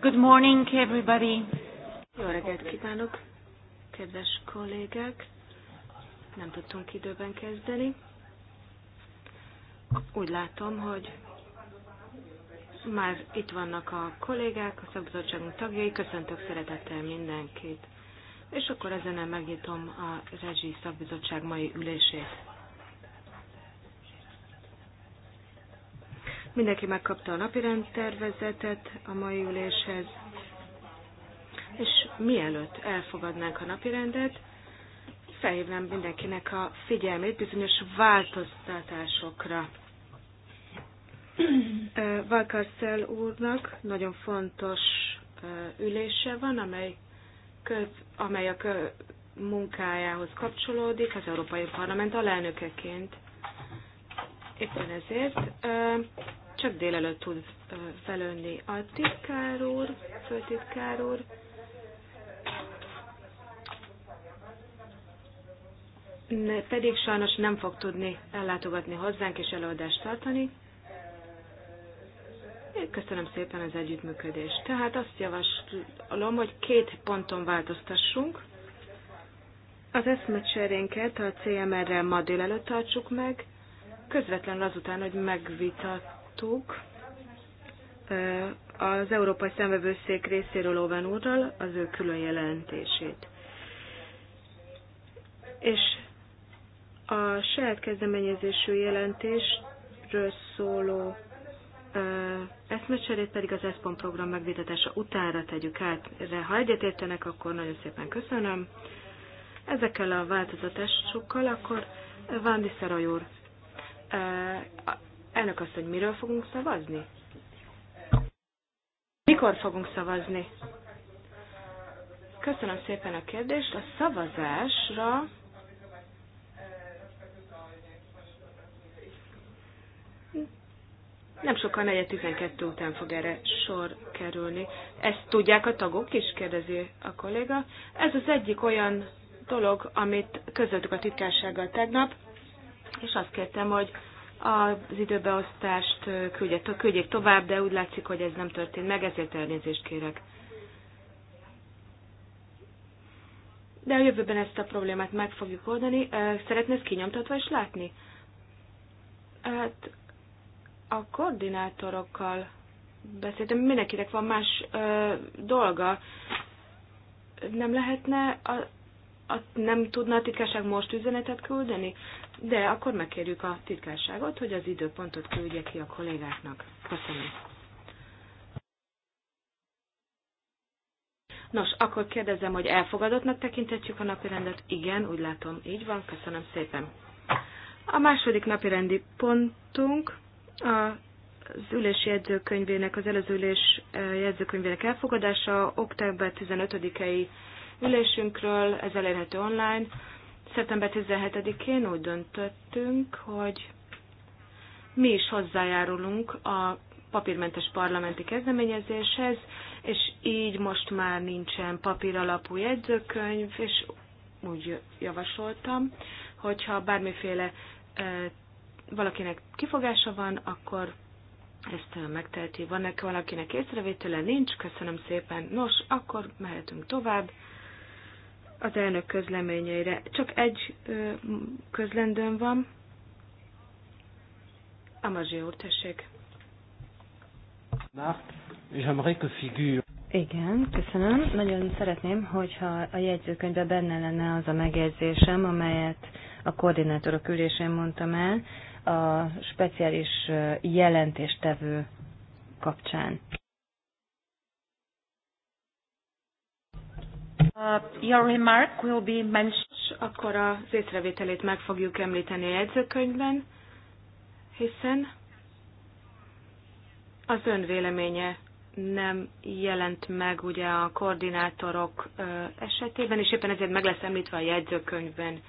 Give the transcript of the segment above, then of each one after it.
Good morning, everybody. Jó reggelt kívánok, kedves kollégák. Nem tudtunk időben kezdeni. Úgy látom, hogy már itt vannak a kollégák, a szakbizottságunk tagjai. Köszöntök szeretettel mindenkit. És akkor ezen megnyitom a Rezsi Szakbizottság mai ülését. Mindenki megkapta a napirend tervezetet a mai üléshez, és mielőtt elfogadnánk a napirendet, felhívnám mindenkinek a figyelmét bizonyos változtatásokra. Valkarszel úrnak nagyon fontos ülése van, amely, köz, amely a kö, munkájához kapcsolódik az Európai Parlament alelnökeként. Éppen ezért csak délelőtt tud felönni. A titkár úr, főtitkár úr, pedig sajnos nem fog tudni ellátogatni hozzánk és előadást tartani. Én köszönöm szépen az együttműködést. Tehát azt javaslom, hogy két ponton változtassunk. Az eszmecserénket a CMR-rel ma délelőtt tartsuk meg, közvetlenül azután, hogy megvitat hallottuk az Európai Szemvevőszék részéről Oven úrral az ő külön jelentését. És a saját kezdeményezésű jelentésről szóló eszmecserét pedig az ESPON program megvitatása utánra tegyük át. De ha egyetértenek, akkor nagyon szépen köszönöm. Ezekkel a változatásokkal akkor Vándi Szarajúr úr Elnök azt, hogy miről fogunk szavazni? Mikor fogunk szavazni? Köszönöm szépen a kérdést. A szavazásra nem sokkal negyed 12 után fog erre sor kerülni. Ezt tudják a tagok is, kérdezi a kolléga. Ez az egyik olyan dolog, amit közöltük a titkársággal tegnap, és azt kértem, hogy az időbeosztást küldjék, tovább, de úgy látszik, hogy ez nem történt meg, ezért elnézést kérek. De a jövőben ezt a problémát meg fogjuk oldani. Szeretne ezt kinyomtatva is látni? Hát a koordinátorokkal beszéltem, mindenkinek van más ö, dolga. Nem lehetne, a, a, nem tudna a titkárság most üzenetet küldeni? de akkor megkérjük a titkárságot, hogy az időpontot küldje ki a kollégáknak. Köszönöm. Nos, akkor kérdezem, hogy elfogadottnak tekintetjük a napirendet? Igen, úgy látom, így van, köszönöm szépen. A második napirendi pontunk a az ülés jegyzőkönyvének, az előző ülés jegyzőkönyvének elfogadása október 15-i ülésünkről, ez elérhető online. Szeptember 17-én úgy döntöttünk, hogy mi is hozzájárulunk a papírmentes parlamenti kezdeményezéshez, és így most már nincsen papír alapú jegyzőkönyv, és úgy javasoltam, hogyha bármiféle valakinek kifogása van, akkor ezt megteheti. Van-e valakinek észrevétele? Nincs, köszönöm szépen. Nos, akkor mehetünk tovább az elnök közleményeire. Csak egy ö, közlendőm van. Amazsi úr, tessék. Igen, köszönöm. Nagyon szeretném, hogyha a jegyzőkönyvben benne lenne az a megjegyzésem, amelyet a koordinátorok ülésén mondtam el, a speciális jelentéstevő kapcsán. Uh, your remark will be mentioned. Akkor az észrevételét meg fogjuk említeni a jegyzőkönyvben, hiszen az ön véleménye nem jelent meg ugye a koordinátorok esetében, és éppen ezért meg lesz említve a jegyzőkönyvben.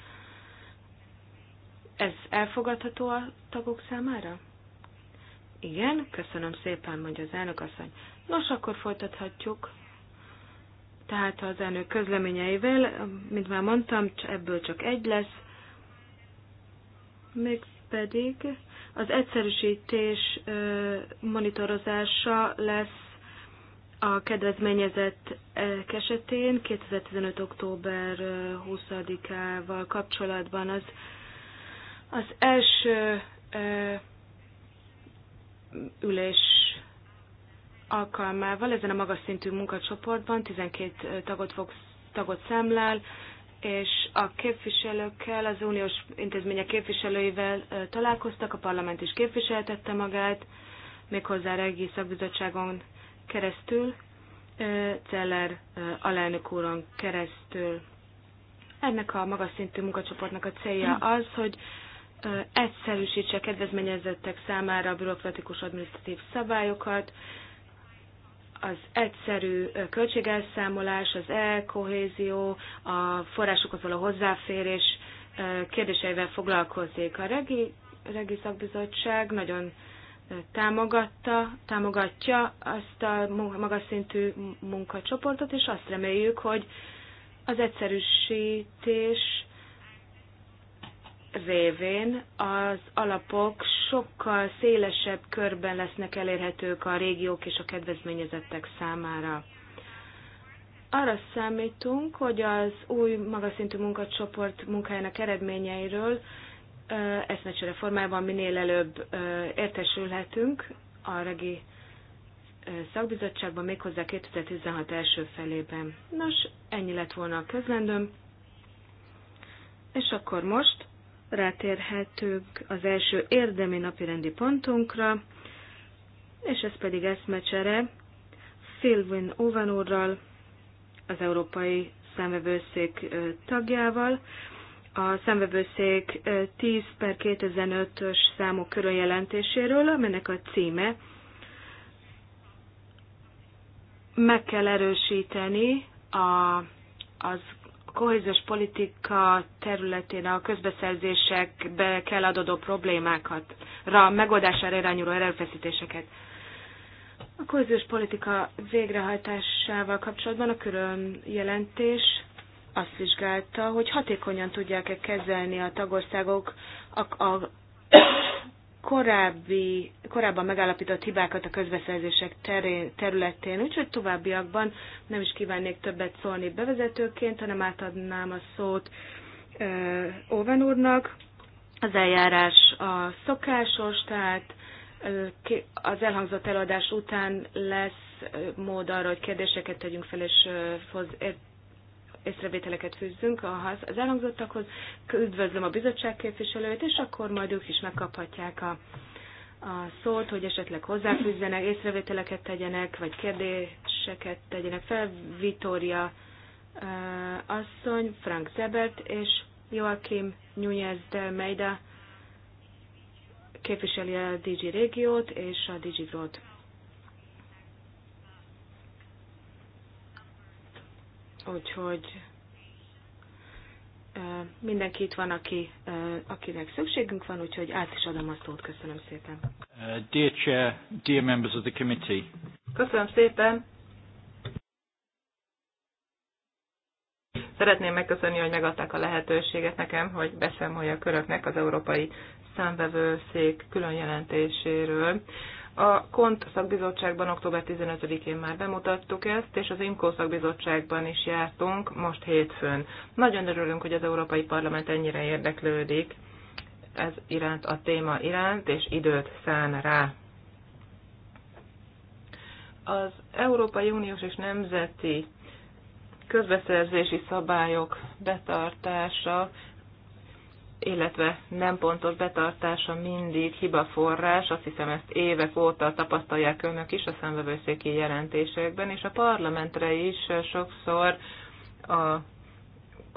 Ez elfogadható a tagok számára? Igen, köszönöm szépen, mondja az elnök asszony. Nos, akkor folytathatjuk tehát az elnök közleményeivel, mint már mondtam, ebből csak egy lesz, mégpedig az egyszerűsítés monitorozása lesz a kedvezményezett esetén 2015. október 20-ával kapcsolatban az, az első ülés alkalmával ezen a magas szintű munkacsoportban 12 tagot, fog, tagot számlál, és a képviselőkkel, az uniós intézmények képviselőivel találkoztak, a parlament is képviseltette magát, méghozzá a regi szakbizottságon keresztül, Celler alelnök úron keresztül. Ennek a magas szintű munkacsoportnak a célja az, hogy egyszerűsítse kedvezményezettek számára a bürokratikus adminisztratív szabályokat, az egyszerű költségelszámolás, az elkohézió, a forrásokhoz való hozzáférés kérdéseivel foglalkozik. A regi, regi szakbizottság nagyon támogatta, támogatja azt a magas szintű munkacsoportot, és azt reméljük, hogy az egyszerűsítés révén az alapok sokkal szélesebb körben lesznek elérhetők a régiók és a kedvezményezettek számára. Arra számítunk, hogy az új magaszintű munkacsoport munkájának eredményeiről eszmecsere formájában minél előbb értesülhetünk a regi szakbizottságban, méghozzá 2016 első felében. Nos, ennyi lett volna a közlendőm. És akkor most rátérhetünk az első érdemi napirendi pontunkra, és ez pedig eszmecsere Philwin Owen úrral, az Európai Számvevőszék tagjával. A számvevőszék 10 per 2005-ös számú körüljelentéséről, aminek a címe meg kell erősíteni a, az kohéziós politika területén a közbeszerzésekbe kell adódó problémákat, rá megoldására irányuló erőfeszítéseket. A kohéziós politika végrehajtásával kapcsolatban a külön jelentés azt vizsgálta, hogy hatékonyan tudják-e kezelni a tagországok a, a korábbi, korábban megállapított hibákat a közbeszerzések terén, területén, úgyhogy továbbiakban nem is kívánnék többet szólni bevezetőként, hanem átadnám a szót Óven úrnak. Az eljárás a szokásos, tehát az elhangzott előadás után lesz mód arra, hogy kérdéseket tegyünk fel, és észrevételeket fűzzünk az elhangzottakhoz. Üdvözlöm a bizottság képviselőt, és akkor majd ők is megkaphatják a, a szót, hogy esetleg hozzáfűzzenek, észrevételeket tegyenek, vagy kérdéseket tegyenek fel. Vitória eh, asszony, Frank Zebert és Joachim Nunez de Meida képviseli a DG régiót és a DG Growth Úgyhogy mindenki itt van, aki, akinek szükségünk van, úgyhogy át is adom a szót. Köszönöm szépen. Uh, dear Chair, dear members of the committee. Köszönöm szépen. Szeretném megköszönni, hogy megadták a lehetőséget nekem, hogy beszámoljak köröknek az Európai Számvevőszék külön jelentéséről. A KONT szakbizottságban október 15-én már bemutattuk ezt, és az IMKO szakbizottságban is jártunk most hétfőn. Nagyon örülünk, hogy az Európai Parlament ennyire érdeklődik ez iránt, a téma iránt, és időt szán rá. Az Európai Uniós és Nemzeti közbeszerzési szabályok betartása illetve nem pontos betartása mindig hibaforrás, azt hiszem ezt évek óta tapasztalják önök is a számvevőszéki jelentésekben, és a parlamentre is sokszor a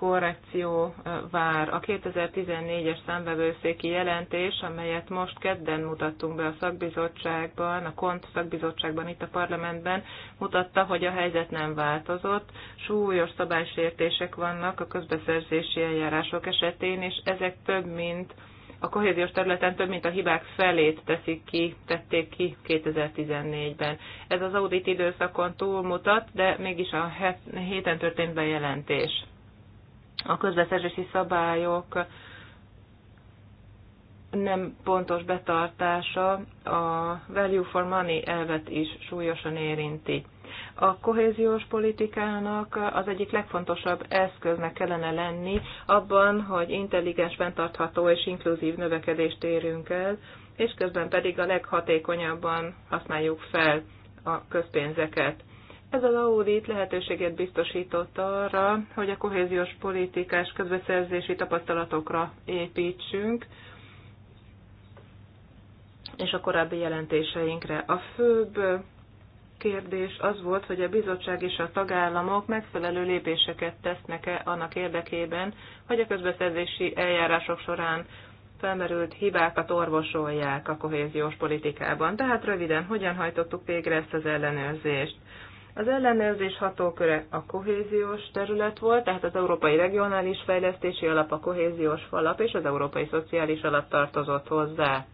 korrekció vár. A 2014-es számvevőszéki jelentés, amelyet most kedden mutattunk be a szakbizottságban, a KONT szakbizottságban itt a parlamentben, mutatta, hogy a helyzet nem változott. Súlyos szabálysértések vannak a közbeszerzési eljárások esetén, és ezek több mint a kohéziós területen több mint a hibák felét teszik ki, tették ki 2014-ben. Ez az audit időszakon túlmutat, de mégis a héten történt bejelentés a közbeszerzési szabályok nem pontos betartása a value for money elvet is súlyosan érinti. A kohéziós politikának az egyik legfontosabb eszköznek kellene lenni abban, hogy intelligens, fenntartható és inkluzív növekedést érünk el, és közben pedig a leghatékonyabban használjuk fel a közpénzeket. Ez az audit lehetőséget biztosított arra, hogy a kohéziós politikás közbeszerzési tapasztalatokra építsünk, és a korábbi jelentéseinkre. A főbb kérdés az volt, hogy a bizottság és a tagállamok megfelelő lépéseket tesznek-e annak érdekében, hogy a közbeszerzési eljárások során felmerült hibákat orvosolják a kohéziós politikában. Tehát röviden, hogyan hajtottuk végre ezt az ellenőrzést? Az ellenőrzés hatóköre a kohéziós terület volt, tehát az Európai Regionális Fejlesztési Alap, a kohéziós alap és az Európai Szociális Alap tartozott hozzá.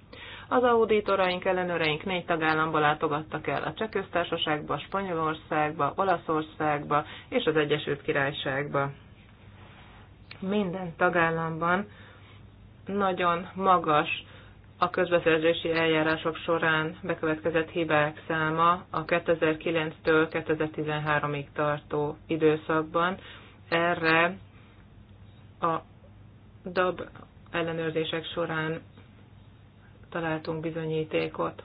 Az auditoraink, ellenőreink négy tagállamba látogattak el, a Csehköztársaságba, Spanyolországba, Olaszországba és az Egyesült Királyságba. Minden tagállamban nagyon magas a közbeszerzési eljárások során bekövetkezett hibák száma a 2009-től 2013-ig tartó időszakban. Erre a DAB ellenőrzések során találtunk bizonyítékot.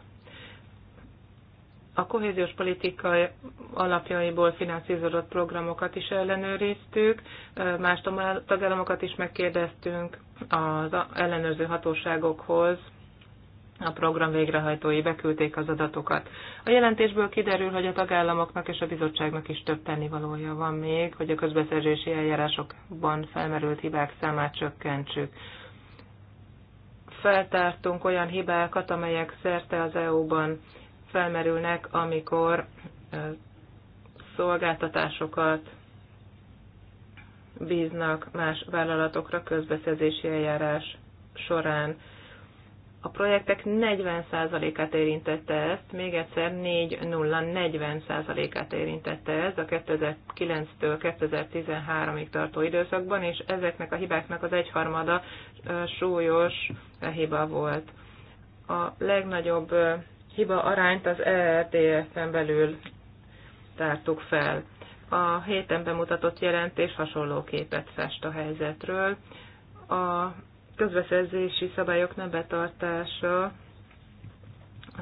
A kohéziós politika alapjaiból finanszírozott programokat is ellenőriztük, más tagállamokat is megkérdeztünk az ellenőrző hatóságokhoz a program végrehajtói beküldték az adatokat. A jelentésből kiderül, hogy a tagállamoknak és a bizottságnak is több tennivalója van még, hogy a közbeszerzési eljárásokban felmerült hibák számát csökkentsük. Feltártunk olyan hibákat, amelyek szerte az EU-ban felmerülnek, amikor szolgáltatásokat bíznak más vállalatokra közbeszerzési eljárás során. A projektek 40%-át érintette ezt, még egyszer 4-0-40%-át érintette ez a 2009-től 2013-ig tartó időszakban, és ezeknek a hibáknak az egyharmada súlyos hiba volt. A legnagyobb hiba arányt az ertf en belül tártuk fel. A héten bemutatott jelentés hasonló képet fest a helyzetről. A közbeszerzési szabályok nem betartása a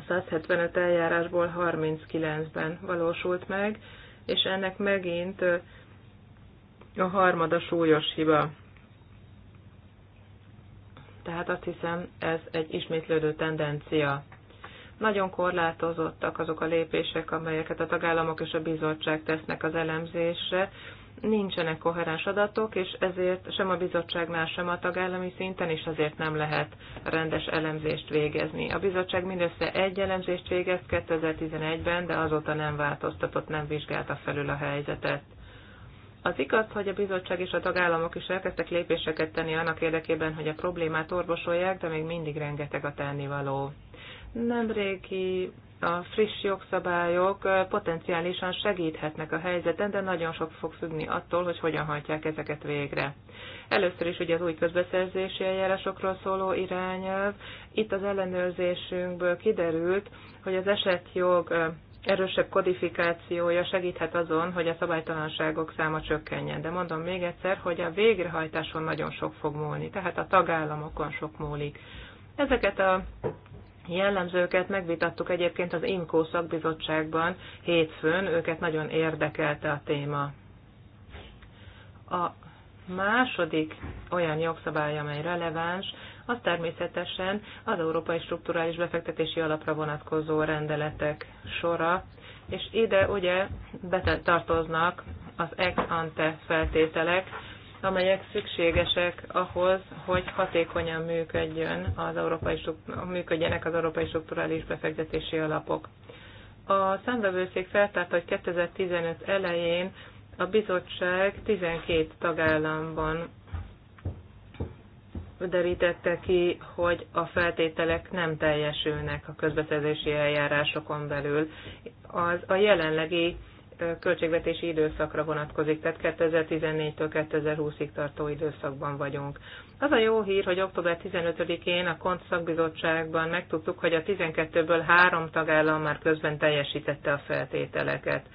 175 eljárásból 39-ben valósult meg, és ennek megint a harmada súlyos hiba. Tehát azt hiszem, ez egy ismétlődő tendencia. Nagyon korlátozottak azok a lépések, amelyeket a tagállamok és a bizottság tesznek az elemzésre, nincsenek koherens adatok, és ezért sem a bizottságnál, sem a tagállami szinten is azért nem lehet rendes elemzést végezni. A bizottság mindössze egy elemzést végez 2011-ben, de azóta nem változtatott, nem vizsgálta felül a helyzetet. Az igaz, hogy a bizottság és a tagállamok is elkezdtek lépéseket tenni annak érdekében, hogy a problémát orvosolják, de még mindig rengeteg a tennivaló. Nemrégi a friss jogszabályok potenciálisan segíthetnek a helyzeten, de nagyon sok fog függni attól, hogy hogyan hajtják ezeket végre. Először is ugye az új közbeszerzési eljárásokról szóló irányelv. Itt az ellenőrzésünkből kiderült, hogy az esetjog erősebb kodifikációja segíthet azon, hogy a szabálytalanságok száma csökkenjen. De mondom még egyszer, hogy a végrehajtáson nagyon sok fog múlni, tehát a tagállamokon sok múlik. Ezeket a jellemzőket megvitattuk egyébként az INKO szakbizottságban hétfőn, őket nagyon érdekelte a téma. A második olyan jogszabály, amely releváns, az természetesen az Európai Strukturális Befektetési Alapra vonatkozó rendeletek sora, és ide ugye betartoznak az ex ante feltételek, amelyek szükségesek ahhoz, hogy hatékonyan működjön az európai, működjenek az európai strukturális befektetési alapok. A számvevőszék feltárta, hogy 2015 elején a bizottság 12 tagállamban derítette ki, hogy a feltételek nem teljesülnek a közbeszerzési eljárásokon belül. Az a jelenlegi költségvetési időszakra vonatkozik, tehát 2014-től 2020-ig tartó időszakban vagyunk. Az a jó hír, hogy október 15-én a KONT szakbizottságban megtudtuk, hogy a 12-ből három tagállam már közben teljesítette a feltételeket.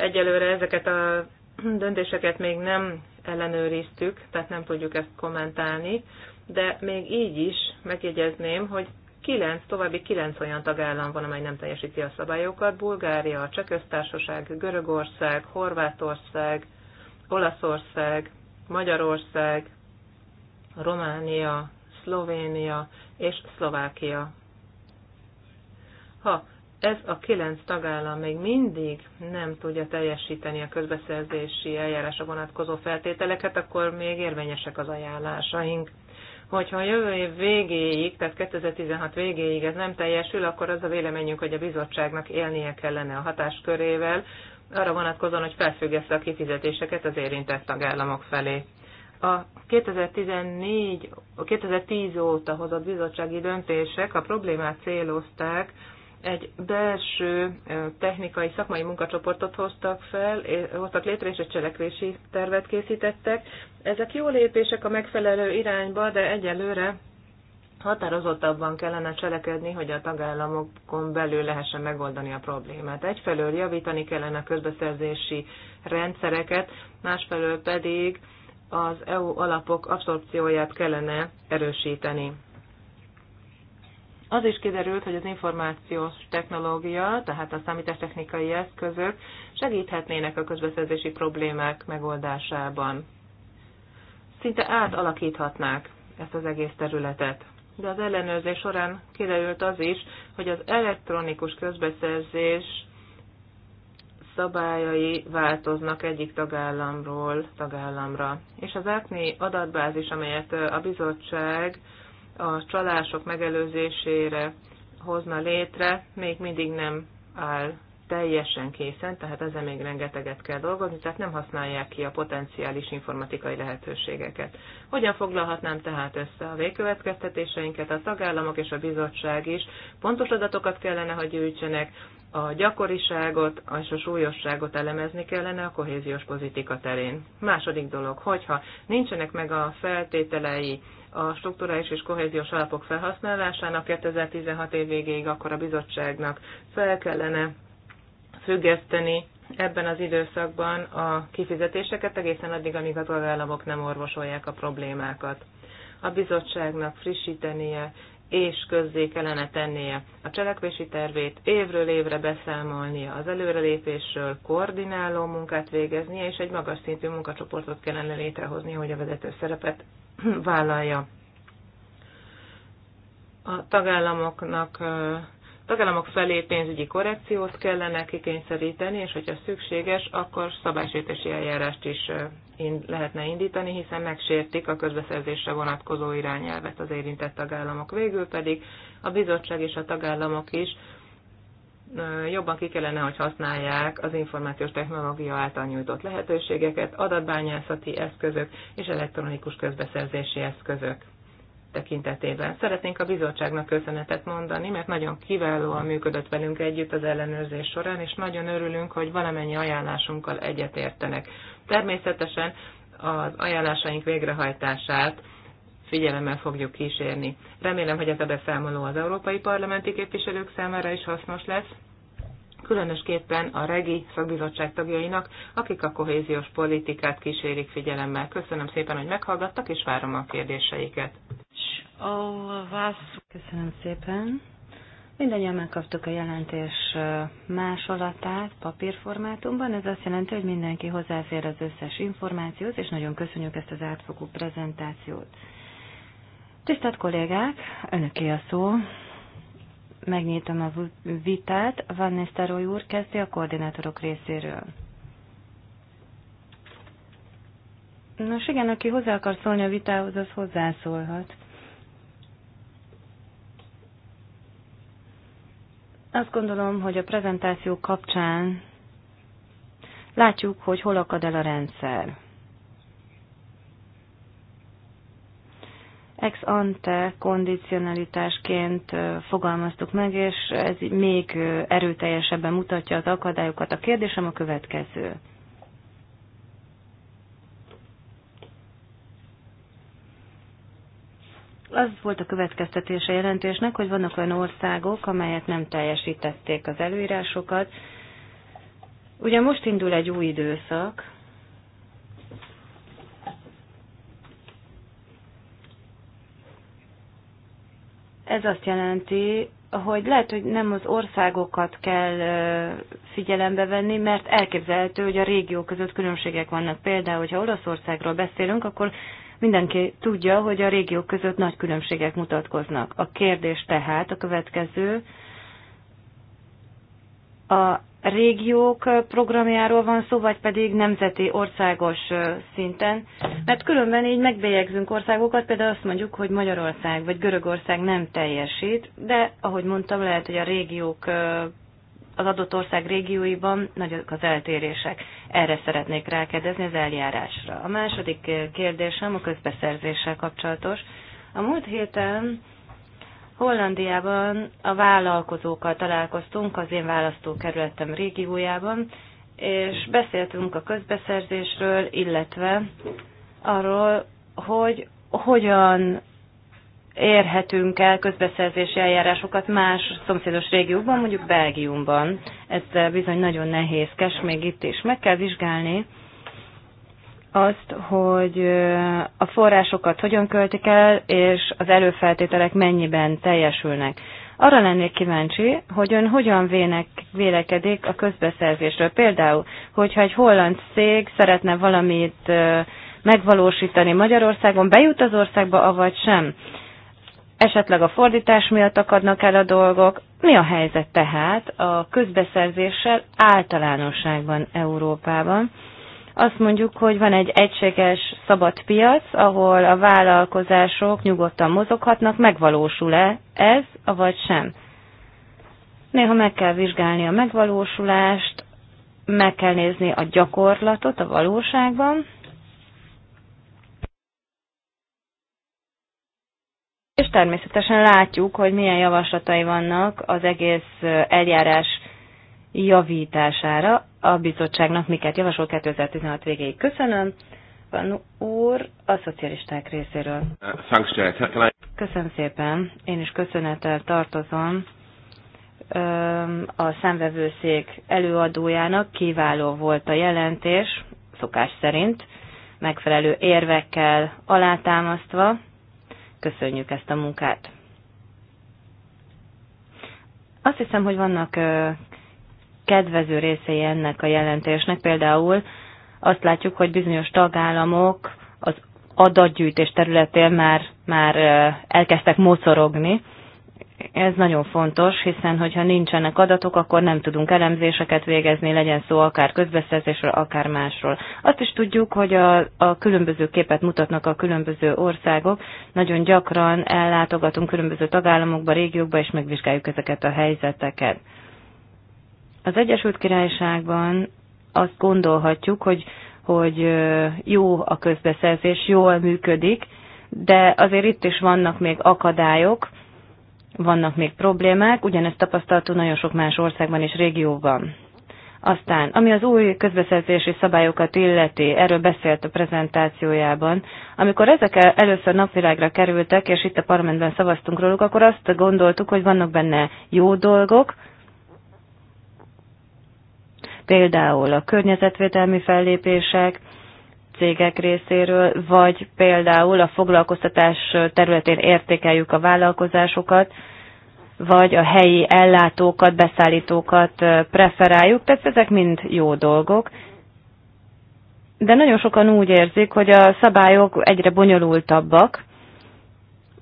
Egyelőre ezeket a döntéseket még nem ellenőriztük, tehát nem tudjuk ezt kommentálni, de még így is megjegyezném, hogy kilenc, további kilenc olyan tagállam van, amely nem teljesíti a szabályokat. Bulgária, a Csehköztársaság, Görögország, Horvátország, Olaszország, Magyarország, Románia, Szlovénia és Szlovákia. Ha ez a kilenc tagállam még mindig nem tudja teljesíteni a közbeszerzési eljárásra vonatkozó feltételeket, akkor még érvényesek az ajánlásaink hogyha a jövő év végéig, tehát 2016 végéig ez nem teljesül, akkor az a véleményünk, hogy a bizottságnak élnie kellene a hatáskörével, arra vonatkozóan, hogy felfüggesse a kifizetéseket az érintett tagállamok felé. A 2014, a 2010 óta hozott bizottsági döntések a problémát célozták, egy belső technikai szakmai munkacsoportot hoztak fel, hoztak létre, és egy cselekvési tervet készítettek. Ezek jó lépések a megfelelő irányba, de egyelőre határozottabban kellene cselekedni, hogy a tagállamokon belül lehessen megoldani a problémát. Egyfelől javítani kellene a közbeszerzési rendszereket, másfelől pedig az EU alapok abszorpcióját kellene erősíteni. Az is kiderült, hogy az információs technológia, tehát a számítástechnikai eszközök segíthetnének a közbeszerzési problémák megoldásában. Szinte átalakíthatnák ezt az egész területet. De az ellenőrzés során kiderült az is, hogy az elektronikus közbeszerzés szabályai változnak egyik tagállamról tagállamra. És az ACNI adatbázis, amelyet a bizottság a csalások megelőzésére hozna létre, még mindig nem áll teljesen készen, tehát ezzel még rengeteget kell dolgozni, tehát nem használják ki a potenciális informatikai lehetőségeket. Hogyan foglalhatnám tehát össze a végkövetkeztetéseinket? A tagállamok és a bizottság is pontos adatokat kellene, hogy gyűjtsenek, a gyakoriságot és a súlyosságot elemezni kellene a kohéziós politika terén. Második dolog, hogyha nincsenek meg a feltételei a strukturális és kohéziós alapok felhasználásának 2016 év végéig, akkor a bizottságnak fel kellene függeszteni ebben az időszakban a kifizetéseket egészen addig, amíg a tagállamok nem orvosolják a problémákat. A bizottságnak frissítenie és közzé kellene tennie a cselekvési tervét, évről évre beszámolnia az előrelépésről, koordináló munkát végeznie, és egy magas szintű munkacsoportot kellene létrehozni, hogy a vezető szerepet vállalja. A tagállamoknak tagállamok felé pénzügyi korrekciót kellene kikényszeríteni, és hogyha szükséges, akkor szabálysértési eljárást is lehetne indítani, hiszen megsértik a közbeszerzésre vonatkozó irányelvet az érintett tagállamok. Végül pedig a bizottság és a tagállamok is jobban ki kellene, hogy használják az információs technológia által nyújtott lehetőségeket, adatbányászati eszközök és elektronikus közbeszerzési eszközök tekintetében. Szeretnénk a bizottságnak köszönetet mondani, mert nagyon kiválóan működött velünk együtt az ellenőrzés során, és nagyon örülünk, hogy valamennyi ajánlásunkkal egyetértenek. Természetesen az ajánlásaink végrehajtását figyelemmel fogjuk kísérni. Remélem, hogy ez a beszámoló az európai parlamenti képviselők számára is hasznos lesz, különösképpen a regi szakbizottság tagjainak, akik a kohéziós politikát kísérik figyelemmel. Köszönöm szépen, hogy meghallgattak, és várom a kérdéseiket. Köszönöm szépen. Mindennyian megkaptuk a jelentés másolatát papírformátumban, ez azt jelenti, hogy mindenki hozzáfér az összes információhoz, és nagyon köszönjük ezt az átfogó prezentációt. Tisztelt kollégák, önöké a szó. Megnyitom a vitát. Van Nesztároly úr kezdi a koordinátorok részéről. Nos igen, aki hozzá akar szólni a vitához, az hozzászólhat. Azt gondolom, hogy a prezentáció kapcsán látjuk, hogy hol akad el a rendszer. ex ante kondicionalitásként fogalmaztuk meg, és ez még erőteljesebben mutatja az akadályokat. A kérdésem a következő. Az volt a következtetése jelentésnek, hogy vannak olyan országok, amelyek nem teljesítették az előírásokat. Ugye most indul egy új időszak, Ez azt jelenti, hogy lehet, hogy nem az országokat kell figyelembe venni, mert elképzelhető, hogy a régió között különbségek vannak. Például, hogyha Olaszországról beszélünk, akkor mindenki tudja, hogy a régiók között nagy különbségek mutatkoznak. A kérdés tehát a következő, a régiók programjáról van szó, vagy pedig nemzeti országos szinten. Mert különben így megbélyegzünk országokat, például azt mondjuk, hogy Magyarország vagy Görögország nem teljesít, de ahogy mondtam, lehet, hogy a régiók az adott ország régióiban nagyok az eltérések. Erre szeretnék rákedezni az eljárásra. A második kérdésem a közbeszerzéssel kapcsolatos. A múlt héten Hollandiában a vállalkozókkal találkoztunk, az én választókerületem régiójában, és beszéltünk a közbeszerzésről, illetve arról, hogy hogyan érhetünk el közbeszerzési eljárásokat más szomszédos régiókban, mondjuk Belgiumban. Ez bizony nagyon nehézkes, még itt is meg kell vizsgálni, azt, hogy a forrásokat hogyan költik el, és az előfeltételek mennyiben teljesülnek. Arra lennék kíváncsi, hogy ön hogyan vének, vélekedik a közbeszerzésről. Például, hogyha egy holland cég szeretne valamit megvalósítani Magyarországon, bejut az országba, avagy sem. Esetleg a fordítás miatt akadnak el a dolgok. Mi a helyzet tehát a közbeszerzéssel általánosságban Európában? Azt mondjuk, hogy van egy egységes szabad piac, ahol a vállalkozások nyugodtan mozoghatnak, megvalósul-e ez, vagy sem. Néha meg kell vizsgálni a megvalósulást, meg kell nézni a gyakorlatot a valóságban, És természetesen látjuk, hogy milyen javaslatai vannak az egész eljárás javítására. A bizottságnak miket javasol 2016 végéig. Köszönöm. Van úr a szocialisták részéről. Köszönöm szépen. Én is köszönettel tartozom a szemvevőszék előadójának. Kiváló volt a jelentés, szokás szerint, megfelelő érvekkel alátámasztva. Köszönjük ezt a munkát. Azt hiszem, hogy vannak kedvező részei ennek a jelentésnek. Például azt látjuk, hogy bizonyos tagállamok az adatgyűjtés területén már, már elkezdtek mocorogni. Ez nagyon fontos, hiszen hogyha nincsenek adatok, akkor nem tudunk elemzéseket végezni, legyen szó akár közbeszerzésről, akár másról. Azt is tudjuk, hogy a, a különböző képet mutatnak a különböző országok. Nagyon gyakran ellátogatunk különböző tagállamokba, régiókba, és megvizsgáljuk ezeket a helyzeteket. Az Egyesült Királyságban azt gondolhatjuk, hogy, hogy jó a közbeszerzés, jól működik, de azért itt is vannak még akadályok, vannak még problémák, ugyanezt tapasztaltunk nagyon sok más országban és régióban. Aztán, ami az új közbeszerzési szabályokat illeti, erről beszélt a prezentációjában, amikor ezek először napvilágra kerültek, és itt a parlamentben szavaztunk róluk, akkor azt gondoltuk, hogy vannak benne jó dolgok, például a környezetvédelmi fellépések cégek részéről, vagy például a foglalkoztatás területén értékeljük a vállalkozásokat, vagy a helyi ellátókat, beszállítókat preferáljuk, tehát ezek mind jó dolgok. De nagyon sokan úgy érzik, hogy a szabályok egyre bonyolultabbak.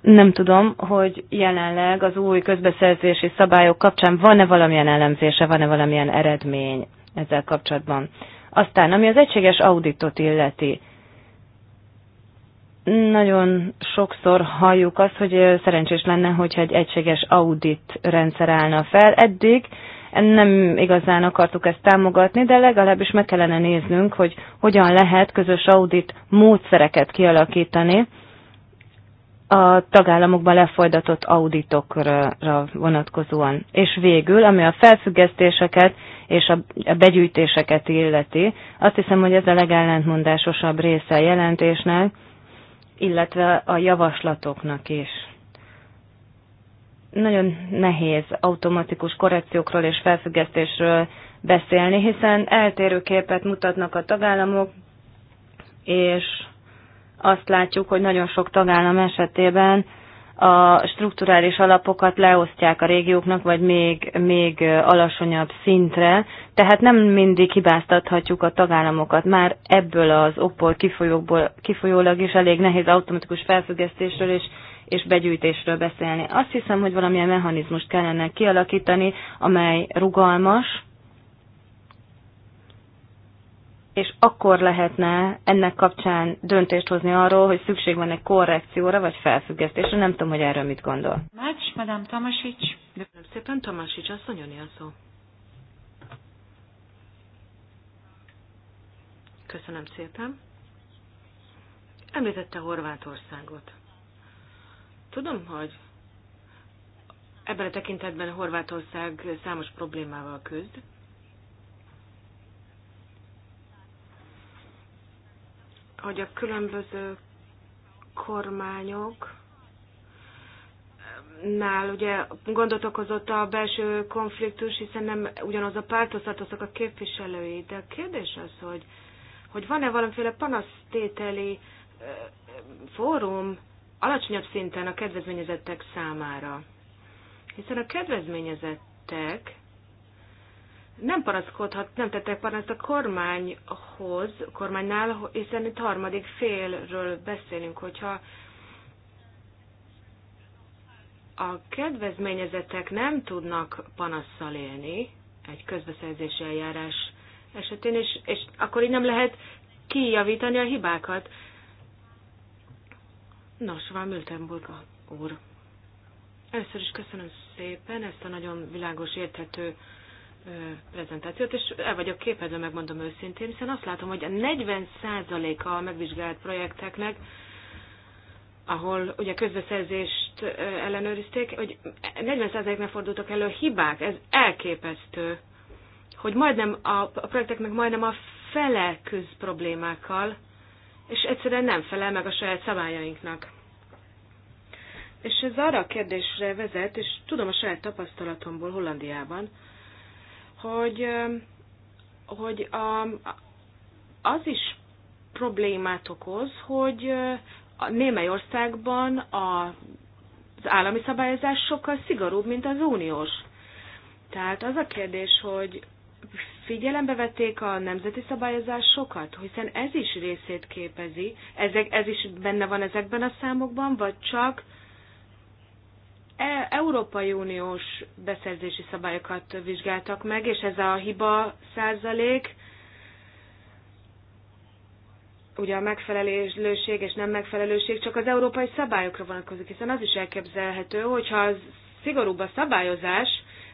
Nem tudom, hogy jelenleg az új közbeszerzési szabályok kapcsán van-e valamilyen elemzése, van-e valamilyen eredmény ezzel kapcsolatban. Aztán, ami az egységes auditot illeti, nagyon sokszor halljuk azt, hogy szerencsés lenne, hogyha egy egységes audit rendszer állna fel. Eddig nem igazán akartuk ezt támogatni, de legalábbis meg kellene néznünk, hogy hogyan lehet közös audit módszereket kialakítani, a tagállamokban lefolytatott auditokra vonatkozóan. És végül, ami a felfüggesztéseket és a begyűjtéseket illeti, azt hiszem, hogy ez a legellentmondásosabb része a jelentésnek, illetve a javaslatoknak is. Nagyon nehéz automatikus korrekciókról és felfüggesztésről beszélni, hiszen eltérő képet mutatnak a tagállamok, és azt látjuk, hogy nagyon sok tagállam esetében a strukturális alapokat leosztják a régióknak, vagy még, még alacsonyabb szintre, tehát nem mindig hibáztathatjuk a tagállamokat. Már ebből az okból kifolyólag is elég nehéz automatikus felfüggesztésről és, és begyűjtésről beszélni. Azt hiszem, hogy valamilyen mechanizmust kellene kialakítani, amely rugalmas, és akkor lehetne ennek kapcsán döntést hozni arról, hogy szükség van egy korrekcióra vagy felfüggesztésre. Nem tudom, hogy erről mit gondol. Mács, Madame Tamasics. Köszönöm szépen Tamasics, azt mondjon ilyen szó. Köszönöm szépen. Említette Horvátországot. Tudom, hogy ebben a tekintetben Horvátország számos problémával küzd, hogy a különböző kormányok nál ugye gondot okozott a belső konfliktus, hiszen nem ugyanaz a pártosztatoztak a képviselői, de a kérdés az, hogy, hogy van-e valamiféle panasztételi fórum alacsonyabb szinten a kedvezményezettek számára. Hiszen a kedvezményezettek nem panaszkodhat, nem tettek panaszt a kormányhoz, a kormánynál, hiszen itt harmadik félről beszélünk, hogyha a kedvezményezettek nem tudnak panasszal élni egy közbeszerzési eljárás esetén, és, és akkor így nem lehet kijavítani a hibákat. Nos, van Miltenburg úr. Először is köszönöm szépen ezt a nagyon világos, érthető prezentációt, és el vagyok képedve, megmondom őszintén, hiszen azt látom, hogy a 40%-a a megvizsgált projekteknek, ahol ugye közbeszerzést ellenőrizték, hogy 40%-nál fordultak elő hibák, ez elképesztő, hogy majdnem a, a projekteknek majdnem a fele küzd problémákkal, és egyszerűen nem felel meg a saját szabályainknak. És ez arra a kérdésre vezet, és tudom a saját tapasztalatomból Hollandiában, hogy, hogy a, az is problémát okoz, hogy a némely országban a, az állami szabályozás sokkal szigorúbb, mint az uniós. Tehát az a kérdés, hogy figyelembe vették a nemzeti szabályozásokat, hiszen ez is részét képezi, ezek, ez is benne van ezekben a számokban, vagy csak E, európai Uniós beszerzési szabályokat vizsgáltak meg, és ez a hiba százalék, ugye a megfelelőség és nem megfelelőség csak az európai szabályokra vonatkozik, hiszen az is elképzelhető, hogyha az szigorúbb a szabályozás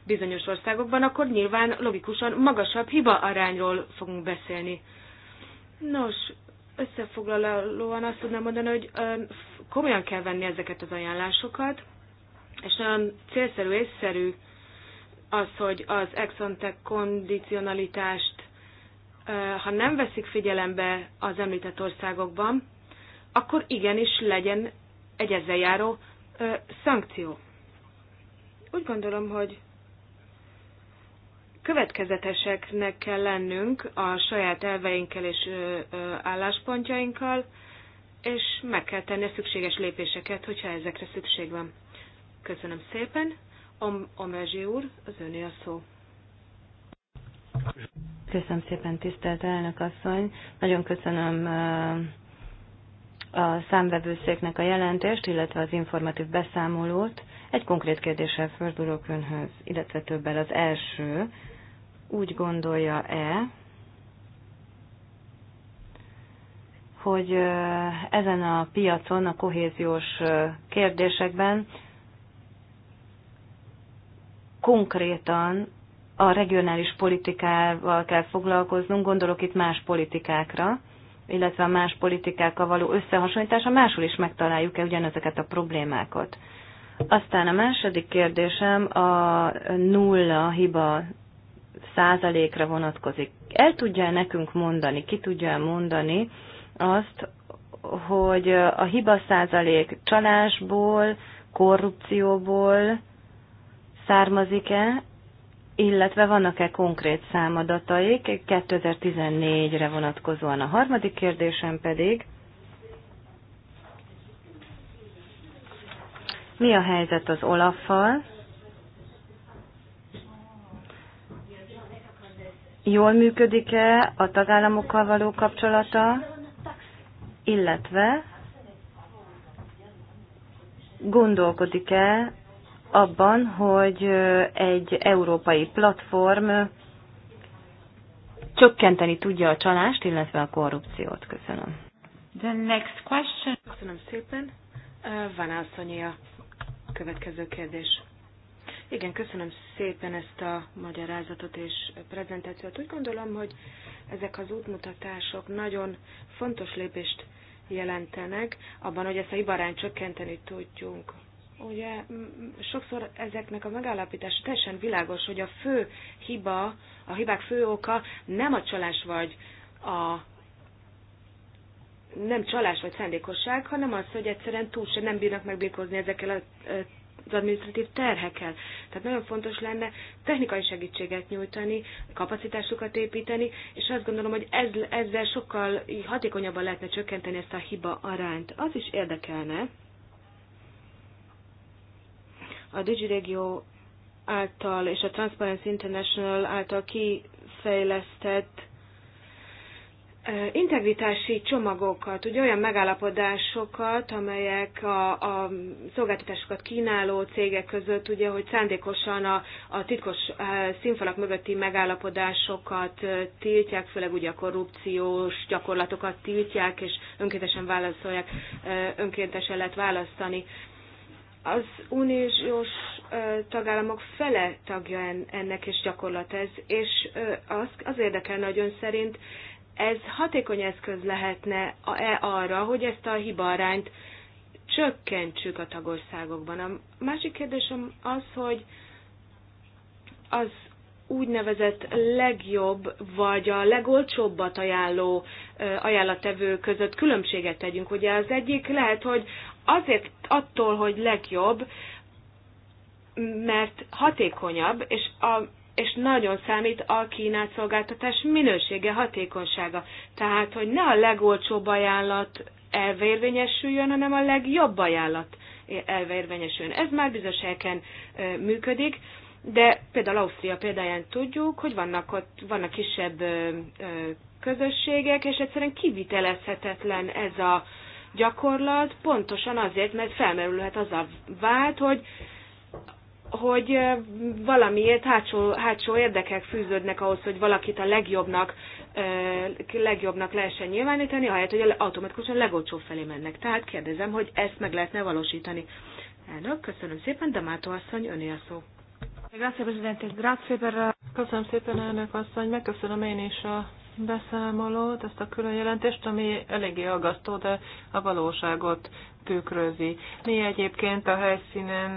bizonyos országokban, akkor nyilván logikusan magasabb hiba arányról fogunk beszélni. Nos, összefoglalóan azt tudnám mondani, hogy komolyan kell venni ezeket az ajánlásokat, és nagyon célszerű, észszerű az, hogy az exante kondicionalitást, ha nem veszik figyelembe az említett országokban, akkor igenis legyen egy ezzel járó szankció. Úgy gondolom, hogy következeteseknek kell lennünk a saját elveinkkel és álláspontjainkkal, és meg kell tenni a szükséges lépéseket, hogyha ezekre szükség van. Köszönöm szépen. Om Omezsi úr, az öné a szó. Köszönöm szépen, tisztelt elnök asszony. Nagyon köszönöm a számvevőszéknek a jelentést, illetve az informatív beszámolót. Egy konkrét kérdéssel fordulok önhöz, illetve többel. Az első, úgy gondolja-e, hogy ezen a piacon, a kohéziós kérdésekben konkrétan a regionális politikával kell foglalkoznunk, gondolok itt más politikákra, illetve a más politikákkal való összehasonlítása, máshol is megtaláljuk-e ugyanezeket a problémákat. Aztán a második kérdésem a nulla hiba százalékra vonatkozik. El tudja -e nekünk mondani, ki tudja -e mondani azt, hogy a hiba százalék csalásból, korrupcióból, származik-e, illetve vannak-e konkrét számadataik 2014-re vonatkozóan? A harmadik kérdésem pedig, mi a helyzet az Olaffal? Jól működik-e a tagállamokkal való kapcsolata, illetve gondolkodik-e abban, hogy egy európai platform csökkenteni tudja a csalást, illetve a korrupciót. Köszönöm. The next question. Köszönöm szépen. Van asszonyi a következő kérdés. Igen, köszönöm szépen ezt a magyarázatot és prezentációt. Úgy gondolom, hogy ezek az útmutatások nagyon fontos lépést jelentenek abban, hogy ezt a hibarányt csökkenteni tudjunk ugye sokszor ezeknek a megállapítása teljesen világos, hogy a fő hiba, a hibák fő oka nem a csalás vagy a nem csalás vagy szándékosság, hanem az, hogy egyszerűen túl sem nem bírnak megbírkozni ezekkel a az administratív terhekkel. Tehát nagyon fontos lenne technikai segítséget nyújtani, kapacitásukat építeni, és azt gondolom, hogy ez, ezzel sokkal hatékonyabban lehetne csökkenteni ezt a hiba arányt. Az is érdekelne, a DigiRegio által és a Transparency International által kifejlesztett integritási csomagokat, ugye olyan megállapodásokat, amelyek a, a szolgáltatásokat kínáló cégek között, ugye, hogy szándékosan a, a titkos színfalak mögötti megállapodásokat tiltják, főleg ugye a korrupciós gyakorlatokat tiltják, és önkéntesen válaszolják, önkéntesen lehet választani az uniós tagállamok fele tagja ennek, és gyakorlat ez, és az, az érdekel nagyon szerint ez hatékony eszköz lehetne -e arra, hogy ezt a hibarányt csökkentsük a tagországokban. A másik kérdésem az, hogy az úgynevezett legjobb vagy a legolcsóbbat ajánló ajánlatevő között különbséget tegyünk. Ugye az egyik lehet, hogy azért attól, hogy legjobb, mert hatékonyabb, és, a, és nagyon számít a kínált szolgáltatás minősége, hatékonysága. Tehát, hogy ne a legolcsóbb ajánlat elvérvényesüljön, hanem a legjobb ajánlat elvérvényesüljön. Ez már bizonyos működik, de például Ausztria példáján tudjuk, hogy vannak ott vannak kisebb ö, ö, közösségek, és egyszerűen kivitelezhetetlen ez a gyakorlat, pontosan azért, mert felmerülhet az a vált, hogy hogy valamiért hátsó, hátsó érdekek fűződnek ahhoz, hogy valakit a legjobbnak, legjobbnak lehessen nyilvánítani, ahelyett, hogy automatikusan legolcsó felé mennek. Tehát kérdezem, hogy ezt meg lehetne valósítani. Elnök, köszönöm szépen, Damátó asszony, öné a szó. Köszönöm szépen, elnök asszony. Megköszönöm én is a beszámolót, ezt a külön jelentést, ami eléggé aggasztó, de a valóságot tükrözi. Mi egyébként a helyszínen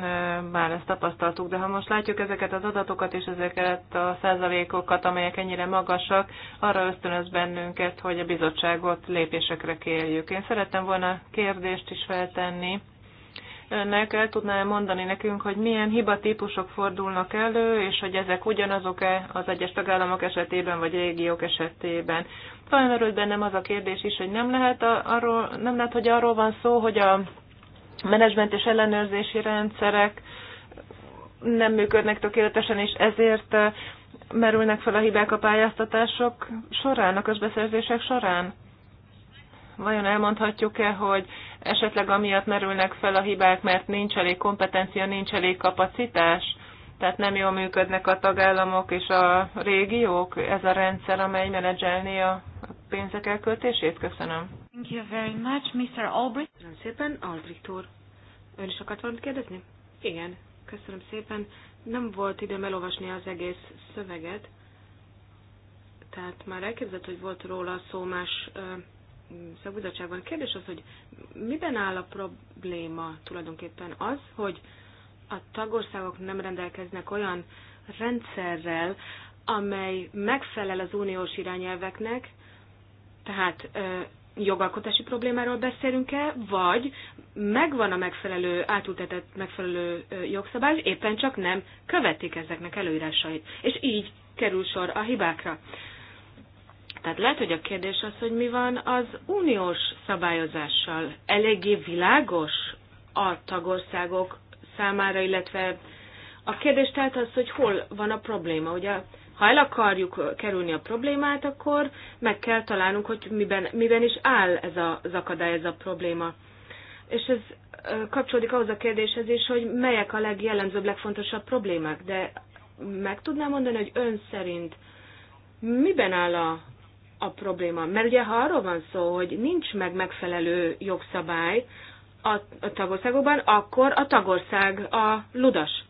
már ezt tapasztaltuk, de ha most látjuk ezeket az adatokat és ezeket a százalékokat, amelyek ennyire magasak, arra ösztönöz bennünket, hogy a bizottságot lépésekre kérjük. Én szerettem volna kérdést is feltenni önnek el tudná mondani nekünk, hogy milyen hibatípusok fordulnak elő, és hogy ezek ugyanazok-e az egyes tagállamok esetében, vagy régiók esetében. Felmerült bennem az a kérdés is, hogy nem lehet, arról, nem lehet, hogy arról van szó, hogy a menedzsment és ellenőrzési rendszerek nem működnek tökéletesen, és ezért eh, merülnek fel a hibák a pályáztatások során, a közbeszerzések során? Vajon elmondhatjuk-e, hogy esetleg amiatt merülnek fel a hibák, mert nincs elég kompetencia, nincs elég kapacitás, tehát nem jól működnek a tagállamok és a régiók, ez a rendszer, amely menedzselni a pénzek elköltését? Köszönöm. Thank you very much, Mr. Albrecht. Köszönöm szépen, Albrecht úr. Ön is akart valamit kérdezni? Igen, köszönöm szépen. Nem volt időm elolvasni az egész szöveget, tehát már elképzelt, hogy volt róla szó más szakbizottságban. A kérdés az, hogy miben áll a probléma tulajdonképpen az, hogy a tagországok nem rendelkeznek olyan rendszerrel, amely megfelel az uniós irányelveknek, tehát jogalkotási problémáról beszélünk-e, vagy megvan a megfelelő, átültetett megfelelő jogszabály, éppen csak nem követik ezeknek előírásait. És így kerül sor a hibákra. Tehát lehet, hogy a kérdés az, hogy mi van az uniós szabályozással. Eléggé világos a tagországok számára, illetve a kérdés tehát az, hogy hol van a probléma. Ugye, ha el akarjuk kerülni a problémát, akkor meg kell találnunk, hogy miben, miben is áll ez a, az akadály, ez a probléma. És ez kapcsolódik ahhoz a kérdéshez is, hogy melyek a legjellemzőbb, legfontosabb problémák. De meg tudnám mondani, hogy ön szerint miben áll a a probléma. Mert ugye, ha arról van szó, hogy nincs meg megfelelő jogszabály a, a tagországokban, akkor a tagország a ludas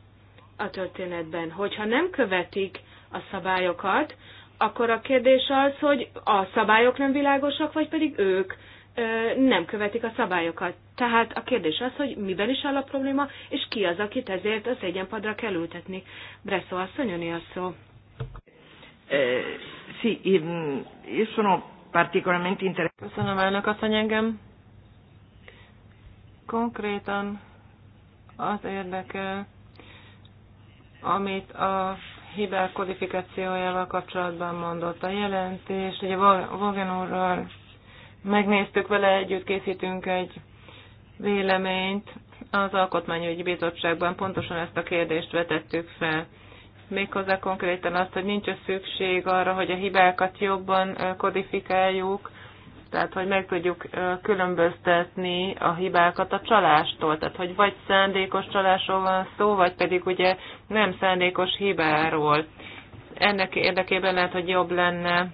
a történetben. Hogyha nem követik a szabályokat, akkor a kérdés az, hogy a szabályok nem világosak, vagy pedig ők ö, nem követik a szabályokat. Tehát a kérdés az, hogy miben is áll a probléma, és ki az, akit ezért az egyenpadra kell ültetni. Bresszó asszony, a szó. Eh, Sì, io sono particolarmente interessato. Köszönöm elnök asszony engem. Konkrétan az érdekel, amit a hibák kodifikációjával kapcsolatban mondott a jelentés. Ugye Vogan úrral megnéztük vele együtt, készítünk egy véleményt az Alkotmányügyi Bizottságban, pontosan ezt a kérdést vetettük fel méghozzá konkrétan azt, hogy nincs -e szükség arra, hogy a hibákat jobban kodifikáljuk, tehát hogy meg tudjuk különböztetni a hibákat a csalástól, tehát hogy vagy szándékos csalásról van szó, vagy pedig ugye nem szándékos hibáról. Ennek érdekében lehet, hogy jobb lenne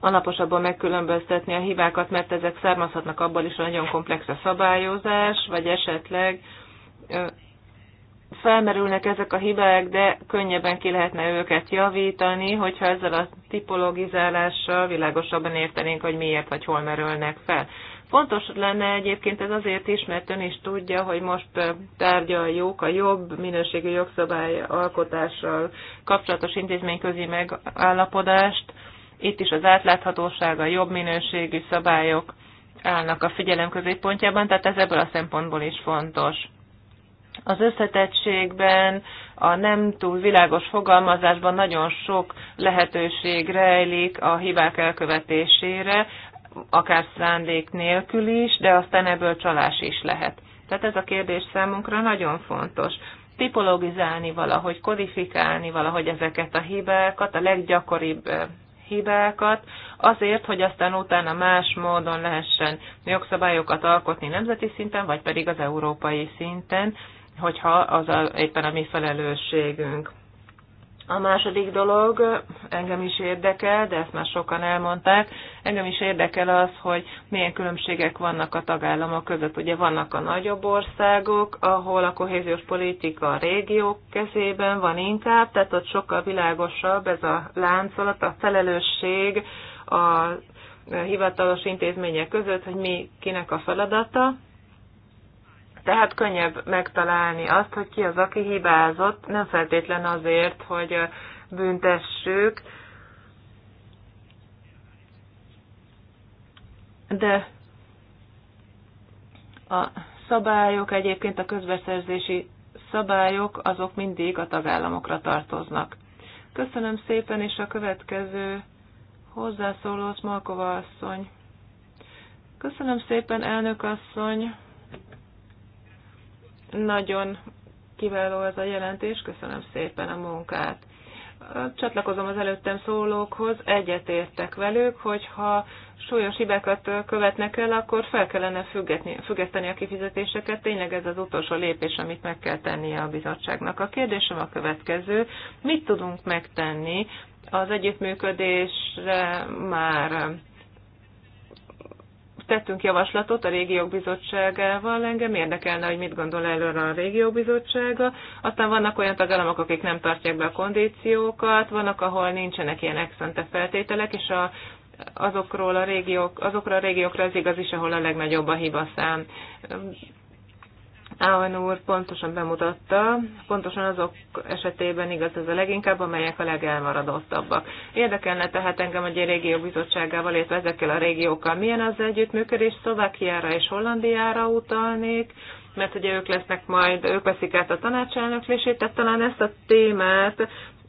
alaposabban megkülönböztetni a hibákat, mert ezek származhatnak abból is, hogy nagyon komplex a szabályozás, vagy esetleg felmerülnek ezek a hibák, de könnyebben ki lehetne őket javítani, hogyha ezzel a tipologizálással világosabban értenénk, hogy miért vagy hol merülnek fel. Fontos lenne egyébként ez azért is, mert ön is tudja, hogy most tárgyaljuk a jobb minőségű jogszabály alkotással kapcsolatos intézményközi megállapodást. Itt is az átláthatóság, a jobb minőségű szabályok állnak a figyelem középpontjában, tehát ez ebből a szempontból is fontos. Az összetettségben, a nem túl világos fogalmazásban nagyon sok lehetőség rejlik a hibák elkövetésére, akár szándék nélkül is, de aztán ebből csalás is lehet. Tehát ez a kérdés számunkra nagyon fontos. Tipologizálni valahogy, kodifikálni valahogy ezeket a hibákat, a leggyakoribb hibákat, azért, hogy aztán utána más módon lehessen jogszabályokat alkotni nemzeti szinten, vagy pedig az európai szinten, hogyha az a, éppen a mi felelősségünk. A második dolog engem is érdekel, de ezt már sokan elmondták, engem is érdekel az, hogy milyen különbségek vannak a tagállamok között. Ugye vannak a nagyobb országok, ahol a kohéziós politika a régiók kezében van inkább, tehát ott sokkal világosabb ez a láncolat, a felelősség a hivatalos intézmények között, hogy mi kinek a feladata, tehát könnyebb megtalálni azt, hogy ki az, aki hibázott, nem feltétlen azért, hogy büntessük, de a szabályok egyébként a közbeszerzési szabályok azok mindig a tagállamokra tartoznak. Köszönöm szépen, és a következő hozzászóló Smolkova asszony. Köszönöm szépen, elnök asszony. Nagyon kiváló ez a jelentés, köszönöm szépen a munkát. Csatlakozom az előttem szólókhoz, egyetértek velük, hogyha súlyos hibákat követnek el, akkor fel kellene függetni, függeszteni a kifizetéseket. Tényleg ez az utolsó lépés, amit meg kell tennie a bizottságnak. A kérdésem a következő, mit tudunk megtenni az együttműködésre már tettünk javaslatot a régiók bizottságával, engem érdekelne, hogy mit gondol előre a régiók bizottsága. Aztán vannak olyan tagállamok, akik nem tartják be a kondíciókat, vannak, ahol nincsenek ilyen exante feltételek, és a azokról a régiók, azokra a régiókra az igaz is, ahol a legnagyobb a hiba Áon úr pontosan bemutatta, pontosan azok esetében igaz ez a leginkább, amelyek a legelmaradottabbak. Érdekelne tehát engem, hogy a régió bizottságával, illetve ezekkel a régiókkal milyen az együttműködés, Szlovákiára és Hollandiára utalnék, mert ugye ők lesznek majd, ők veszik át a tanácselnöklését, tehát talán ezt a témát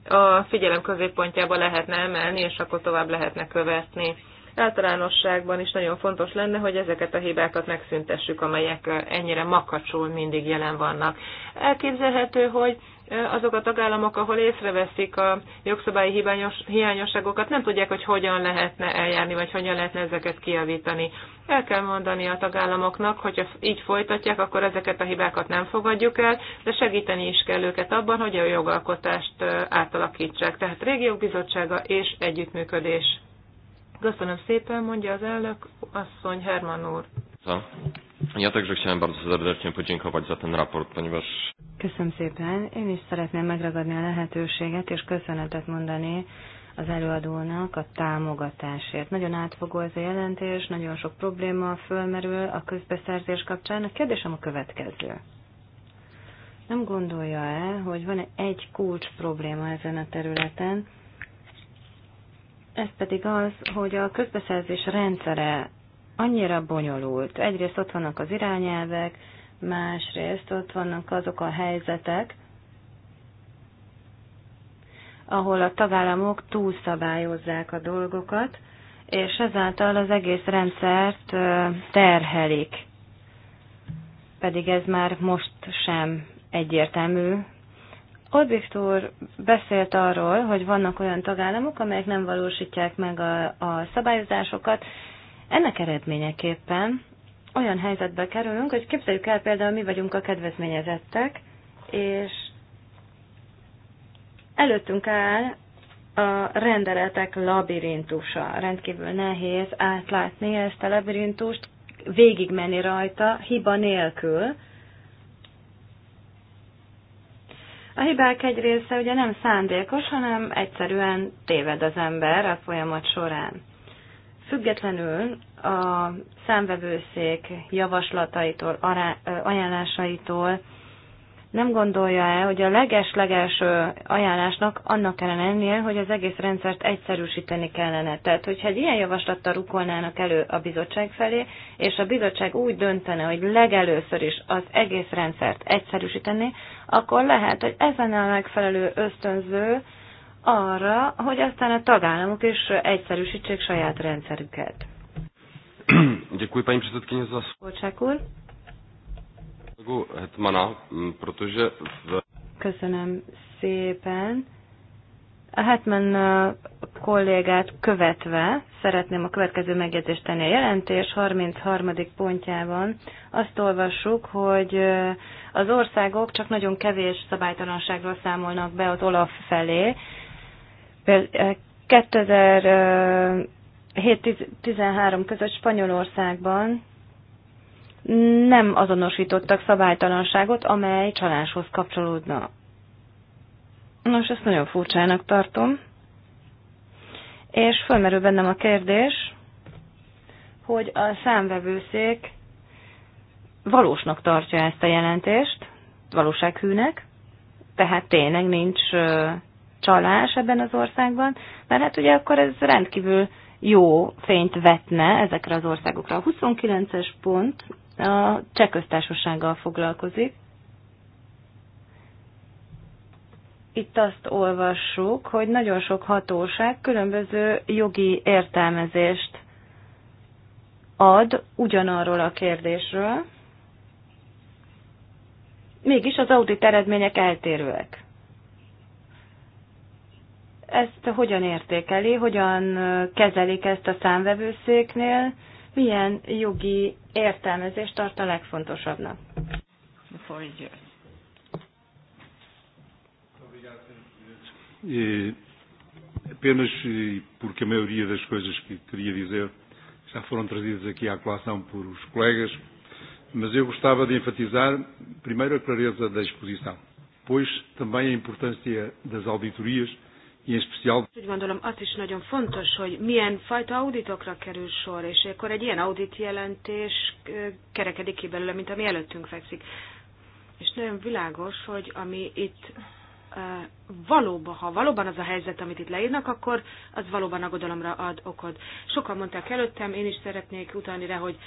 a figyelem középpontjába lehetne emelni, és akkor tovább lehetne követni általánosságban is nagyon fontos lenne, hogy ezeket a hibákat megszüntessük, amelyek ennyire makacsul mindig jelen vannak. Elképzelhető, hogy azok a tagállamok, ahol észreveszik a jogszabályi hibányos, hiányosságokat, nem tudják, hogy hogyan lehetne eljárni, vagy hogyan lehetne ezeket kiavítani. El kell mondani a tagállamoknak, hogyha így folytatják, akkor ezeket a hibákat nem fogadjuk el, de segíteni is kell őket abban, hogy a jogalkotást átalakítsák. Tehát régiók bizottsága és együttműködés Köszönöm szépen, mondja az elnök asszony Herman úr. Ja także chciałem bardzo serdecznie podziękować za ten raport, ponieważ... Köszönöm szépen. Én is szeretném megragadni a lehetőséget, és köszönetet mondani az előadónak a támogatásért. Nagyon átfogó ez a jelentés, nagyon sok probléma fölmerül a közbeszerzés kapcsán. A kérdésem a következő. Nem gondolja el, hogy van -e egy kulcs probléma ezen a területen, ez pedig az, hogy a közbeszerzés rendszere annyira bonyolult. Egyrészt ott vannak az irányelvek, másrészt ott vannak azok a helyzetek, ahol a tagállamok túlszabályozzák a dolgokat, és ezáltal az egész rendszert terhelik. Pedig ez már most sem egyértelmű, Orbik úr beszélt arról, hogy vannak olyan tagállamok, amelyek nem valósítják meg a, a szabályozásokat. Ennek eredményeképpen olyan helyzetbe kerülünk, hogy képzeljük el például mi vagyunk a kedvezményezettek, és előttünk áll a rendeletek labirintusa. Rendkívül nehéz átlátni ezt a labirintust, végigmenni rajta hiba nélkül, A hibák egy része ugye nem szándékos, hanem egyszerűen téved az ember a folyamat során. Függetlenül a számvevőszék javaslataitól, ajánlásaitól, nem gondolja el, hogy a leges-legelső ajánlásnak annak kellene lennie, hogy az egész rendszert egyszerűsíteni kellene. Tehát, hogyha egy ilyen javaslattal rukolnának elő a bizottság felé, és a bizottság úgy döntene, hogy legelőször is az egész rendszert egyszerűsíteni, akkor lehet, hogy ezen a megfelelő ösztönző arra, hogy aztán a tagállamok is egyszerűsítsék saját rendszerüket. Dziękuję pani předsedkyně za... Bocsák úr. Mm, Köszönöm szépen. A Hetman kollégát követve szeretném a következő megjegyzést tenni. A jelentés 33. pontjában azt olvassuk, hogy az országok csak nagyon kevés szabálytalanságról számolnak be az OLAF felé. 2007-13 között Spanyolországban nem azonosítottak szabálytalanságot, amely csaláshoz kapcsolódna. Nos, ezt nagyon furcsának tartom. És fölmerül bennem a kérdés, hogy a számvevőszék valósnak tartja ezt a jelentést, valósághűnek, tehát tényleg nincs csalás ebben az országban, mert hát ugye akkor ez rendkívül jó fényt vetne ezekre az országokra. A 29-es pont a cseh köztársasággal foglalkozik. Itt azt olvassuk, hogy nagyon sok hatóság különböző jogi értelmezést ad ugyanarról a kérdésről, mégis az audit eredmények eltérőek. Ezt hogyan értékeli, hogyan kezelik ezt a számvevőszéknél, milyen jogi értelmezést tart a legfontosabbnak? Apenas porque a maioria das coisas que queria dizer já foram trazidas aqui à colação por os colegas, mas eu gostava de enfatizar primeiro a clareza da exposição, pois também a importância das auditorias E úgy gondolom, az is nagyon fontos, hogy milyen fajta auditokra kerül sor, és akkor egy ilyen audit jelentés kerekedik ki belőle, mint ami előttünk fekszik. És nagyon világos, hogy ami itt valóban, ha valóban az a helyzet, amit itt leírnak, akkor az valóban aggodalomra ad okod. Sokan mondták előttem, én is szeretnék utalni rá, hogy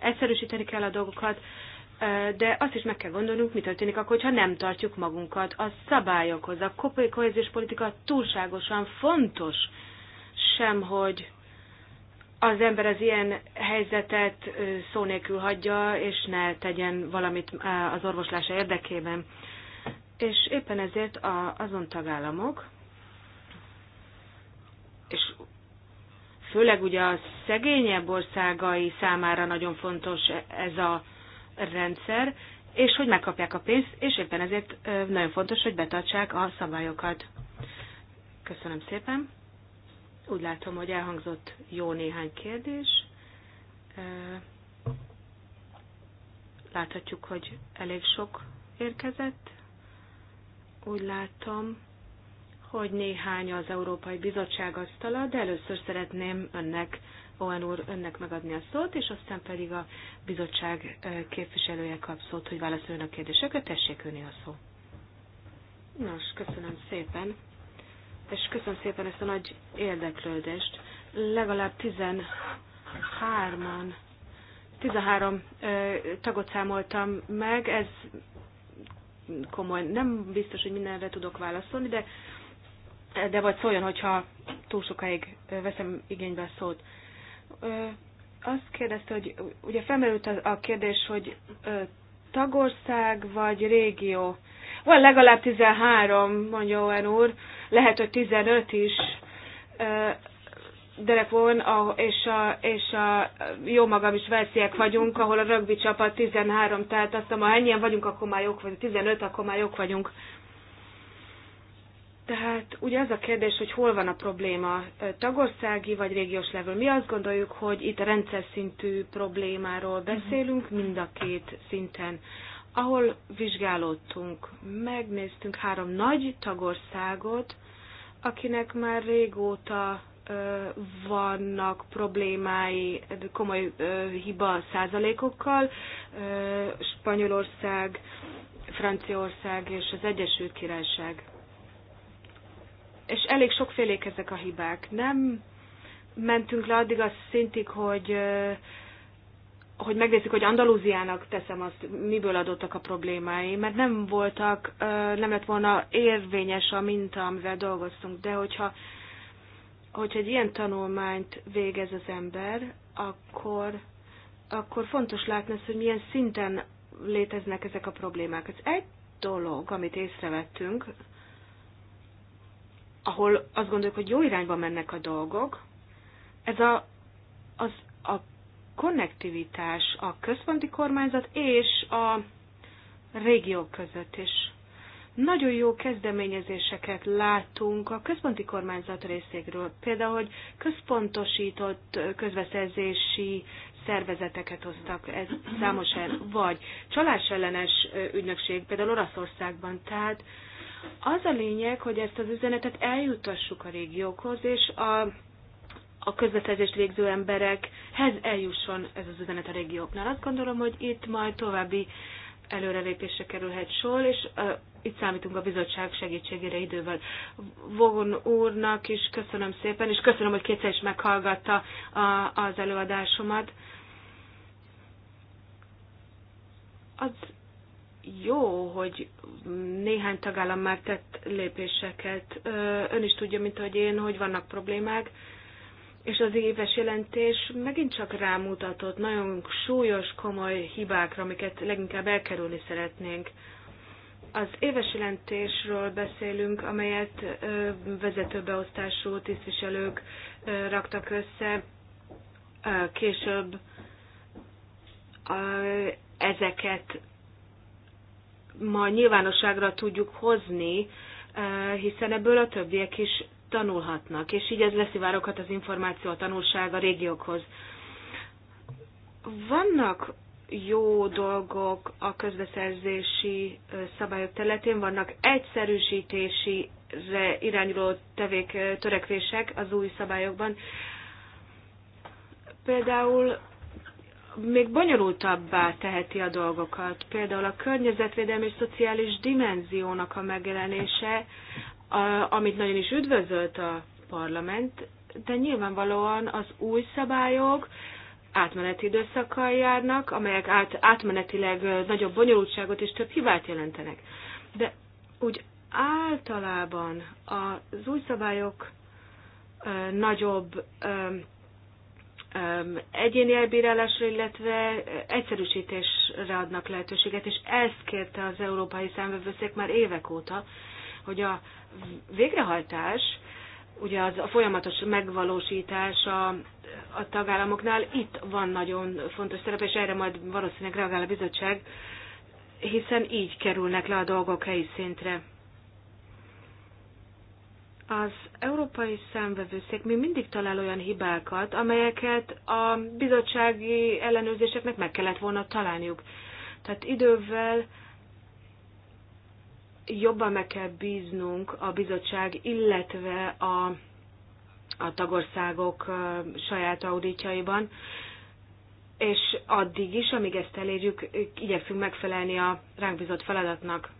egyszerűsíteni kell a dolgokat, de azt is meg kell gondolnunk, mi történik akkor, hogyha nem tartjuk magunkat a szabályokhoz. A kohéziós politika túlságosan fontos sem, hogy az ember az ilyen helyzetet szó nélkül hagyja, és ne tegyen valamit az orvoslása érdekében. És éppen ezért a, azon tagállamok, és főleg ugye a szegényebb országai számára nagyon fontos ez a rendszer, és hogy megkapják a pénzt, és éppen ezért nagyon fontos, hogy betartsák a szabályokat. Köszönöm szépen. Úgy látom, hogy elhangzott jó néhány kérdés. Láthatjuk, hogy elég sok érkezett. Úgy látom, hogy néhány az Európai Bizottság asztala, de először szeretném önnek Owen úr önnek megadni a szót, és aztán pedig a bizottság képviselője kap szót, hogy válaszoljon a kérdéseket. Tessék önni a szó. Nos, köszönöm szépen, és köszönöm szépen ezt a nagy érdeklődést. Legalább 13-an 13 tagot számoltam meg, ez komoly. Nem biztos, hogy mindenre tudok válaszolni, de, de vagy szóljon, hogyha túl sokáig veszem igénybe a szót azt kérdezte, hogy ugye felmerült a kérdés, hogy ö, tagország vagy régió. Van legalább 13, mondja Owen úr, lehet, hogy 15 is. Derek Vaughan a, és, a, és a jó magam is versziek vagyunk, ahol a rugby csapat 13, tehát azt mondom, ha ennyien vagyunk, akkor már jók vagyunk, 15, akkor már jók vagyunk. Tehát ugye az a kérdés, hogy hol van a probléma, tagországi vagy régiós level. Mi azt gondoljuk, hogy itt a rendszer szintű problémáról mhm. beszélünk mind a két szinten. Ahol vizsgálódtunk, megnéztünk három nagy tagországot, akinek már régóta vannak problémái komoly hiba százalékokkal. Spanyolország, Franciaország és az Egyesült Királyság és elég sokfélék ezek a hibák. Nem mentünk le addig a szintig, hogy, hogy megnézzük, hogy Andalúziának teszem azt, miből adottak a problémái, mert nem voltak, nem lett volna érvényes a minta, amivel dolgoztunk, de hogyha hogyha egy ilyen tanulmányt végez az ember, akkor, akkor fontos látni azt, hogy milyen szinten léteznek ezek a problémák. Ez egy dolog, amit észrevettünk, ahol azt gondoljuk, hogy jó irányba mennek a dolgok, ez a, az, a konnektivitás a központi kormányzat és a régiók között is. Nagyon jó kezdeményezéseket látunk a központi kormányzat részéről, például, hogy központosított közbeszerzési szervezeteket hoztak ez számos el, vagy csalásellenes ügynökség, például Olaszországban, tehát az a lényeg, hogy ezt az üzenetet eljuttassuk a régiókhoz, és a, a közvetezést végző emberekhez eljusson ez az üzenet a régióknál. Azt gondolom, hogy itt majd további előrelépésre kerülhet sor, és uh, itt számítunk a bizottság segítségére idővel. Vogon úrnak is köszönöm szépen, és köszönöm, hogy kétszer is meghallgatta a, az előadásomat. Az jó, hogy néhány tagállam már tett lépéseket. Ön is tudja, mint hogy én, hogy vannak problémák, és az éves jelentés megint csak rámutatott nagyon súlyos, komoly hibákra, amiket leginkább elkerülni szeretnénk. Az éves jelentésről beszélünk, amelyet vezetőbeosztású tisztviselők raktak össze később ezeket ma nyilvánosságra tudjuk hozni, eh, hiszen ebből a többiek is tanulhatnak, és így ez leszivároghat az információ, a tanulság a régiókhoz. Vannak jó dolgok a közbeszerzési eh, szabályok területén, vannak egyszerűsítési irányuló tevék, eh, törekvések az új szabályokban. Például még bonyolultabbá teheti a dolgokat. Például a környezetvédelmi és szociális dimenziónak a megjelenése, amit nagyon is üdvözölt a parlament, de nyilvánvalóan az új szabályok átmeneti időszakkal járnak, amelyek át, átmenetileg nagyobb bonyolultságot és több hibát jelentenek. De úgy általában az új szabályok nagyobb egyéni elbírálásra, illetve egyszerűsítésre adnak lehetőséget, és ezt kérte az Európai Számvevőszék már évek óta, hogy a végrehajtás, ugye az a folyamatos megvalósítása a tagállamoknál itt van nagyon fontos szerepe, és erre majd valószínűleg reagál a bizottság, hiszen így kerülnek le a dolgok helyi szintre. Az európai számvevőszék még mindig talál olyan hibákat, amelyeket a bizottsági ellenőrzéseknek meg kellett volna találniuk. Tehát idővel jobban meg kell bíznunk a bizottság, illetve a, a tagországok saját auditjaiban, és addig is, amíg ezt elérjük, igyekszünk megfelelni a ránk bizott feladatnak.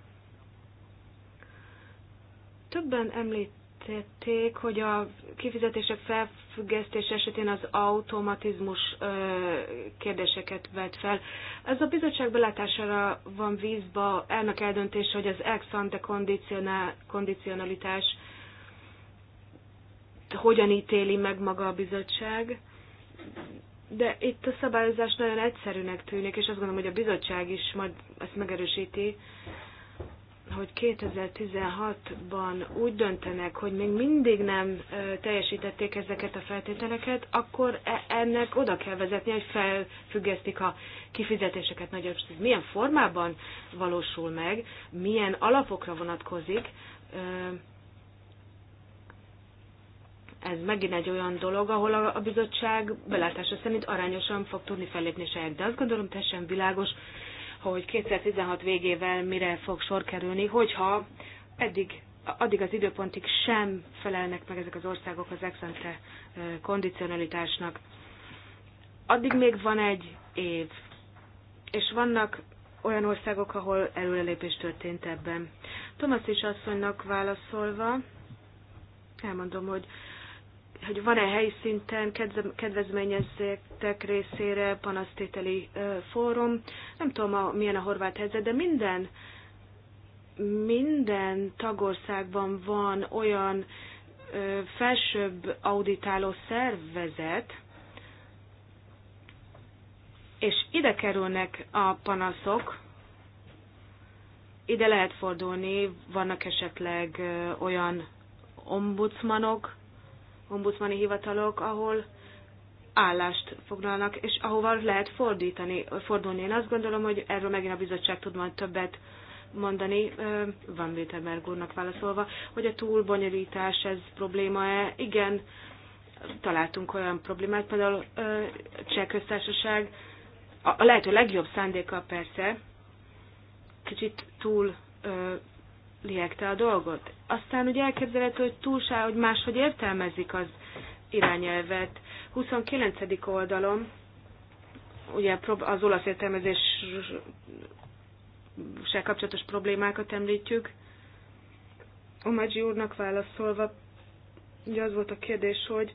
Többen említ említették, hogy a kifizetések felfüggesztés esetén az automatizmus kérdéseket vet fel. Ez a bizottság belátására van vízba, elnök eldöntése, hogy az ex ante kondicionalitás hogyan ítéli meg maga a bizottság, de itt a szabályozás nagyon egyszerűnek tűnik, és azt gondolom, hogy a bizottság is majd ezt megerősíti, hogy 2016-ban úgy döntenek, hogy még mindig nem teljesítették ezeket a feltételeket, akkor e, ennek oda kell vezetni, hogy felfüggesztik a kifizetéseket nagyobb. Milyen formában valósul meg, milyen alapokra vonatkozik, ez megint egy olyan dolog, ahol a bizottság belátása szerint arányosan fog tudni fellépni saját, de azt gondolom teljesen világos, hogy 2016 végével mire fog sor kerülni, hogyha eddig addig az időpontig sem felelnek meg ezek az országok az exente kondicionalitásnak. Addig még van egy év, és vannak olyan országok, ahol előrelépés történt ebben. Thomas is asszonynak válaszolva, elmondom, hogy hogy van-e helyi szinten kedvezményezettek részére panasztételi fórum. Nem tudom, a, milyen a horvát helyzet, de minden, minden tagországban van olyan ö, felsőbb auditáló szervezet, és ide kerülnek a panaszok, ide lehet fordulni, vannak esetleg olyan ombudsmanok, ombudsmani hivatalok, ahol állást foglalnak, és ahova lehet fordítani, fordulni. Én azt gondolom, hogy erről megint a bizottság tud majd többet mondani, Van Wittenberg úrnak válaszolva, hogy a túlbonyolítás ez probléma-e. Igen, találtunk olyan problémát, például Cseh köztársaság, a lehető legjobb szándéka persze, kicsit túl liegte a dolgot. Aztán ugye elképzelhető, hogy túlság, hogy máshogy értelmezik az irányelvet. 29. oldalom, ugye az olasz értelmezéssel kapcsolatos problémákat említjük. Omadzsi úrnak válaszolva, ugye az volt a kérdés, hogy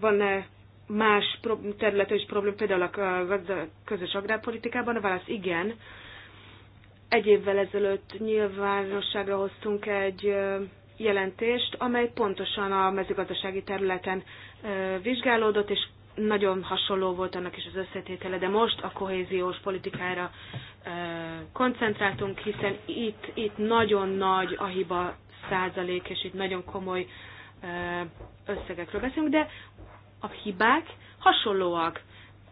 van-e más területen is probléma, például a közös agrárpolitikában? A válasz igen, egy évvel ezelőtt nyilvánosságra hoztunk egy jelentést, amely pontosan a mezőgazdasági területen vizsgálódott, és nagyon hasonló volt annak is az összetétele, de most a kohéziós politikára koncentráltunk, hiszen itt, itt nagyon nagy a hiba százalék, és itt nagyon komoly összegekről beszélünk, de a hibák hasonlóak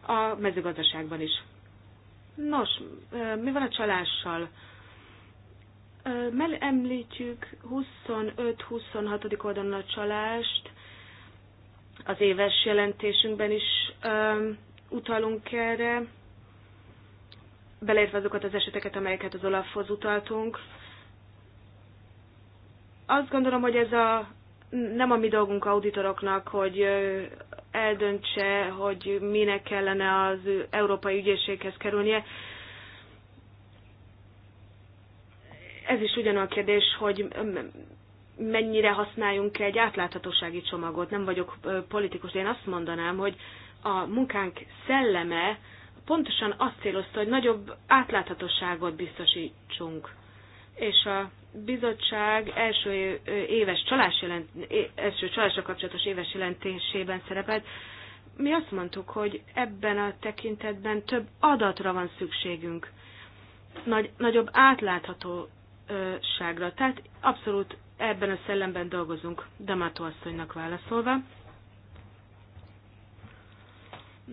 a mezőgazdaságban is. Nos, mi van a csalással? Mel említjük 25-26. oldalon a csalást, az éves jelentésünkben is utalunk erre, beleértve azokat az eseteket, amelyeket az Olafhoz utaltunk. Azt gondolom, hogy ez a, nem a mi dolgunk auditoroknak, hogy eldöntse, hogy minek kellene az Európai Ügyészséghez kerülnie. Ez is ugyanolyan kérdés, hogy mennyire használjunk egy átláthatósági csomagot. Nem vagyok politikus, de én azt mondanám, hogy a munkánk szelleme pontosan azt célozta, hogy nagyobb átláthatóságot biztosítsunk. És a bizottság első éves csalás jelent, első csalásra kapcsolatos éves jelentésében szerepelt, mi azt mondtuk, hogy ebben a tekintetben több adatra van szükségünk, nagy, nagyobb átláthatóságra. Tehát abszolút ebben a szellemben dolgozunk, Damato asszonynak válaszolva.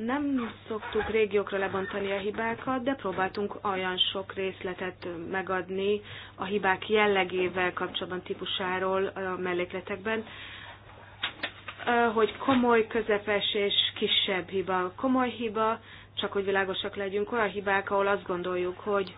Nem szoktuk régiókra lebontani a hibákat, de próbáltunk olyan sok részletet megadni a hibák jellegével kapcsolatban típusáról a mellékletekben, hogy komoly, közepes és kisebb hiba. Komoly hiba, csak hogy világosak legyünk, olyan hibák, ahol azt gondoljuk, hogy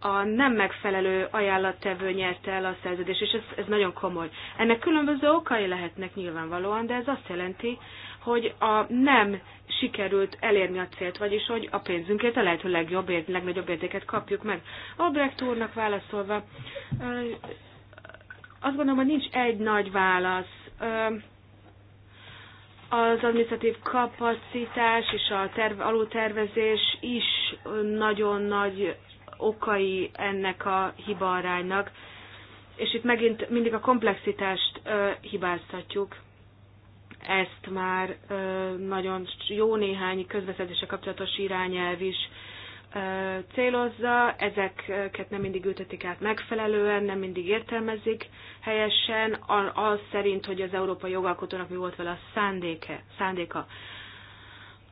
a nem megfelelő ajánlattevő nyerte el a szerződést, és ez, ez nagyon komoly. Ennek különböző okai lehetnek nyilvánvalóan, de ez azt jelenti, hogy a nem sikerült elérni a célt, vagyis hogy a pénzünkért a lehető legjobb, legnagyobb értéket kapjuk meg. A úrnak válaszolva, azt gondolom, hogy nincs egy nagy válasz. Az administratív kapacitás és a terv, alultervezés is nagyon nagy okai ennek a hibaaránynak, és itt megint mindig a komplexitást hibáztatjuk ezt már nagyon jó néhány közbeszerzése kapcsolatos irányelv is célozza, ezeket nem mindig ültetik át megfelelően, nem mindig értelmezik helyesen, az szerint, hogy az európai jogalkotónak mi volt vele a szándéke, szándéka.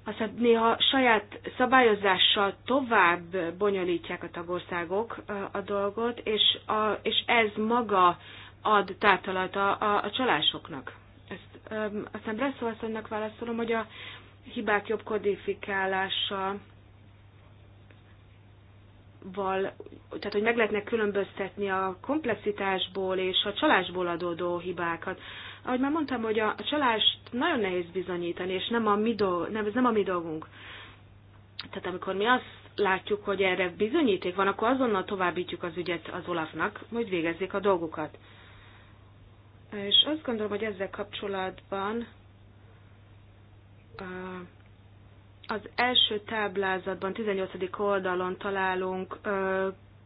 Aztán néha saját szabályozással tovább bonyolítják a tagországok a dolgot, és, a, és ez maga ad tártalajt a, a, a csalásoknak ezt öm, aztán Bresszolszonynak válaszolom, hogy a hibák jobb kodifikálása val, tehát hogy meg lehetne különböztetni a komplexitásból és a csalásból adódó hibákat. Ahogy már mondtam, hogy a csalást nagyon nehéz bizonyítani, és nem a mi, dolg, nem, ez nem a mi dolgunk. Tehát amikor mi azt látjuk, hogy erre bizonyíték van, akkor azonnal továbbítjuk az ügyet az Olafnak, hogy végezzék a dolgukat. És azt gondolom, hogy ezzel kapcsolatban az első táblázatban, 18. oldalon találunk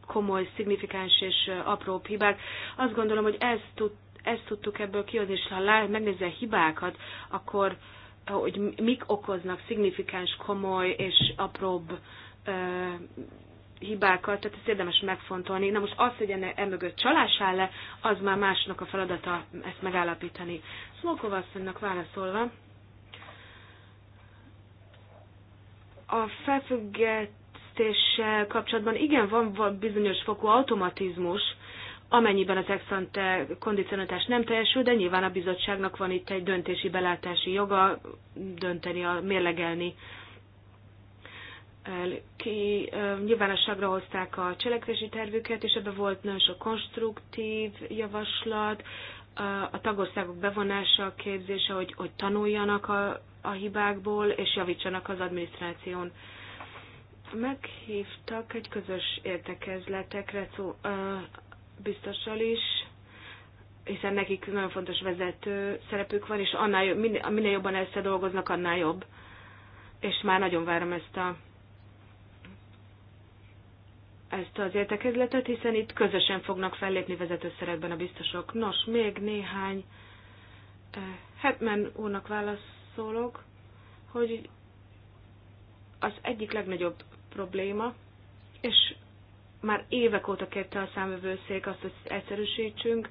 komoly, szignifikáns és apró hibák. Azt gondolom, hogy ezt, tud, ezt tudtuk ebből kihozni, és ha megnézze a hibákat, akkor hogy mik okoznak szignifikáns, komoly és apróbb hibákat, tehát ezt érdemes megfontolni. Na most az, hogy ennek emögött csalás áll le, az már másnak a feladata ezt megállapítani. Smolkova asszonynak válaszolva, a felfüggesztéssel kapcsolatban igen, van bizonyos fokú automatizmus, amennyiben az exante kondicionatás nem teljesül, de nyilván a bizottságnak van itt egy döntési belátási joga dönteni, a, mérlegelni ki nyilvánosságra hozták a cselekvési tervüket, és ebbe volt nagyon sok konstruktív javaslat, a tagországok bevonása, a képzése, hogy, hogy tanuljanak a, a hibákból, és javítsanak az adminisztráción. Meghívtak egy közös értekezletekre, szó, biztossal is, hiszen nekik nagyon fontos vezető szerepük van, és annál jobb, minél, minél jobban ezt dolgoznak, annál jobb. És már nagyon várom ezt a ezt az értekezletet, hiszen itt közösen fognak fellépni vezető szerepben a biztosok. Nos, még néhány eh, Hetman úrnak válaszolok, hogy az egyik legnagyobb probléma, és már évek óta kérte a számövőszék azt, hogy egyszerűsítsünk,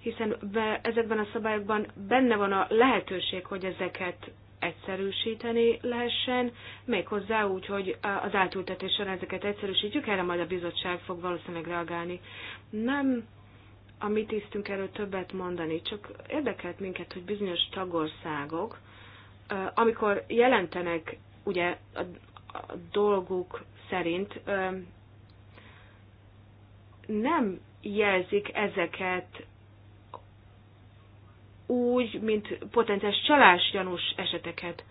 hiszen be, ezekben a szabályokban benne van a lehetőség, hogy ezeket egyszerűsíteni lehessen, méghozzá úgy, hogy az átültetéssel ezeket egyszerűsítjük, erre majd a bizottság fog valószínűleg reagálni. Nem a mi tisztünk erről többet mondani, csak érdekelt minket, hogy bizonyos tagországok, amikor jelentenek ugye a, a dolguk szerint, nem jelzik ezeket úgy, mint potenciális csalás gyanús eseteket.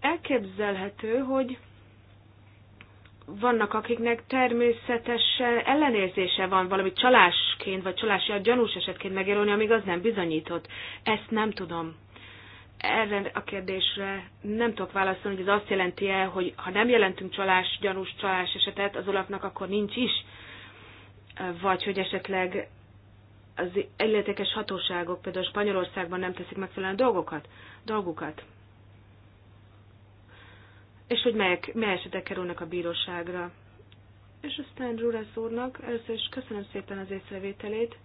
Elképzelhető, hogy vannak, akiknek természetesen ellenérzése van valami csalásként, vagy csalási a gyanús esetként megjelölni, amíg az nem bizonyított. Ezt nem tudom. Erre a kérdésre nem tudok válaszolni, hogy ez azt jelenti-e, hogy ha nem jelentünk csalás, gyanús csalás esetet az olapnak, akkor nincs is, vagy hogy esetleg az illetékes hatóságok például Spanyolországban nem teszik megfelelően dolgokat, dolgukat. És hogy melyek, mely esetek kerülnek a bíróságra. És aztán Rurász úrnak először is köszönöm szépen az észrevételét,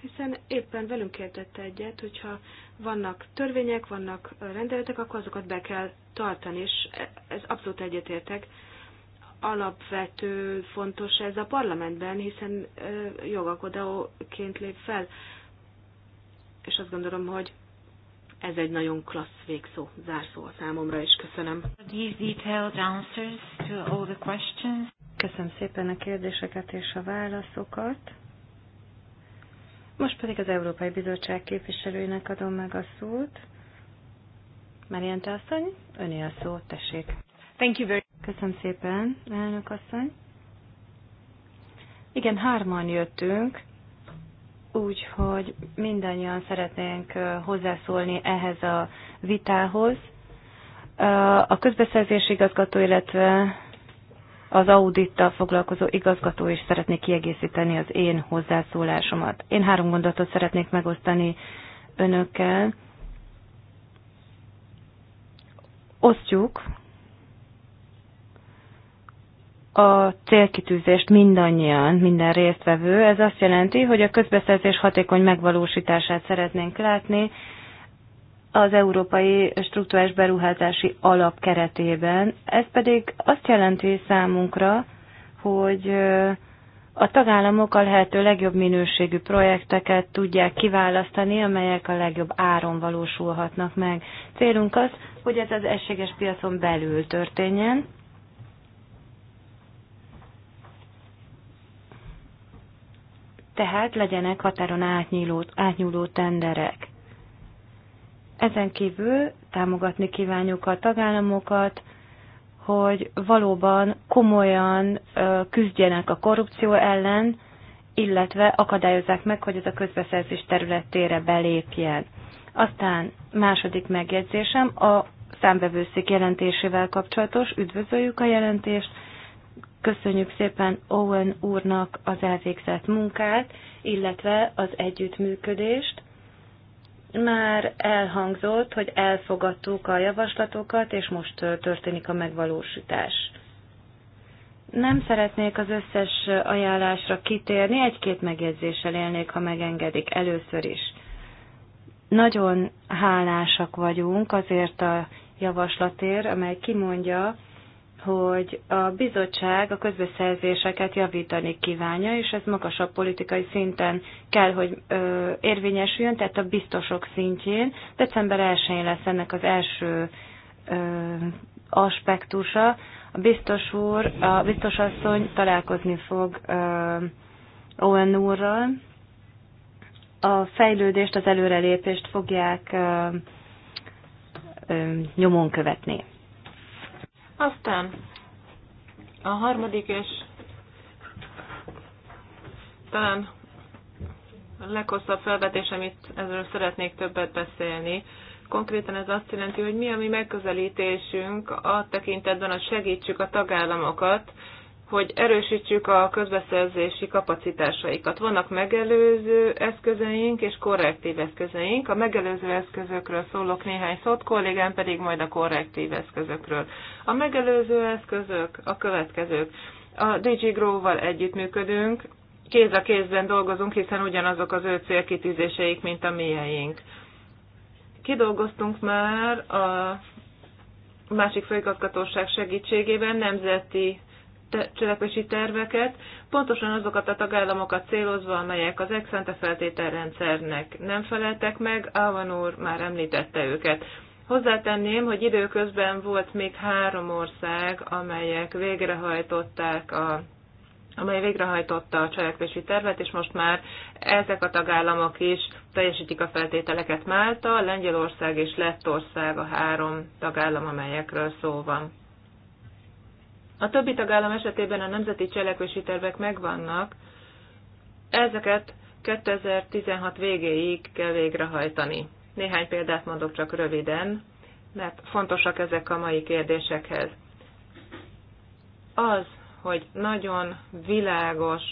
hiszen éppen velünk értette egyet, hogyha vannak törvények, vannak rendeletek, akkor azokat be kell tartani, és ez abszolút egyetértek alapvető fontos ez a parlamentben, hiszen jogakodóként lép fel. És azt gondolom, hogy ez egy nagyon klassz végszó, zárszó a számomra, és köszönöm. Köszönöm szépen a kérdéseket és a válaszokat. Most pedig az Európai Bizottság képviselőinek adom meg a szót. Marian asszony, öné a szó, tessék. Thank you very Köszönöm szépen, elnök asszony. Igen, hárman jöttünk, úgyhogy mindannyian szeretnénk hozzászólni ehhez a vitához. A közbeszerzési igazgató, illetve az audittal foglalkozó igazgató is szeretné kiegészíteni az én hozzászólásomat. Én három gondolatot szeretnék megosztani önökkel. Osztjuk a célkitűzést mindannyian, minden résztvevő. Ez azt jelenti, hogy a közbeszerzés hatékony megvalósítását szeretnénk látni az Európai Struktúrás Beruházási Alap keretében. Ez pedig azt jelenti számunkra, hogy a tagállamok a lehető legjobb minőségű projekteket tudják kiválasztani, amelyek a legjobb áron valósulhatnak meg. Célunk az, hogy ez az egységes piacon belül történjen, tehát legyenek határon átnyúló, átnyúló tenderek. Ezen kívül támogatni kívánjuk a tagállamokat, hogy valóban komolyan küzdjenek a korrupció ellen, illetve akadályozzák meg, hogy ez a közbeszerzés területére belépjen. Aztán második megjegyzésem a számbevőszék jelentésével kapcsolatos. Üdvözöljük a jelentést, Köszönjük szépen Owen úrnak az elvégzett munkát, illetve az együttműködést. Már elhangzott, hogy elfogadtuk a javaslatokat, és most történik a megvalósítás. Nem szeretnék az összes ajánlásra kitérni, egy-két megjegyzéssel élnék, ha megengedik először is. Nagyon hálásak vagyunk azért a javaslatért, amely kimondja, hogy a bizottság a közbeszerzéseket javítani kívánja, és ez magasabb politikai szinten kell, hogy ö, érvényesüljön, tehát a biztosok szintjén. December 1-én lesz ennek az első ö, aspektusa. A biztos úr, a biztos asszony találkozni fog ö, Owen úrral. A fejlődést, az előrelépést fogják ö, ö, nyomon követni. Aztán a harmadik és talán a leghosszabb felvetés, amit ezről szeretnék többet beszélni. Konkrétan ez azt jelenti, hogy mi a mi megközelítésünk a tekintetben, hogy segítsük a tagállamokat, hogy erősítsük a közbeszerzési kapacitásaikat. Vannak megelőző eszközeink és korrektív eszközeink. A megelőző eszközökről szólok néhány szót, kollégám pedig majd a korrektív eszközökről. A megelőző eszközök a következők. A DigiGrow-val együttműködünk, kéz a kézben dolgozunk, hiszen ugyanazok az ő célkitűzéseik, mint a miénk. Kidolgoztunk már a másik főigazgatóság segítségében nemzeti cselekvési terveket, pontosan azokat a tagállamokat célozva, amelyek az ex-ante feltételrendszernek nem feleltek meg, Ávan úr már említette őket. Hozzátenném, hogy időközben volt még három ország, amelyek végrehajtották a amely végrehajtotta a cselekvési tervet, és most már ezek a tagállamok is teljesítik a feltételeket Málta, Lengyelország és Lettország a három tagállam, amelyekről szó van. A többi tagállam esetében a nemzeti cselekvési tervek megvannak, ezeket 2016 végéig kell végrehajtani. Néhány példát mondok csak röviden, mert fontosak ezek a mai kérdésekhez. Az, hogy nagyon világos,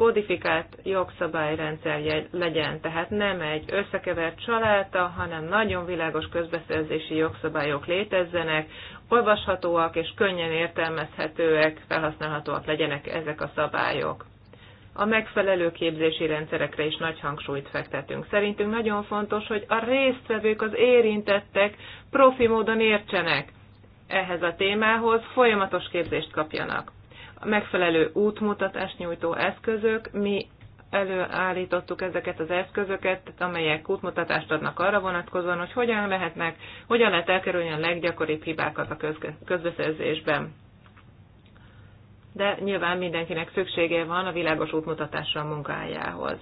kodifikált jogszabályrendszer legyen, tehát nem egy összekevert csaláta, hanem nagyon világos közbeszerzési jogszabályok létezzenek, olvashatóak és könnyen értelmezhetőek, felhasználhatóak legyenek ezek a szabályok. A megfelelő képzési rendszerekre is nagy hangsúlyt fektetünk. Szerintünk nagyon fontos, hogy a résztvevők, az érintettek profi módon értsenek ehhez a témához, folyamatos képzést kapjanak megfelelő útmutatást nyújtó eszközök. Mi előállítottuk ezeket az eszközöket, amelyek útmutatást adnak arra vonatkozóan, hogy hogyan lehetnek, hogyan lehet elkerülni a leggyakoribb hibákat a közbeszerzésben. De nyilván mindenkinek szüksége van a világos útmutatásra a munkájához.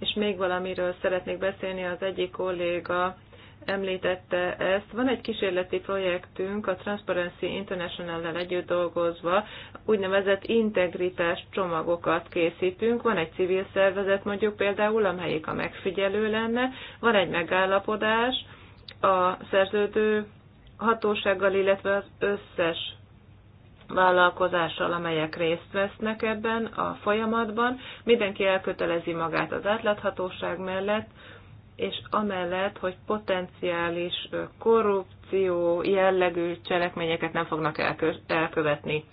És még valamiről szeretnék beszélni, az egyik kolléga említette ezt. Van egy kísérleti projektünk a Transparency international lel együtt dolgozva, úgynevezett integritás csomagokat készítünk. Van egy civil szervezet mondjuk például, amelyik a megfigyelő lenne, van egy megállapodás a szerződő hatósággal, illetve az összes vállalkozással, amelyek részt vesznek ebben a folyamatban. Mindenki elkötelezi magát az átláthatóság mellett, és amellett, hogy potenciális korrupció jellegű cselekményeket nem fognak elkövetni.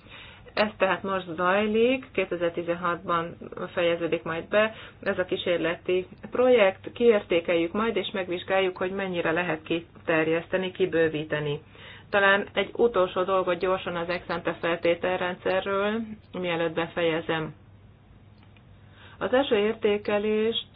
Ez tehát most zajlik, 2016-ban fejeződik majd be ez a kísérleti projekt, kiértékeljük majd, és megvizsgáljuk, hogy mennyire lehet kiterjeszteni, kibővíteni. Talán egy utolsó dolgot gyorsan az Exente feltételrendszerről, mielőtt befejezem. Az első értékelést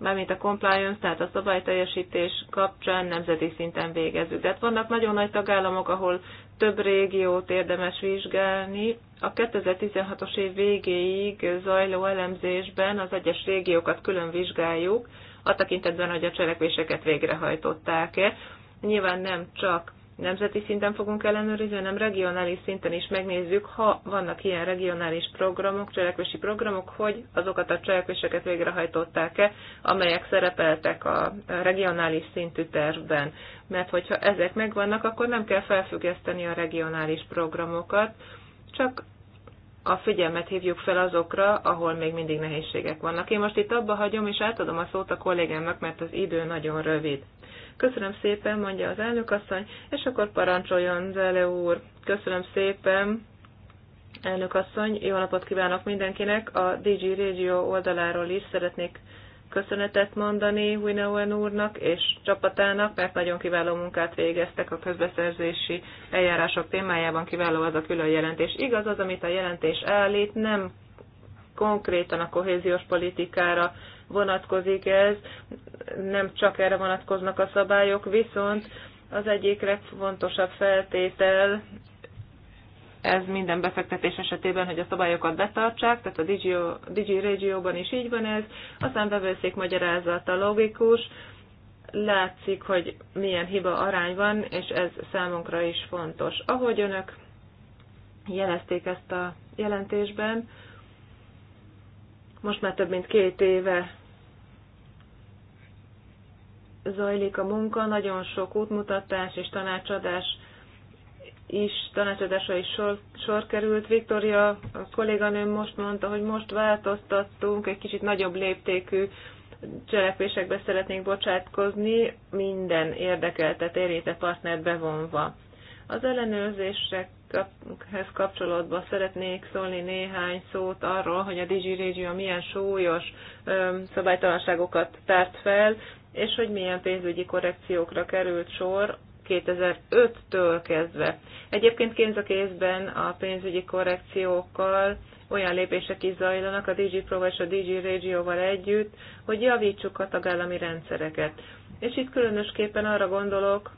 mármint a compliance, tehát a szabályteljesítés kapcsán nemzeti szinten végezzük. Tehát vannak nagyon nagy tagállamok, ahol több régiót érdemes vizsgálni. A 2016-os év végéig zajló elemzésben az egyes régiókat külön vizsgáljuk, a tekintetben, hogy a cselekvéseket végrehajtották-e. Nyilván nem csak nemzeti szinten fogunk ellenőrizni, hanem regionális szinten is megnézzük, ha vannak ilyen regionális programok, cselekvési programok, hogy azokat a cselekvéseket végrehajtották-e, amelyek szerepeltek a regionális szintű tervben. Mert hogyha ezek megvannak, akkor nem kell felfüggeszteni a regionális programokat, csak a figyelmet hívjuk fel azokra, ahol még mindig nehézségek vannak. Én most itt abba hagyom, és átadom a szót a kollégámnak, mert az idő nagyon rövid. Köszönöm szépen, mondja az elnökasszony, és akkor parancsoljon Zele úr. Köszönöm szépen, elnökasszony, jó napot kívánok mindenkinek. A DG Radio oldaláról is szeretnék köszönetet mondani Winowen úrnak és csapatának, mert nagyon kiváló munkát végeztek a közbeszerzési eljárások témájában, kiváló az a külön jelentés. Igaz az, amit a jelentés állít, nem konkrétan a kohéziós politikára vonatkozik ez, nem csak erre vonatkoznak a szabályok, viszont az egyik legfontosabb feltétel ez minden befektetés esetében, hogy a szabályokat betartsák, tehát a Digi Régióban is így van ez, aztán bevőszik magyarázata logikus, látszik, hogy milyen hiba arány van, és ez számunkra is fontos. Ahogy önök jelezték ezt a jelentésben, most már több mint két éve zajlik a munka, nagyon sok útmutatás és tanácsadás is, tanácsadásra is sor, sor került. Viktória a kolléganőm most mondta, hogy most változtattunk, egy kicsit nagyobb léptékű cselekvésekbe szeretnénk bocsátkozni, minden érdekeltet, érinte partnert bevonva. Az ellenőrzésekhez kapcsolódva szeretnék szólni néhány szót arról, hogy a DigiRegio milyen súlyos szabálytalanságokat tárt fel és hogy milyen pénzügyi korrekciókra került sor 2005-től kezdve. Egyébként kéz a kézben a pénzügyi korrekciókkal olyan lépések is zajlanak a DigiPro és a DG Regióval együtt, hogy javítsuk a tagállami rendszereket. És itt különösképpen arra gondolok,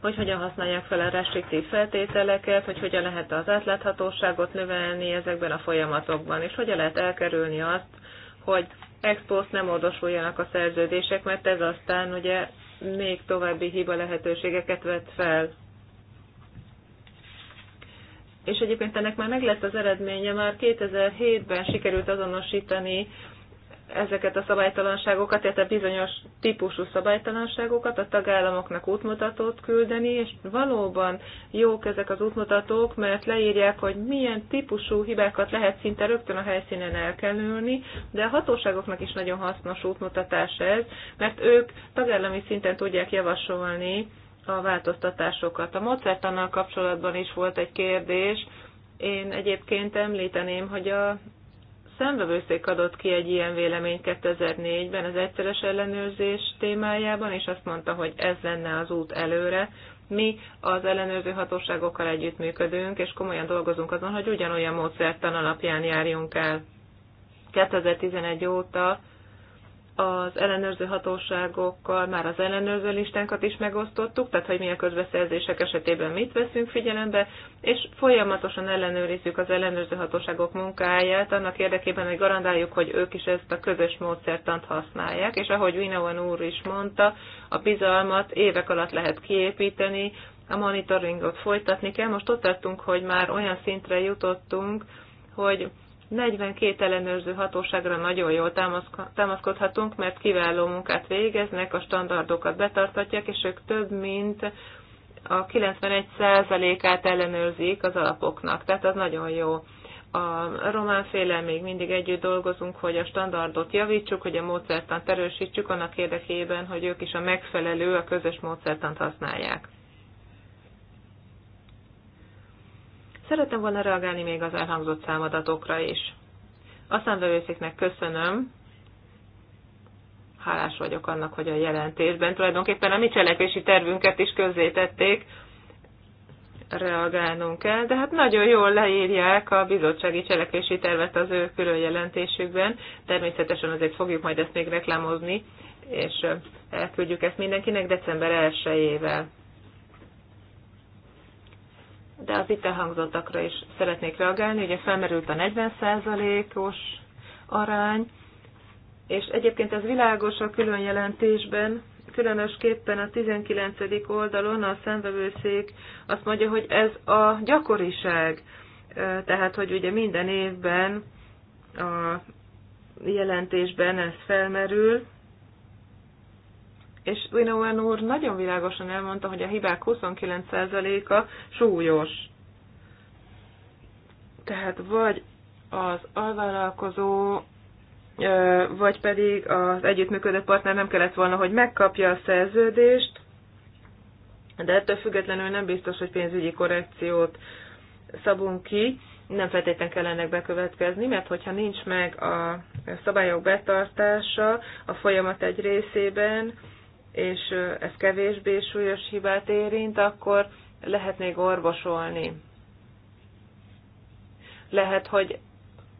hogy hogyan használják fel a restriktív feltételeket, hogy hogyan lehet az átláthatóságot növelni ezekben a folyamatokban, és hogyan lehet elkerülni azt, hogy post nem ordosuljanak a szerződések, mert ez aztán ugye még további hiba lehetőségeket vet fel. És egyébként ennek már meg lett az eredménye, már 2007-ben sikerült azonosítani ezeket a szabálytalanságokat, illetve bizonyos típusú szabálytalanságokat a tagállamoknak útmutatót küldeni, és valóban jók ezek az útmutatók, mert leírják, hogy milyen típusú hibákat lehet szinte rögtön a helyszínen elkerülni, de a hatóságoknak is nagyon hasznos útmutatás ez, mert ők tagállami szinten tudják javasolni a változtatásokat. A mozertannal kapcsolatban is volt egy kérdés, én egyébként említeném, hogy a szemvevőszék adott ki egy ilyen véleményt 2004-ben az egyszeres ellenőrzés témájában, és azt mondta, hogy ez lenne az út előre. Mi az ellenőrző hatóságokkal együttműködünk, és komolyan dolgozunk azon, hogy ugyanolyan módszertan alapján járjunk el. 2011 óta az ellenőrző hatóságokkal már az ellenőrző listánkat is megosztottuk, tehát hogy mi a közbeszerzések esetében mit veszünk figyelembe, és folyamatosan ellenőrizzük az ellenőrző hatóságok munkáját, annak érdekében, hogy garantáljuk, hogy ők is ezt a közös módszertant használják, és ahogy Winowan úr is mondta, a bizalmat évek alatt lehet kiépíteni, a monitoringot folytatni kell. Most ott tartunk, hogy már olyan szintre jutottunk, hogy 42 ellenőrző hatóságra nagyon jól támaszkodhatunk, mert kiváló munkát végeznek, a standardokat betartatják, és ők több mint a 91%-át ellenőrzik az alapoknak, tehát az nagyon jó. A román féle még mindig együtt dolgozunk, hogy a standardot javítsuk, hogy a módszertant erősítsük annak érdekében, hogy ők is a megfelelő, a közös módszertant használják. Szeretem volna reagálni még az elhangzott számadatokra is. A számvevőszéknek köszönöm, hálás vagyok annak, hogy a jelentésben tulajdonképpen a mi cselekvési tervünket is közzétették, reagálnunk kell, de hát nagyon jól leírják a bizottsági cselekvési tervet az ő külön jelentésükben. Természetesen azért fogjuk majd ezt még reklámozni, és elküldjük ezt mindenkinek december 1-ével de az itt elhangzottakra is szeretnék reagálni. Ugye felmerült a 40%-os arány, és egyébként ez világos a külön jelentésben, különösképpen a 19. oldalon a szenvevőszék azt mondja, hogy ez a gyakoriság, tehát hogy ugye minden évben a jelentésben ez felmerül, és Winowen úr nagyon világosan elmondta, hogy a hibák 29%-a súlyos. Tehát vagy az alvállalkozó, vagy pedig az együttműködő partner nem kellett volna, hogy megkapja a szerződést, de ettől függetlenül nem biztos, hogy pénzügyi korrekciót szabunk ki, nem feltétlenül kell ennek bekövetkezni, mert hogyha nincs meg a szabályok betartása a folyamat egy részében, és ez kevésbé súlyos hibát érint, akkor lehet még orvosolni. Lehet, hogy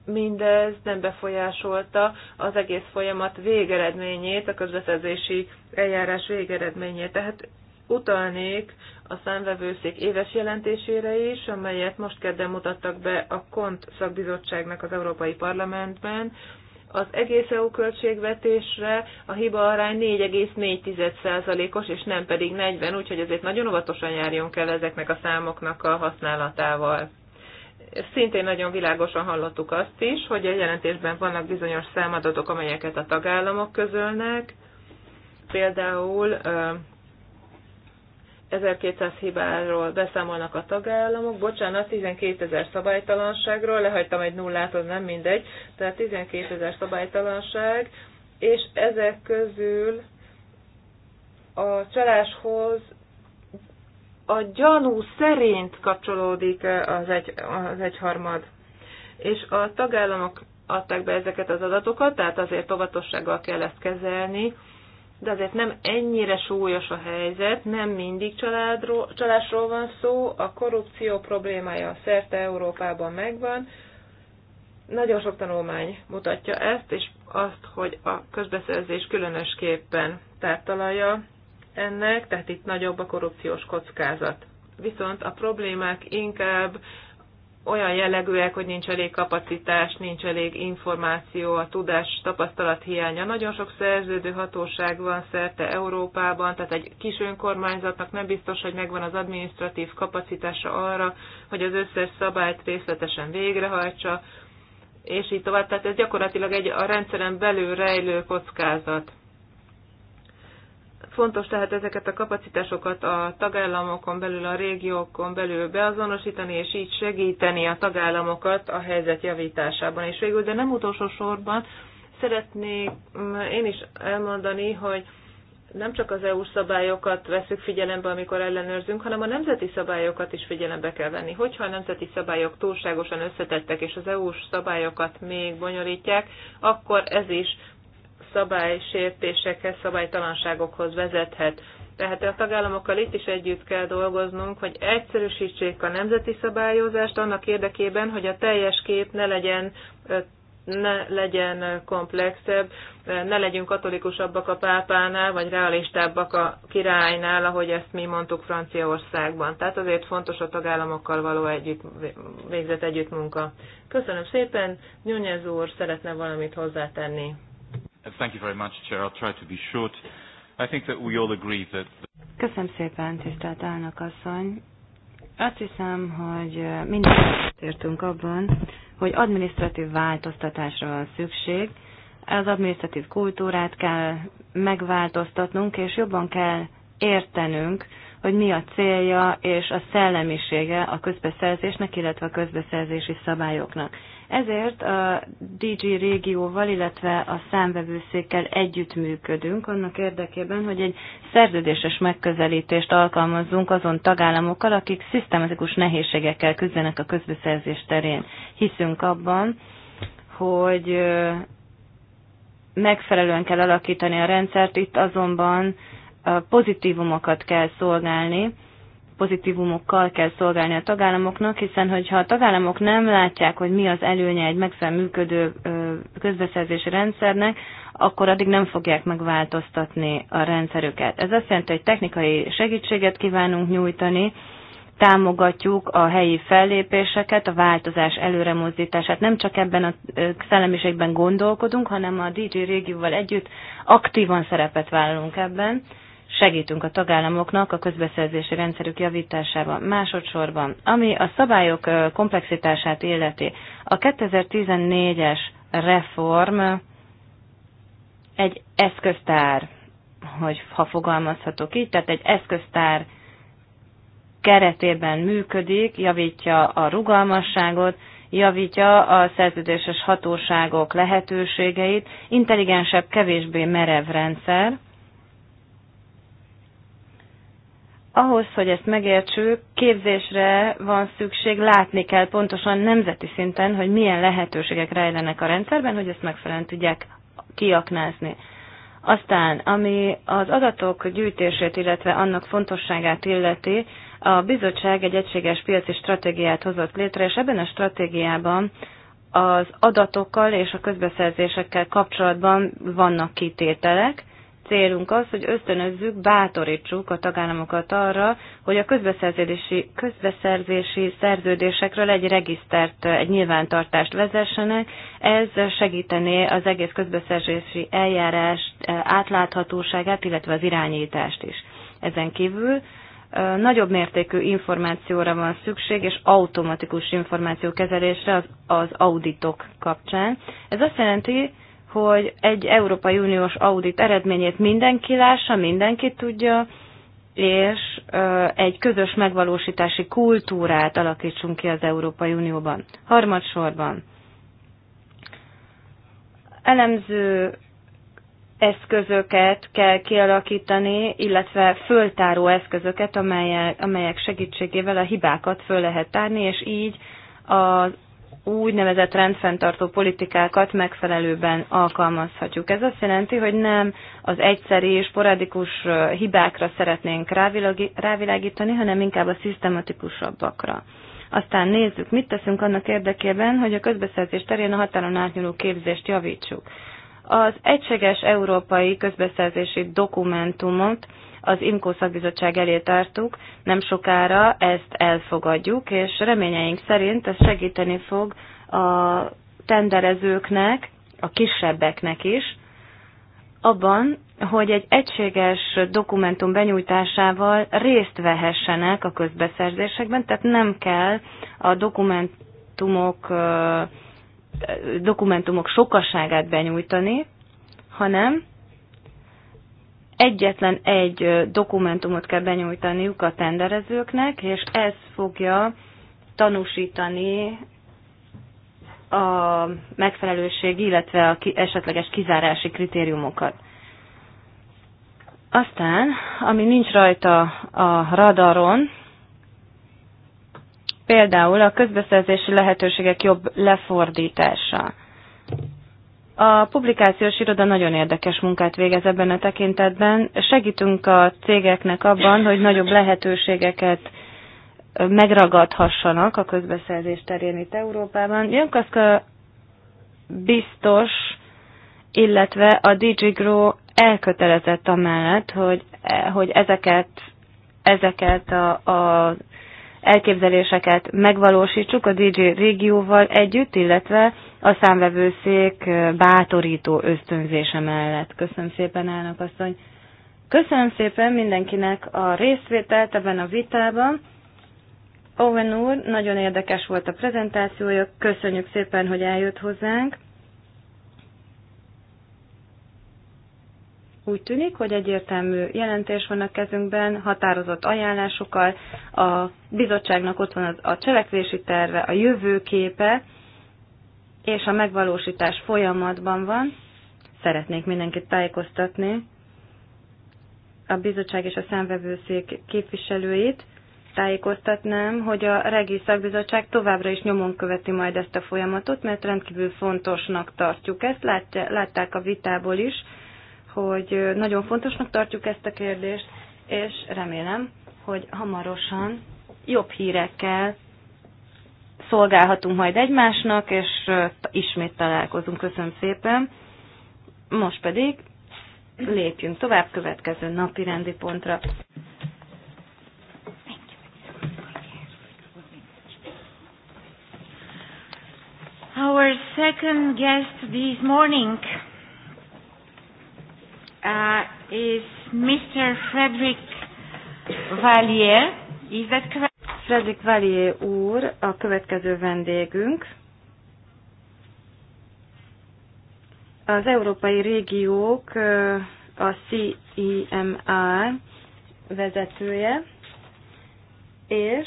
mindez nem befolyásolta az egész folyamat végeredményét, a közbeszerzési eljárás végeredményét. Tehát utalnék a számvevőszék éves jelentésére is, amelyet most kedden mutattak be a KONT szakbizottságnak az Európai Parlamentben, az egész EU költségvetésre a hiba arány 4,4%-os, és nem pedig 40, úgyhogy ezért nagyon óvatosan járjon kell ezeknek a számoknak a használatával. Szintén nagyon világosan hallottuk azt is, hogy a jelentésben vannak bizonyos számadatok, amelyeket a tagállamok közölnek, például 1200 hibáról beszámolnak a tagállamok, bocsánat, 12 ezer szabálytalanságról, lehagytam egy nullát, az nem mindegy, tehát 12 ezer szabálytalanság, és ezek közül a csaláshoz a gyanú szerint kapcsolódik az, egy, az egyharmad. És a tagállamok adták be ezeket az adatokat, tehát azért óvatossággal kell ezt kezelni, de azért nem ennyire súlyos a helyzet, nem mindig családról, csalásról van szó, a korrupció problémája szerte Európában megvan. Nagyon sok tanulmány mutatja ezt, és azt, hogy a közbeszerzés különösképpen tártalaja ennek, tehát itt nagyobb a korrupciós kockázat. Viszont a problémák inkább olyan jellegűek, hogy nincs elég kapacitás, nincs elég információ, a tudás, tapasztalat hiánya. Nagyon sok szerződő hatóság van szerte Európában, tehát egy kis önkormányzatnak nem biztos, hogy megvan az administratív kapacitása arra, hogy az összes szabályt részletesen végrehajtsa, és így tovább. Tehát ez gyakorlatilag egy a rendszeren belül rejlő kockázat. Fontos tehát ezeket a kapacitásokat a tagállamokon belül, a régiókon belül beazonosítani, és így segíteni a tagállamokat a helyzet javításában. És végül, de nem utolsó sorban, szeretnék mm, én is elmondani, hogy nem csak az EU szabályokat veszük figyelembe, amikor ellenőrzünk, hanem a nemzeti szabályokat is figyelembe kell venni. Hogyha a nemzeti szabályok túlságosan összetettek, és az EU-s szabályokat még bonyolítják, akkor ez is szabálysértésekhez, szabálytalanságokhoz vezethet. Tehát a tagállamokkal itt is együtt kell dolgoznunk, hogy egyszerűsítsék a nemzeti szabályozást annak érdekében, hogy a teljes kép ne legyen ne legyen komplexebb, ne legyünk katolikusabbak a pápánál, vagy realistábbak a királynál, ahogy ezt mi mondtuk Franciaországban. Tehát azért fontos a tagállamokkal való együtt, végzett együttmunka. Köszönöm szépen, Nyúnyez úr szeretne valamit hozzátenni. Uh, thank you very much, Chair. I'll try to be short. I think that we all agree that... Köszönöm szépen, tisztelt elnök asszony. Azt hiszem, hogy uh, mindent értünk abban, hogy administratív változtatásra van szükség. Az administratív kultúrát kell megváltoztatnunk, és jobban kell értenünk, hogy mi a célja és a szellemisége a közbeszerzésnek, illetve a közbeszerzési szabályoknak. Ezért a DG régióval, illetve a számvevőszékkel együttműködünk annak érdekében, hogy egy szerződéses megközelítést alkalmazzunk azon tagállamokkal, akik szisztematikus nehézségekkel küzdenek a közbeszerzés terén. Hiszünk abban, hogy megfelelően kell alakítani a rendszert, itt azonban pozitívumokat kell szolgálni, pozitívumokkal kell szolgálni a tagállamoknak, hiszen hogyha a tagállamok nem látják, hogy mi az előnye egy megfelelő működő közbeszerzési rendszernek, akkor addig nem fogják megváltoztatni a rendszerüket. Ez azt jelenti, hogy technikai segítséget kívánunk nyújtani, támogatjuk a helyi fellépéseket, a változás előremozdítását. Nem csak ebben a szellemiségben gondolkodunk, hanem a DJ régióval együtt aktívan szerepet vállalunk ebben segítünk a tagállamoknak a közbeszerzési rendszerük javításában. Másodszorban, ami a szabályok komplexitását illeti, a 2014-es reform egy eszköztár, hogy ha fogalmazhatok így, tehát egy eszköztár keretében működik, javítja a rugalmasságot, javítja a szerződéses hatóságok lehetőségeit, intelligensebb, kevésbé merev rendszer, ahhoz, hogy ezt megértsük, képzésre van szükség, látni kell pontosan nemzeti szinten, hogy milyen lehetőségek rejlenek a rendszerben, hogy ezt megfelelően tudják kiaknázni. Aztán, ami az adatok gyűjtését, illetve annak fontosságát illeti, a bizottság egy egységes piaci stratégiát hozott létre, és ebben a stratégiában az adatokkal és a közbeszerzésekkel kapcsolatban vannak kitételek, Célunk az, hogy ösztönözzük, bátorítsuk a tagállamokat arra, hogy a közbeszerzési, közbeszerzési szerződésekről egy regisztert, egy nyilvántartást vezessenek. Ez segítené az egész közbeszerzési eljárás e, átláthatóságát, illetve az irányítást is. Ezen kívül e, nagyobb mértékű információra van szükség, és automatikus információkezelésre az, az auditok kapcsán. Ez azt jelenti, hogy egy Európai Uniós audit eredményét mindenki lássa, mindenki tudja, és egy közös megvalósítási kultúrát alakítsunk ki az Európai Unióban. Harmadsorban elemző eszközöket kell kialakítani, illetve föltáró eszközöket, amelyek, amelyek segítségével a hibákat föl lehet tárni, és így az úgynevezett rendfenntartó politikákat megfelelőben alkalmazhatjuk. Ez azt jelenti, hogy nem az egyszeri és sporadikus hibákra szeretnénk rávilágítani, hanem inkább a szisztematikusabbakra. Aztán nézzük, mit teszünk annak érdekében, hogy a közbeszerzés terén a határon átnyúló képzést javítsuk. Az egységes európai közbeszerzési dokumentumot az IMCO szakbizottság elé tartuk, nem sokára ezt elfogadjuk, és reményeink szerint ez segíteni fog a tenderezőknek, a kisebbeknek is, abban, hogy egy egységes dokumentum benyújtásával részt vehessenek a közbeszerzésekben, tehát nem kell a dokumentumok, dokumentumok sokaságát benyújtani, hanem egyetlen egy dokumentumot kell benyújtaniuk a tenderezőknek, és ez fogja tanúsítani a megfelelőség, illetve a esetleges kizárási kritériumokat. Aztán, ami nincs rajta a radaron, például a közbeszerzési lehetőségek jobb lefordítása. A publikációs iroda nagyon érdekes munkát végez ebben a tekintetben. Segítünk a cégeknek abban, hogy nagyobb lehetőségeket megragadhassanak a közbeszerzés terén itt Európában. Jönkaszka biztos, illetve a DG elkötelezett amellett, hogy, hogy ezeket, ezeket a, a elképzeléseket megvalósítsuk a DG régióval együtt, illetve a számvevőszék bátorító ösztönzése mellett. Köszönöm szépen, elnök asszony. Köszönöm szépen mindenkinek a részvételt ebben a vitában. Owen úr, nagyon érdekes volt a prezentációja, köszönjük szépen, hogy eljött hozzánk. Úgy tűnik, hogy egyértelmű jelentés van a kezünkben, határozott ajánlásokkal, a bizottságnak ott van az, a cselekvési terve, a jövőképe, és a megvalósítás folyamatban van. Szeretnék mindenkit tájékoztatni, a bizottság és a szemvevőszék képviselőit, tájékoztatnám, hogy a Regi Szakbizottság továbbra is nyomon követi majd ezt a folyamatot, mert rendkívül fontosnak tartjuk ezt. Látták a vitából is, hogy nagyon fontosnak tartjuk ezt a kérdést, és remélem, hogy hamarosan jobb hírekkel szolgálhatunk majd egymásnak, és ismét találkozunk. Köszönöm szépen. Most pedig lépjünk tovább következő napi rendi pontra. Our second guest this morning uh, is Mr. Frederick Valier. Is that correct? Fredrik Valier úr a következő vendégünk. Az Európai Régiók a CIMA e vezetője, és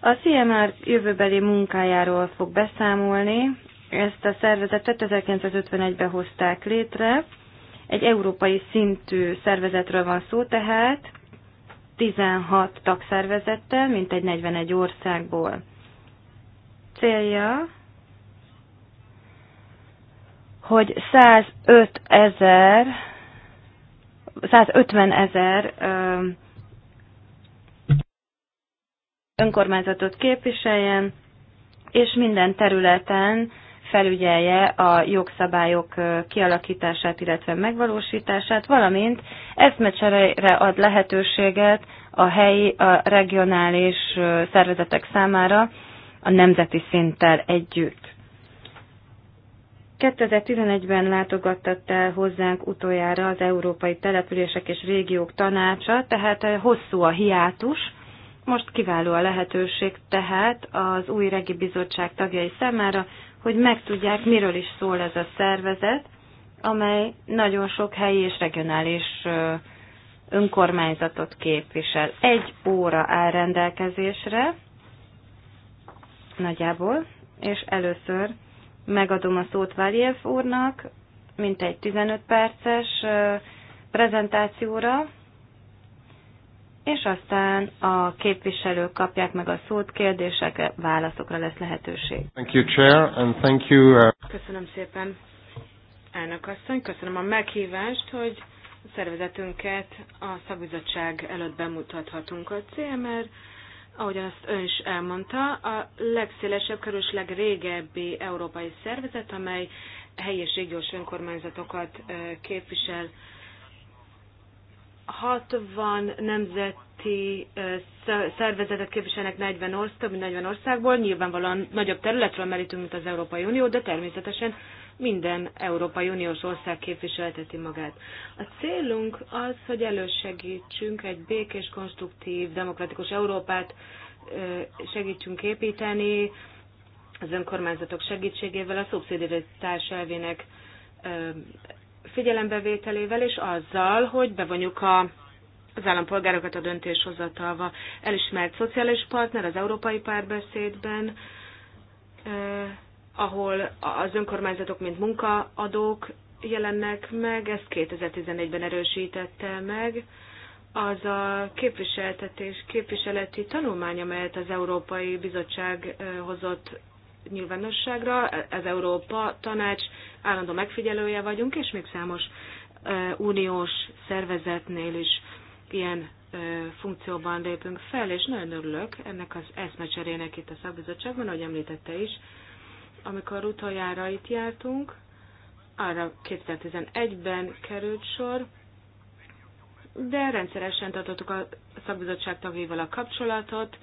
a CMR e jövőbeli munkájáról fog beszámolni. Ezt a szervezetet 1951-ben hozták létre. Egy európai szintű szervezetről van szó tehát, 16 tagszervezettel, mintegy 41 országból. Célja, hogy 105 ezer, 150 ezer önkormányzatot képviseljen, és minden területen felügyelje a jogszabályok kialakítását, illetve megvalósítását, valamint eszmecserére ad lehetőséget a helyi, a regionális szervezetek számára a nemzeti szinttel együtt. 2011-ben látogattatt el hozzánk utoljára az Európai Települések és Régiók Tanácsa, tehát hosszú a hiátus. Most kiváló a lehetőség tehát az új regi bizottság tagjai számára, hogy megtudják, miről is szól ez a szervezet, amely nagyon sok helyi és regionális önkormányzatot képvisel. Egy óra áll rendelkezésre, nagyjából, és először megadom a szót Valjev úrnak, mint egy 15 perces prezentációra, és aztán a képviselők kapják meg a szót, kérdésekre, válaszokra lesz lehetőség. Thank you, Chair, and thank you, uh... Köszönöm szépen, elnök asszony, köszönöm a meghívást, hogy a szervezetünket a szakbizottság előtt bemutathatunk a CMR. ahogy azt ön is elmondta, a legszélesebb, körülös legrégebbi európai szervezet, amely helyi és régiós önkormányzatokat képvisel, 60 nemzeti szervezetet képviselnek 40 ország, több mint 40 országból, nyilvánvalóan nagyobb területről merítünk, mint az Európai Unió, de természetesen minden Európai Uniós ország képviselteti magát. A célunk az, hogy elősegítsünk egy békés, konstruktív, demokratikus Európát, segítsünk építeni az önkormányzatok segítségével a szubszidiaritás elvének figyelembevételével és azzal, hogy bevonjuk a az állampolgárokat a döntéshozatalva Elismert szociális partner az Európai Párbeszédben, eh, ahol az önkormányzatok, mint munkaadók jelennek meg, ezt 2011 ben erősítette meg. Az a képviseltetés, képviseleti tanulmány, amelyet az Európai Bizottság hozott nyilvánosságra, ez Európa Tanács állandó megfigyelője vagyunk, és még számos uniós szervezetnél is ilyen funkcióban lépünk fel, és nagyon örülök ennek az eszmecserének itt a szakbizottságban, ahogy említette is, amikor utoljára itt jártunk, arra 2011-ben került sor, de rendszeresen tartottuk a szakbizottság tagjaival a kapcsolatot,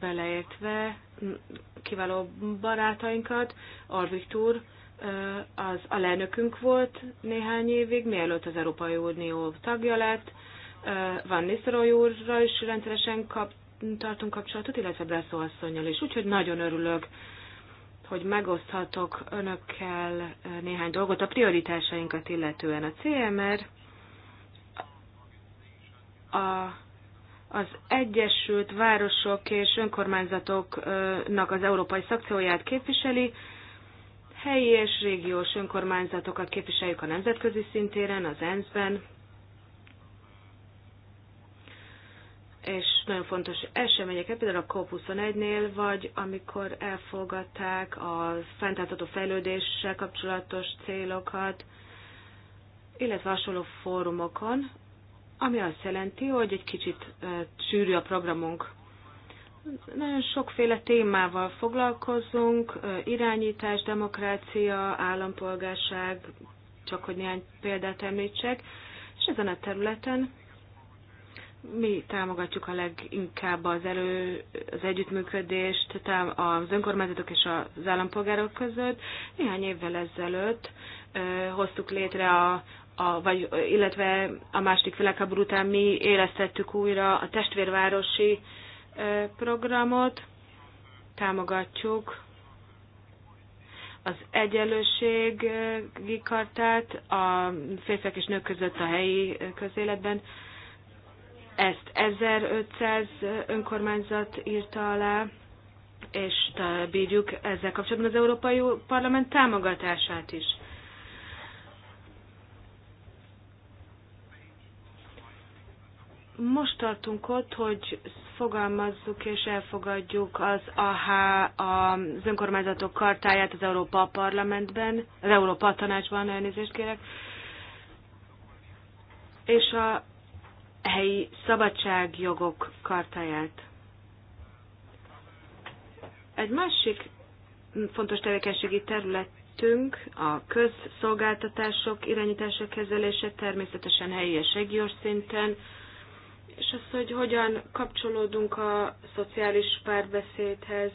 beleértve kiváló barátainkat, Arviktúr, az alelnökünk volt néhány évig, mielőtt az Európai Unió tagja lett, Van Nisztorói úrra is rendszeresen kap, tartunk kapcsolatot, illetve Bresszó asszonynal is. Úgyhogy nagyon örülök, hogy megoszthatok önökkel néhány dolgot a prioritásainkat illetően. A CMR a az Egyesült Városok és Önkormányzatoknak az európai szakcióját képviseli, helyi és régiós önkormányzatokat képviseljük a nemzetközi szintéren, az ENSZ-ben, és nagyon fontos eseményeket, például a COP21-nél, vagy amikor elfogadták a fenntartható fejlődéssel kapcsolatos célokat, illetve hasonló fórumokon, ami azt jelenti, hogy egy kicsit sűrű a programunk. Nagyon sokféle témával foglalkozunk, irányítás, demokrácia, állampolgárság, csak hogy néhány példát említsek, és ezen a területen mi támogatjuk a leginkább az elő, az együttműködést az önkormányzatok és az állampolgárok között. Néhány évvel ezelőtt hoztuk létre a a, vagy, illetve a második világháború után mi élesztettük újra a testvérvárosi programot, támogatjuk az egyenlőségi kartát, a férfiak és nők között a helyi közéletben. Ezt 1500 önkormányzat írta alá, és bírjuk ezzel kapcsolatban az Európai Parlament támogatását is most tartunk ott, hogy fogalmazzuk és elfogadjuk az AH, az önkormányzatok kartáját az Európa Parlamentben, az Európa Tanácsban, elnézést kérek, és a helyi szabadságjogok kartáját. Egy másik fontos tevékenységi területünk a közszolgáltatások irányítása kezelése természetesen helyi és régiós szinten, és az, hogy hogyan kapcsolódunk a szociális párbeszédhez,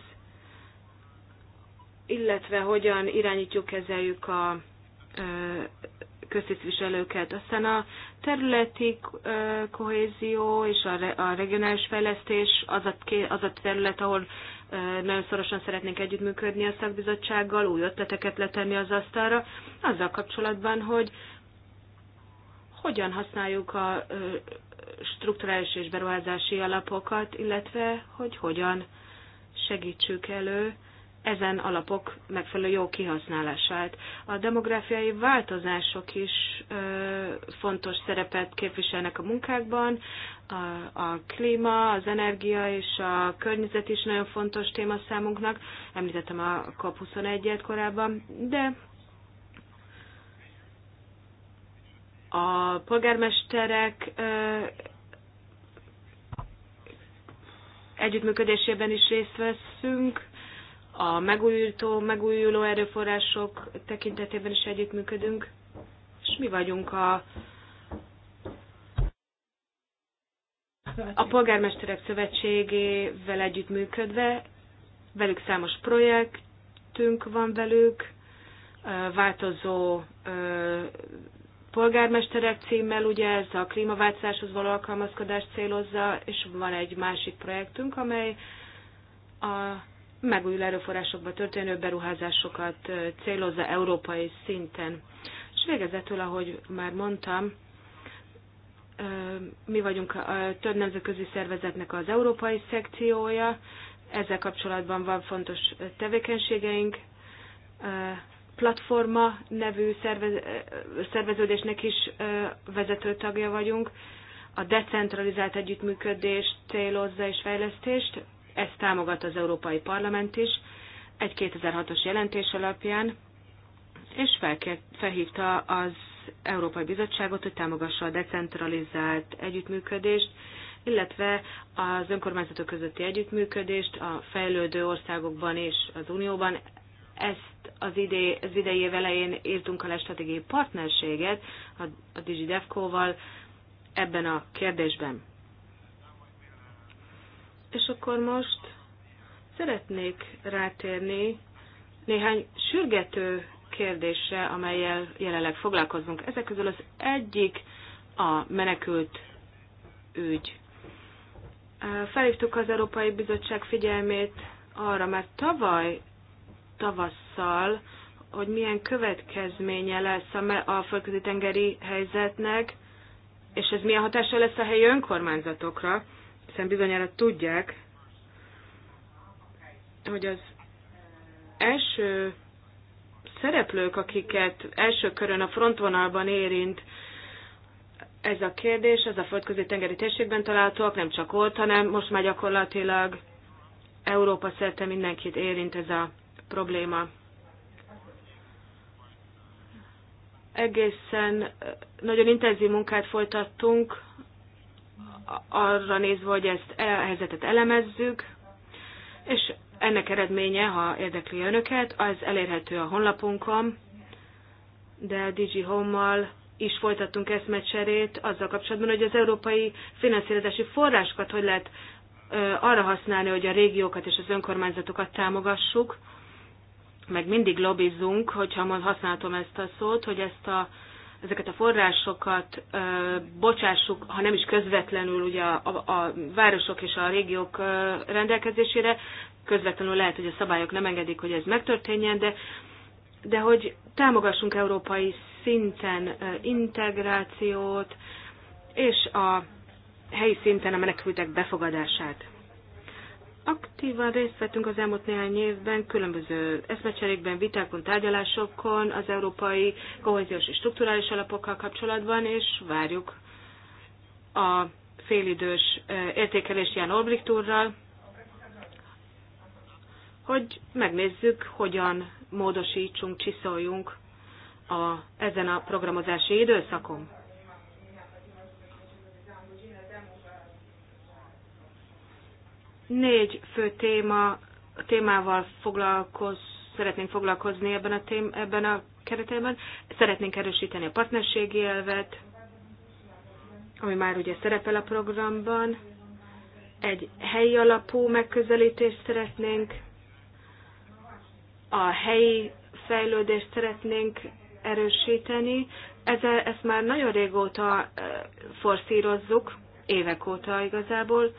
illetve hogyan irányítjuk, kezeljük a köztisztviselőket. Aztán a területi kohézió és a regionális fejlesztés az a terület, ahol nagyon szorosan szeretnénk együttműködni a szakbizottsággal, új ötleteket letenni az asztalra, azzal kapcsolatban, hogy hogyan használjuk a strukturális és beruházási alapokat, illetve hogy hogyan segítsük elő ezen alapok megfelelő jó kihasználását. A demográfiai változások is ö, fontos szerepet képviselnek a munkákban, a, a klíma, az energia és a környezet is nagyon fontos téma számunknak. Említettem a COP21-et korábban, de a polgármesterek együttműködésében is részt veszünk, a megújító, megújuló erőforrások tekintetében is együttműködünk, és mi vagyunk a, a Polgármesterek Szövetségével együttműködve, velük számos projektünk van velük, változó polgármesterek címmel, ugye ez a klímaváltozáshoz való alkalmazkodást célozza, és van egy másik projektünk, amely a megújuló erőforrásokba történő beruházásokat célozza európai szinten. És végezetül, ahogy már mondtam, mi vagyunk a több nemzetközi szervezetnek az európai szekciója, ezzel kapcsolatban van fontos tevékenységeink, Platforma nevű szervez, szerveződésnek is vezető tagja vagyunk. A decentralizált együttműködést célozza és fejlesztést, ezt támogat az Európai Parlament is egy 2006-os jelentés alapján, és felhívta az Európai Bizottságot, hogy támogassa a decentralizált együttműködést, illetve az önkormányzatok közötti együttműködést a fejlődő országokban és az Unióban ezt az, idei, az idei év elején írtunk alá stratégiai partnerséget a, a DigiDevco-val ebben a kérdésben. És akkor most szeretnék rátérni néhány sürgető kérdésre, amelyel jelenleg foglalkozunk. Ezek közül az egyik a menekült ügy. Felhívtuk az Európai Bizottság figyelmét arra mert tavaly tavasszal, hogy milyen következménye lesz a, a földközi tengeri helyzetnek, és ez milyen hatása lesz a helyi önkormányzatokra, hiszen bizonyára tudják, hogy az első szereplők, akiket első körön a frontvonalban érint ez a kérdés, az a földközi tengeri térségben találhatóak, nem csak ott, hanem most már gyakorlatilag Európa szerte mindenkit érint ez a probléma. Egészen nagyon intenzív munkát folytattunk, arra nézve, hogy ezt e, a helyzetet elemezzük, és ennek eredménye, ha érdekli önöket, az elérhető a honlapunkon, de Digi Home-mal is folytattunk eszmecserét azzal kapcsolatban, hogy az európai finanszírozási forrásokat hogy lehet arra használni, hogy a régiókat és az önkormányzatokat támogassuk, meg mindig lobbizunk, hogyha mond használhatom ezt a szót, hogy ezt a, ezeket a forrásokat ö, bocsássuk, ha nem is közvetlenül ugye a, a, a városok és a régiók ö, rendelkezésére, közvetlenül lehet, hogy a szabályok nem engedik, hogy ez megtörténjen, de, de hogy támogassunk európai szinten ö, integrációt és a helyi szinten a menekültek befogadását. Aktívan részt vettünk az elmúlt néhány évben különböző eszmecserékben, vitákon, tárgyalásokon az európai kohéziós és strukturális alapokkal kapcsolatban, és várjuk a félidős értékelés Ján Olbricht hogy megnézzük, hogyan módosítsunk, csiszoljunk a, ezen a programozási időszakon. Négy fő téma, témával foglalkoz, szeretnénk foglalkozni ebben a, tém, ebben a keretében. Szeretnénk erősíteni a partnerségi elvet, ami már ugye szerepel a programban. Egy helyi alapú megközelítést szeretnénk, a helyi fejlődést szeretnénk erősíteni. Ezzel, ezt már nagyon régóta eh, forszírozzuk, évek óta igazából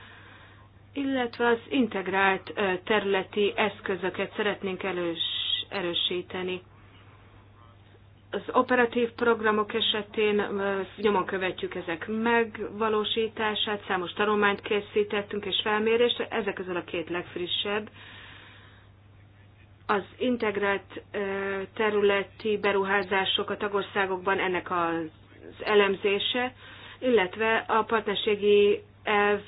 illetve az integrált területi eszközöket szeretnénk erős, erősíteni. Az operatív programok esetén nyomon követjük ezek megvalósítását, számos tanulmányt készítettünk és felmérést, ezek közül a két legfrissebb. Az integrált területi beruházások a tagországokban ennek az elemzése, illetve a partnerségi elv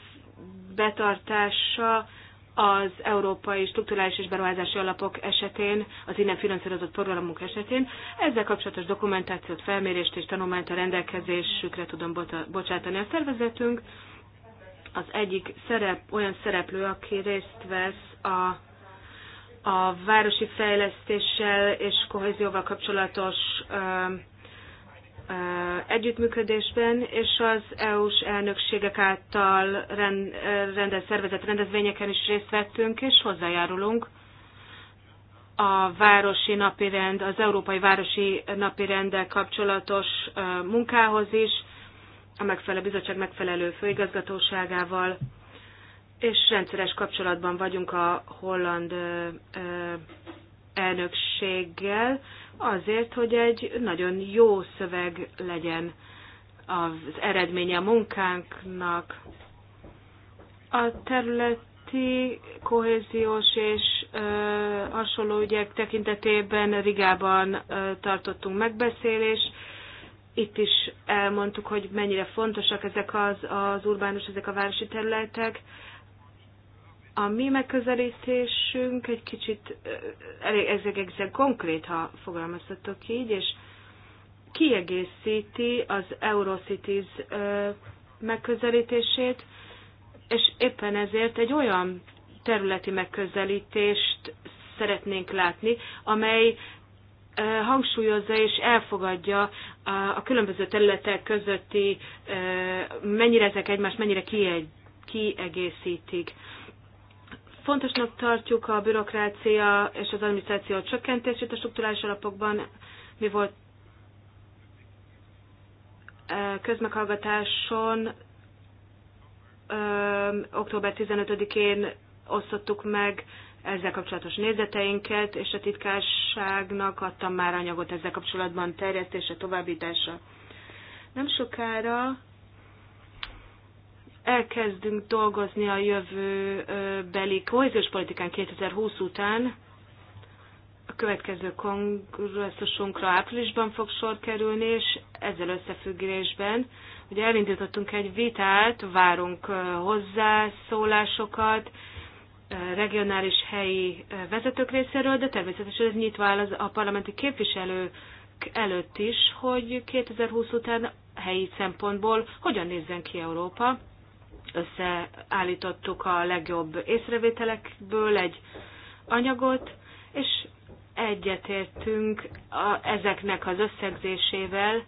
betartása az európai strukturális és beruházási alapok esetén, az innen finanszírozott programok esetén. Ezzel kapcsolatos dokumentációt, felmérést és tanulmányt a rendelkezésükre tudom bocsátani a szervezetünk. Az egyik szerep, olyan szereplő, aki részt vesz a, a városi fejlesztéssel és kohézióval kapcsolatos uh, együttműködésben és az EU-s elnökségek által rend, rendelt szervezett rendezvényeken is részt vettünk, és hozzájárulunk a városi napirend, az európai városi napirenddel kapcsolatos munkához is, a megfelelő bizottság megfelelő főigazgatóságával, és rendszeres kapcsolatban vagyunk a holland elnökséggel, azért, hogy egy nagyon jó szöveg legyen az eredménye a munkánknak. A területi kohéziós és ö, hasonló ügyek tekintetében Rigában ö, tartottunk megbeszélést, itt is elmondtuk, hogy mennyire fontosak ezek az, az urbánus, ezek a városi területek. Ö, a mi megközelítésünk egy kicsit elég egészen konkrét, ha fogalmazhatok így, és kiegészíti az Eurocities megközelítését, és éppen ezért egy olyan területi megközelítést szeretnénk látni, amely hangsúlyozza és elfogadja a különböző területek közötti, mennyire ezek egymást, mennyire kiegészítik. Fontosnak tartjuk a bürokrácia és az adminisztráció csökkentését a struktúrális alapokban. Mi volt közmeghallgatáson október 15-én osztottuk meg ezzel kapcsolatos nézeteinket, és a titkárságnak adtam már anyagot ezzel kapcsolatban terjesztése, továbbítása. Nem sokára elkezdünk dolgozni a jövőbeli kohéziós politikán 2020 után, a következő kongresszusunkra áprilisban fog sor kerülni, és ezzel összefüggésben ugye elindítottunk egy vitát, várunk hozzászólásokat, regionális helyi vezetők részéről, de természetesen ez nyitva áll a parlamenti képviselők előtt is, hogy 2020 után helyi szempontból hogyan nézzen ki Európa, összeállítottuk a legjobb észrevételekből egy anyagot, és egyetértünk a, ezeknek az összegzésével,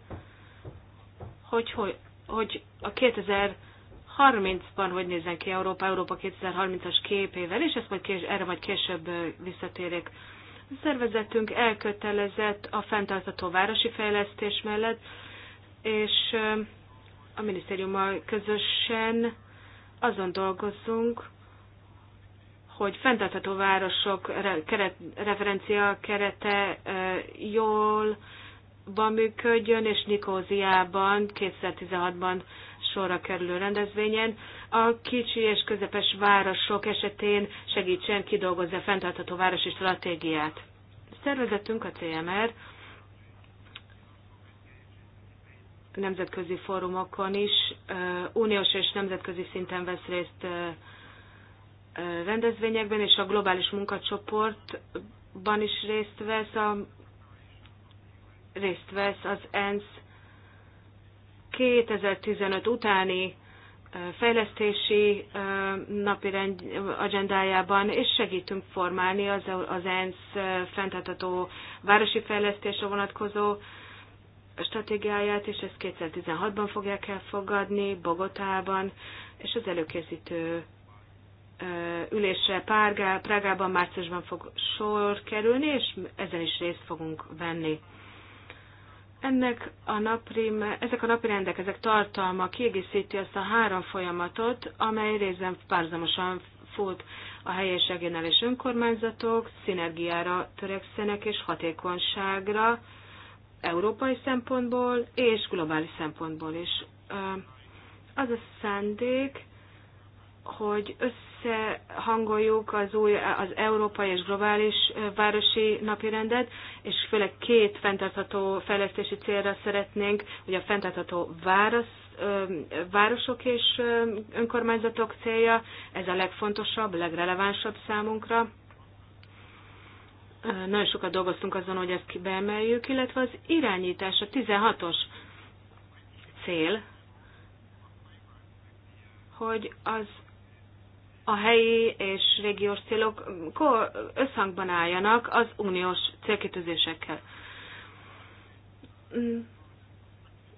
hogy, hogy, hogy a 2030-ban hogy nézzen ki Európa, Európa 2030-as képével, és ezt majd kés, erre majd később visszatérek. A szervezetünk elkötelezett a fenntartható városi fejlesztés mellett, és a minisztériummal közösen azon dolgozzunk, hogy fenntartható városok keret, referencia kerete jól van működjön, és Nikóziában 2016-ban sorra kerülő rendezvényen a kicsi és közepes városok esetén segítsen kidolgozni a fenntartható városi stratégiát. Szervezetünk, a CMR, nemzetközi fórumokon is, uniós és nemzetközi szinten vesz részt rendezvényekben, és a globális munkacsoportban is részt vesz, a, részt vesz az ENSZ 2015 utáni fejlesztési napirend agendájában, és segítünk formálni az, az ENSZ fenntartató városi fejlesztésre vonatkozó stratégiáját, és ezt 2016-ban fogják elfogadni Bogotában, és az előkészítő ülésre Párgá, Prágában márciusban fog sor kerülni, és ezen is részt fogunk venni. Ennek a napri, ezek a napi rendek, ezek tartalma kiegészíti azt a három folyamatot, amely részben párzamosan fut a helyi és regionális önkormányzatok, szinergiára törekszenek és hatékonyságra, európai szempontból és globális szempontból is. Az a szándék, hogy összehangoljuk az új, az európai és globális városi napirendet, és főleg két fenntartható fejlesztési célra szeretnénk, hogy a fenntartható város, városok és önkormányzatok célja, ez a legfontosabb, legrelevánsabb számunkra, nagyon sokat dolgoztunk azon, hogy ezt beemeljük, illetve az irányítás, a 16-os cél, hogy az a helyi és régiós célok összhangban álljanak az uniós célkitűzésekkel. Mm.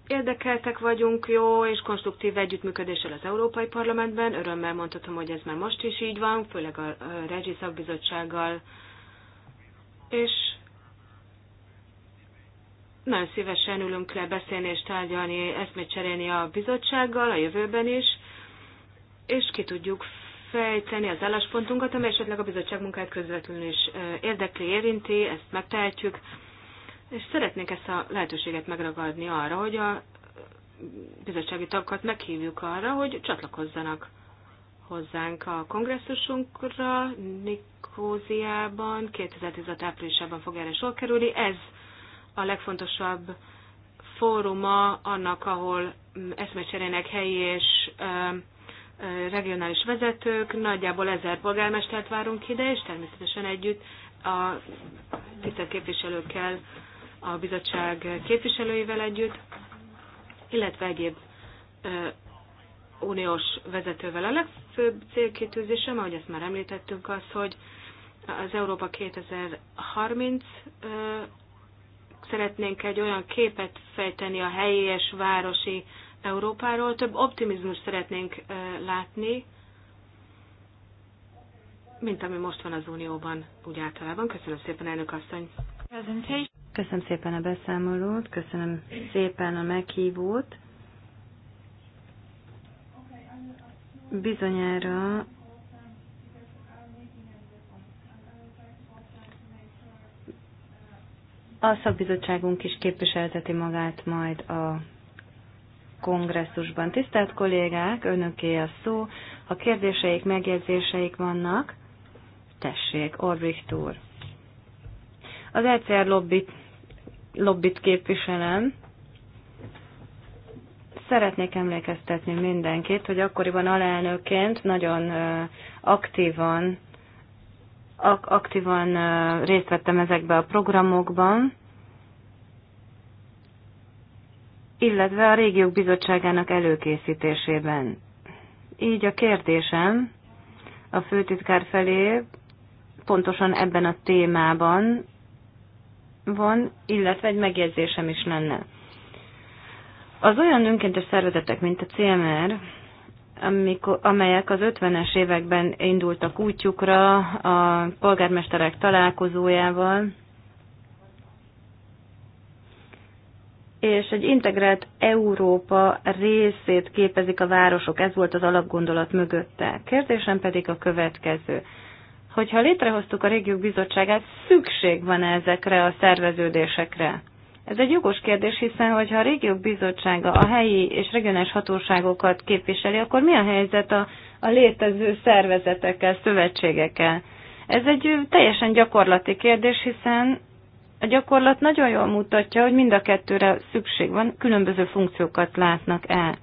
Érdekeltek vagyunk jó és konstruktív együttműködéssel az Európai Parlamentben. Örömmel mondhatom, hogy ez már most is így van, főleg a Regi Szakbizottsággal és nagyon szívesen ülünk le beszélni és tárgyalni, eszmét cserélni a bizottsággal a jövőben is, és ki tudjuk fejteni az álláspontunkat, amely esetleg a bizottság munkáját közvetlenül is érdekli, érinti, ezt megtehetjük, és szeretnék ezt a lehetőséget megragadni arra, hogy a bizottsági tagokat meghívjuk arra, hogy csatlakozzanak hozzánk a kongresszusunkra. Nick Szarkóziában, 2015 áprilisában fog erre sor kerülni. Ez a legfontosabb fóruma annak, ahol eszmecserének helyi és regionális vezetők, nagyjából ezer polgármestert várunk ide, és természetesen együtt a tisztelt képviselőkkel, a bizottság képviselőivel együtt, illetve egyéb uniós vezetővel. A legfőbb célkitűzésem, ahogy ezt már említettünk, az, hogy az Európa 2030 szeretnénk egy olyan képet fejteni a helyes városi Európáról, több optimizmus szeretnénk látni, mint ami most van az Unióban úgy általában. Köszönöm szépen, elnök asszony! Köszönöm szépen a beszámolót, köszönöm szépen a meghívót. Bizonyára A szakbizottságunk is képviselteti magát majd a kongresszusban. Tisztelt kollégák, önöké a szó. Ha kérdéseik, megjegyzéseik vannak, tessék, Orbricht úr. Az ECR lobbit, lobbit képviselem. Szeretnék emlékeztetni mindenkit, hogy akkoriban alelnökként nagyon aktívan aktívan részt vettem ezekbe a programokban, illetve a régiók bizottságának előkészítésében. Így a kérdésem a főtitkár felé pontosan ebben a témában van, illetve egy megjegyzésem is lenne. Az olyan önkéntes szervezetek, mint a CMR, amikor, amelyek az 50-es években indultak útjukra a polgármesterek találkozójával, és egy integrált Európa részét képezik a városok, ez volt az alapgondolat mögötte. Kérdésem pedig a következő. Hogyha létrehoztuk a régiók bizottságát, szükség van -e ezekre a szerveződésekre? Ez egy jogos kérdés, hiszen hogyha a régiók bizottsága a helyi és regionális hatóságokat képviseli, akkor mi a helyzet a, a létező szervezetekkel, szövetségekkel? Ez egy teljesen gyakorlati kérdés, hiszen a gyakorlat nagyon jól mutatja, hogy mind a kettőre szükség van, különböző funkciókat látnak el.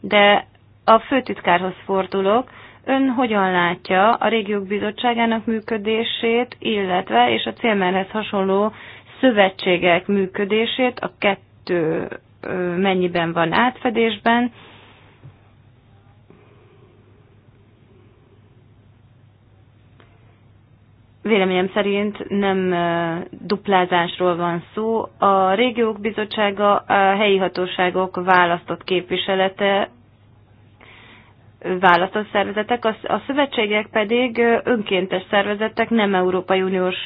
De a főtitkárhoz fordulok, ön hogyan látja a régiók bizottságának működését, illetve és a célmerhez hasonló szövetségek működését, a kettő mennyiben van átfedésben, Véleményem szerint nem duplázásról van szó. A régiók bizottsága, a helyi hatóságok választott képviselete, választott szervezetek, a szövetségek pedig önkéntes szervezetek, nem Európai Uniós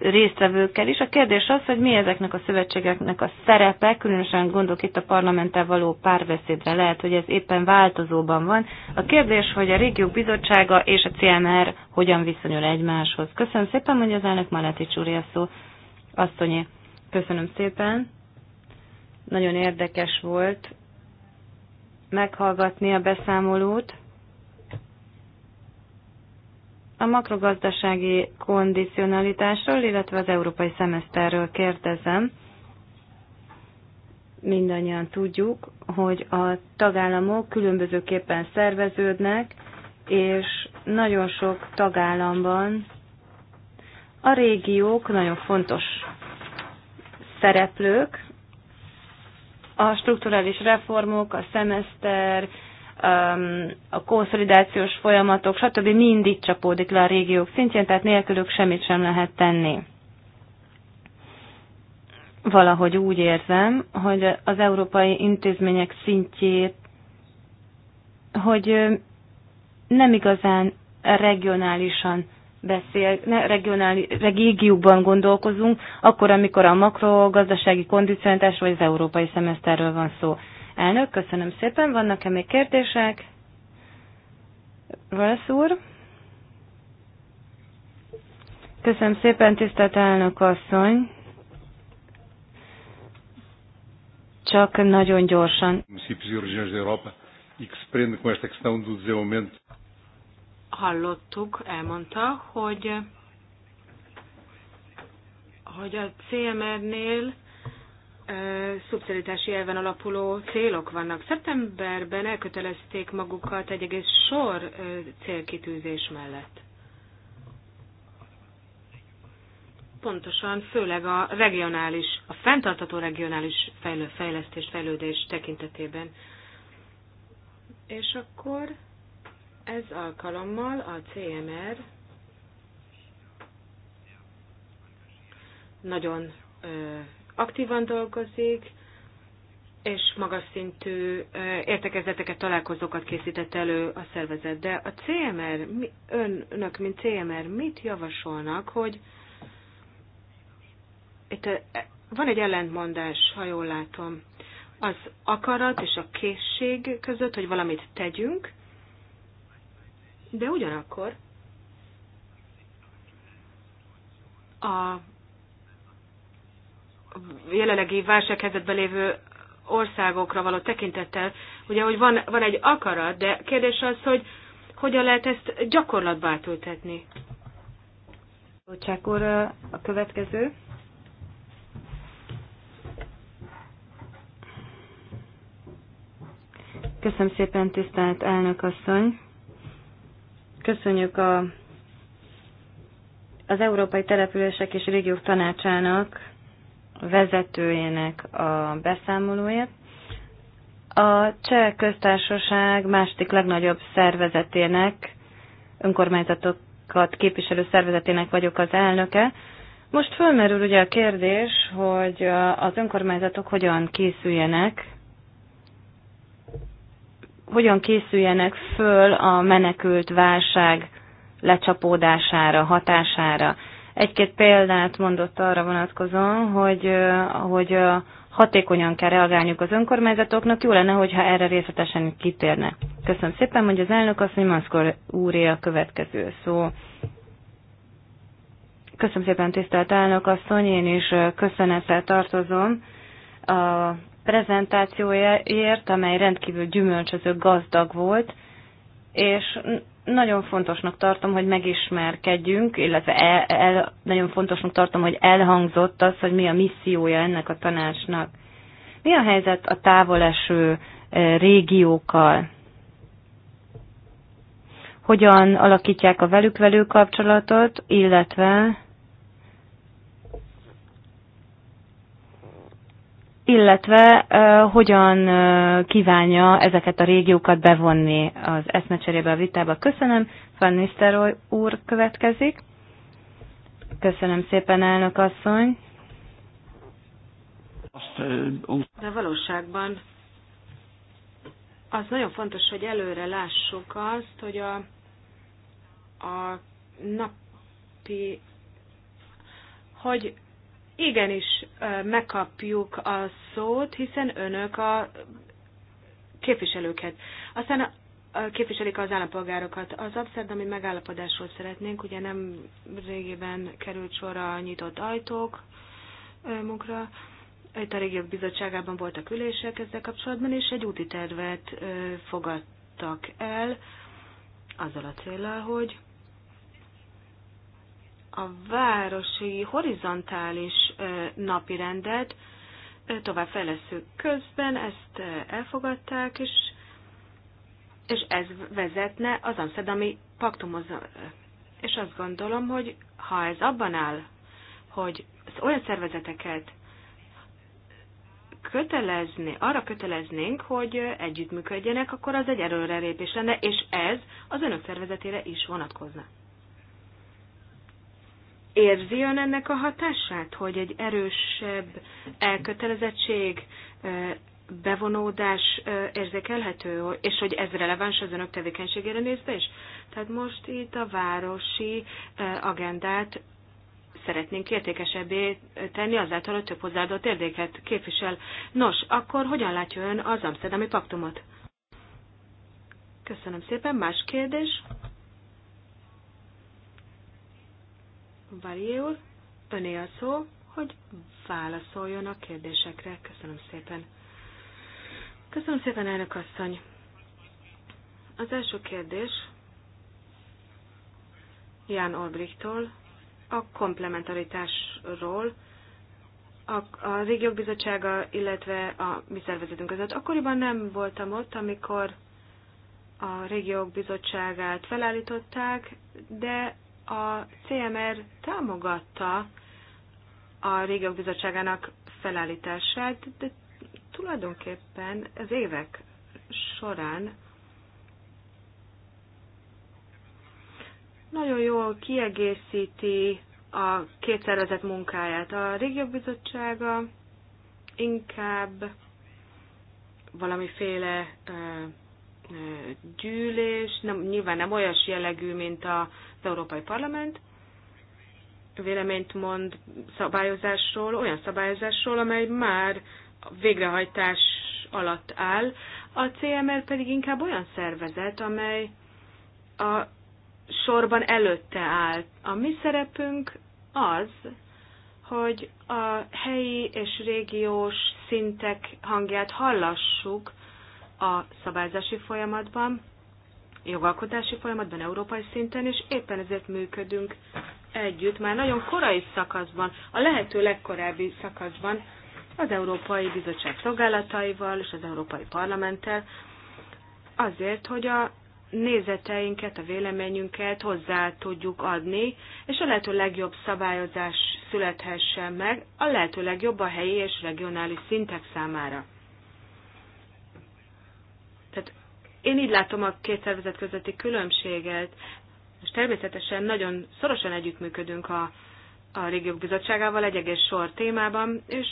résztvevőkkel is. A kérdés az, hogy mi ezeknek a szövetségeknek a szerepe, különösen gondolok itt a parlamenttel való párbeszédre, lehet, hogy ez éppen változóban van. A kérdés, hogy a régiók bizottsága és a CMR hogyan viszonyul egymáshoz. Köszönöm szépen, mondja az elnök Maleti Csúria szó. Asszonyi, köszönöm szépen. Nagyon érdekes volt meghallgatni a beszámolót. A makrogazdasági kondicionalitásról, illetve az európai szemeszterről kérdezem. Mindannyian tudjuk, hogy a tagállamok különbözőképpen szerveződnek, és nagyon sok tagállamban a régiók nagyon fontos szereplők, a strukturális reformok, a szemeszter, Um, a konszolidációs folyamatok, stb. mindig csapódik le a régiók szintjén, tehát nélkülük semmit sem lehet tenni. Valahogy úgy érzem, hogy az európai intézmények szintjét, hogy nem igazán regionálisan beszél, ne regionális, régióban gondolkozunk, akkor, amikor a makrogazdasági kondicionálás vagy az európai szemeszterről van szó. Elnök, köszönöm szépen. Vannak-e még kérdések? Valasz úr? Köszönöm szépen, tisztelt elnök asszony. Csak nagyon gyorsan. E e Hallottuk, elmondta, hogy, hogy a CMR-nél szubszidiási elven alapuló célok vannak. Szeptemberben elkötelezték magukat egy egész sor célkitűzés mellett. Pontosan, főleg a regionális, a fenntartató regionális fejlő, fejlesztés, fejlődés tekintetében. És akkor ez alkalommal a CMR nagyon aktívan dolgozik, és magas szintű értekezleteket, találkozókat készített elő a szervezet. De a CMR, ön, önök, mint CMR, mit javasolnak, hogy itt van egy ellentmondás, ha jól látom, az akarat és a készség között, hogy valamit tegyünk, de ugyanakkor a jelenlegi válsághelyzetben lévő országokra való tekintettel, ugye, hogy van, van egy akarat, de kérdés az, hogy hogyan lehet ezt gyakorlatba átültetni. Csak úr, a következő. Köszönöm szépen, tisztelt elnök asszony. Köszönjük a, az Európai Települések és Régiók Tanácsának vezetőjének a beszámolóját. A Cseh köztársaság második legnagyobb szervezetének, önkormányzatokat képviselő szervezetének vagyok az elnöke. Most fölmerül ugye a kérdés, hogy az önkormányzatok hogyan készüljenek hogyan készüljenek föl a menekült válság lecsapódására, hatására. Egy-két példát mondott arra vonatkozóan, hogy, hogy hatékonyan kell reagálniuk az önkormányzatoknak, jó lenne, hogyha erre részletesen kitérne. Köszönöm szépen, hogy az elnök azt, hogy Maszkor úré a következő szó. Köszönöm szépen, tisztelt elnök asszony, én is köszönettel tartozom a prezentációért, amely rendkívül gyümölcsöző gazdag volt, és nagyon fontosnak tartom, hogy megismerkedjünk, illetve el, el, nagyon fontosnak tartom, hogy elhangzott az, hogy mi a missziója ennek a tanácsnak. Mi a helyzet a távoleső e, régiókkal? Hogyan alakítják a velük velő kapcsolatot, illetve illetve uh, hogyan uh, kívánja ezeket a régiókat bevonni az eszmecserébe a vitába. Köszönöm, Van Nisztelrooy úr következik. Köszönöm szépen, elnök asszony. De valóságban az nagyon fontos, hogy előre lássuk azt, hogy a, a napi, hogy igenis megkapjuk a szót, hiszen önök a képviselőket. Aztán képviselik az állampolgárokat. Az abszerdami megállapodásról szeretnénk, ugye nem régében került sor a nyitott ajtók munkra. Itt a régiók bizottságában voltak ülések ezzel kapcsolatban, és egy úti tervet fogadtak el azzal a célral, hogy a városi horizontális napirendet továbbfejlesztő közben, ezt elfogadták, és, és ez vezetne az amszedami paktumhoz. És azt gondolom, hogy ha ez abban áll, hogy az olyan szervezeteket kötelezni, arra köteleznénk, hogy együttműködjenek, akkor az egy lépés lenne, és ez az önök szervezetére is vonatkozna. Érzi ön ennek a hatását, hogy egy erősebb elkötelezettség, bevonódás érzékelhető, és hogy ez releváns az önök tevékenységére nézve is? Tehát most itt a városi agendát szeretnénk értékesebbé tenni azáltal, hogy több hozzáadott értéket képvisel. Nos, akkor hogyan látja ön az Amsterdami Paktumot? Köszönöm szépen. Más kérdés? Bari öné a szó, hogy válaszoljon a kérdésekre. Köszönöm szépen. Köszönöm szépen, elnök asszony. Az első kérdés Ján Olbrichtól a komplementaritásról, a, a régiók bizottsága, illetve a mi szervezetünk között. Akkoriban nem voltam ott, amikor a régiók bizottságát felállították, de a CMR támogatta a régiók bizottságának felállítását, de tulajdonképpen az évek során nagyon jól kiegészíti a két szervezet munkáját. A régiók bizottsága inkább valamiféle gyűlés, nem, nyilván nem olyas jellegű, mint a Európai Parlament véleményt mond szabályozásról, olyan szabályozásról, amely már végrehajtás alatt áll, a CML pedig inkább olyan szervezet, amely a sorban előtte áll. A mi szerepünk az, hogy a helyi és régiós szintek hangját hallassuk a szabályzási folyamatban, jogalkotási folyamatban, európai szinten, és éppen ezért működünk együtt már nagyon korai szakaszban, a lehető legkorábbi szakaszban az Európai Bizottság szolgálataival és az Európai Parlamenttel azért, hogy a nézeteinket, a véleményünket hozzá tudjuk adni, és a lehető legjobb szabályozás születhessen meg, a lehető legjobb a helyi és regionális szintek számára. Tehát én így látom a két szervezet közötti különbséget, és természetesen nagyon szorosan együttműködünk a, a régiók bizottságával egy egész sor témában, és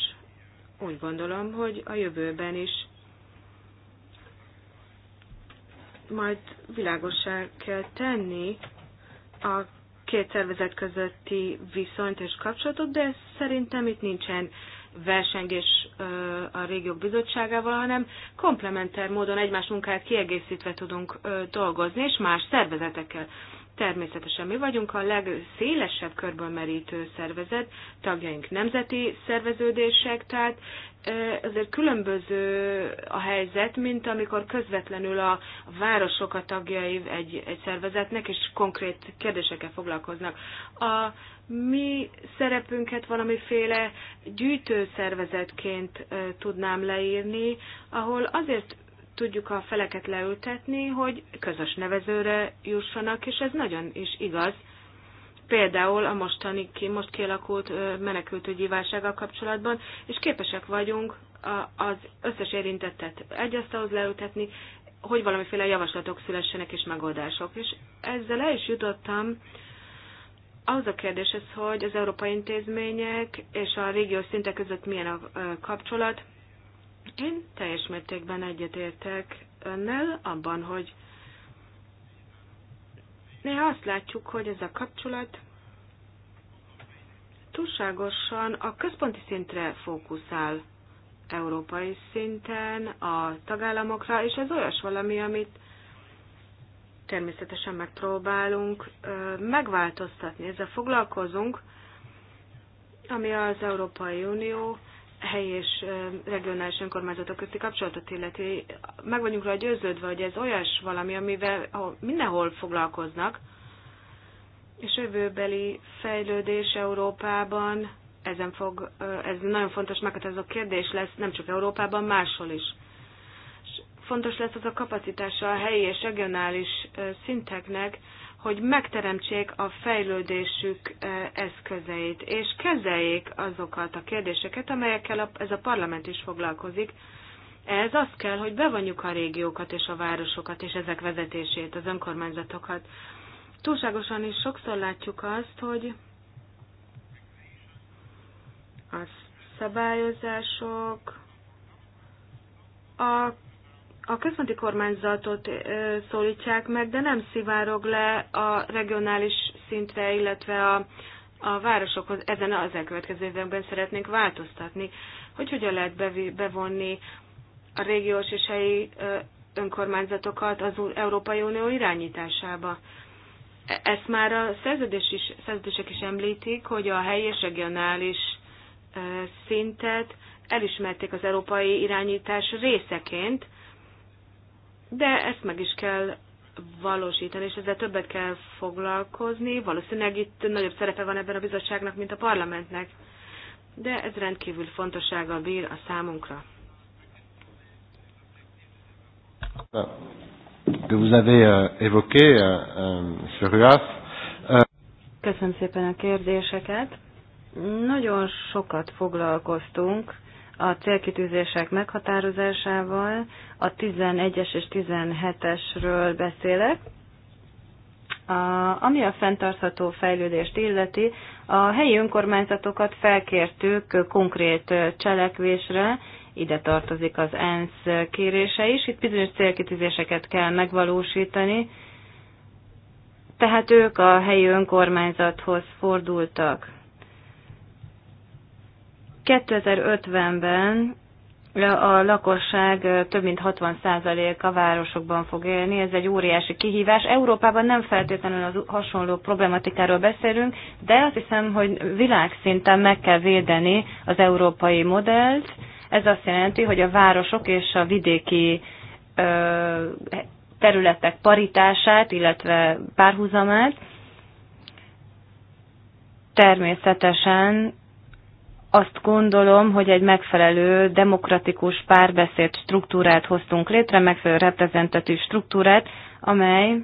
úgy gondolom, hogy a jövőben is majd világosá kell tenni a két szervezet közötti viszonyt és kapcsolatot, de szerintem itt nincsen versengés a régiók bizottságával, hanem komplementer módon egymás munkáját kiegészítve tudunk dolgozni, és más szervezetekkel. Természetesen mi vagyunk a legszélesebb körből merítő szervezet, tagjaink nemzeti szerveződések, tehát azért különböző a helyzet, mint amikor közvetlenül a városok a tagjai egy, egy szervezetnek, és konkrét kérdésekkel foglalkoznak. A mi szerepünket valamiféle gyűjtőszervezetként tudnám leírni, ahol azért tudjuk a feleket leültetni, hogy közös nevezőre jussanak, és ez nagyon is igaz. Például a mostani, most kialakult menekültügyi válsággal kapcsolatban, és képesek vagyunk az összes érintettet egy asztalhoz leültetni, hogy valamiféle javaslatok szülessenek és megoldások. És ezzel el is jutottam az a kérdéshez, hogy az európai intézmények és a régiós szintek között milyen a kapcsolat, én teljes mértékben egyetértek önnel abban, hogy néha azt látjuk, hogy ez a kapcsolat túlságosan a központi szintre fókuszál európai szinten, a tagállamokra, és ez olyas valami, amit természetesen megpróbálunk megváltoztatni. Ezzel foglalkozunk, ami az Európai Unió helyi és regionális önkormányzatok közti kapcsolatot illeti, meg vagyunk rá győződve, hogy ez olyas valami, amivel mindenhol foglalkoznak, és jövőbeli fejlődés Európában ezen fog, ez nagyon fontos meghatározó kérdés lesz, nem csak Európában, máshol is. És fontos lesz az a kapacitása a helyi és regionális szinteknek, hogy megteremtsék a fejlődésük eszközeit, és kezeljék azokat a kérdéseket, amelyekkel ez a parlament is foglalkozik. Ez az kell, hogy bevonjuk a régiókat és a városokat, és ezek vezetését, az önkormányzatokat. Túlságosan is sokszor látjuk azt, hogy a szabályozások a a központi kormányzatot szólítsák meg, de nem szivárog le a regionális szintre, illetve a, a városokhoz. Ezen az elkövetkező években szeretnénk változtatni, hogy hogyan lehet bevonni a régiós és helyi önkormányzatokat az Európai Unió irányításába. E, ezt már a szerződés is, szerződések is említik, hogy a helyi és regionális szintet elismerték az európai irányítás részeként, de ezt meg is kell valósítani, és ezzel többet kell foglalkozni. Valószínűleg itt nagyobb szerepe van ebben a bizottságnak, mint a parlamentnek. De ez rendkívül fontossággal bír a számunkra. vous avez euh, évoqué, euh, euh, Köszönöm szépen a kérdéseket. Nagyon sokat foglalkoztunk a célkitűzések meghatározásával, a 11-es és 17-esről beszélek. A, ami a fenntartható fejlődést illeti, a helyi önkormányzatokat felkértük konkrét cselekvésre, ide tartozik az ENSZ kérése is, itt bizonyos célkitűzéseket kell megvalósítani, tehát ők a helyi önkormányzathoz fordultak. 2050-ben a lakosság több mint 60%-a városokban fog élni, ez egy óriási kihívás. Európában nem feltétlenül az hasonló problematikáról beszélünk, de azt hiszem, hogy világszinten meg kell védeni az európai modellt. Ez azt jelenti, hogy a városok és a vidéki területek paritását, illetve párhuzamát természetesen azt gondolom, hogy egy megfelelő demokratikus párbeszéd struktúrát hoztunk létre, megfelelő reprezentatív struktúrát, amely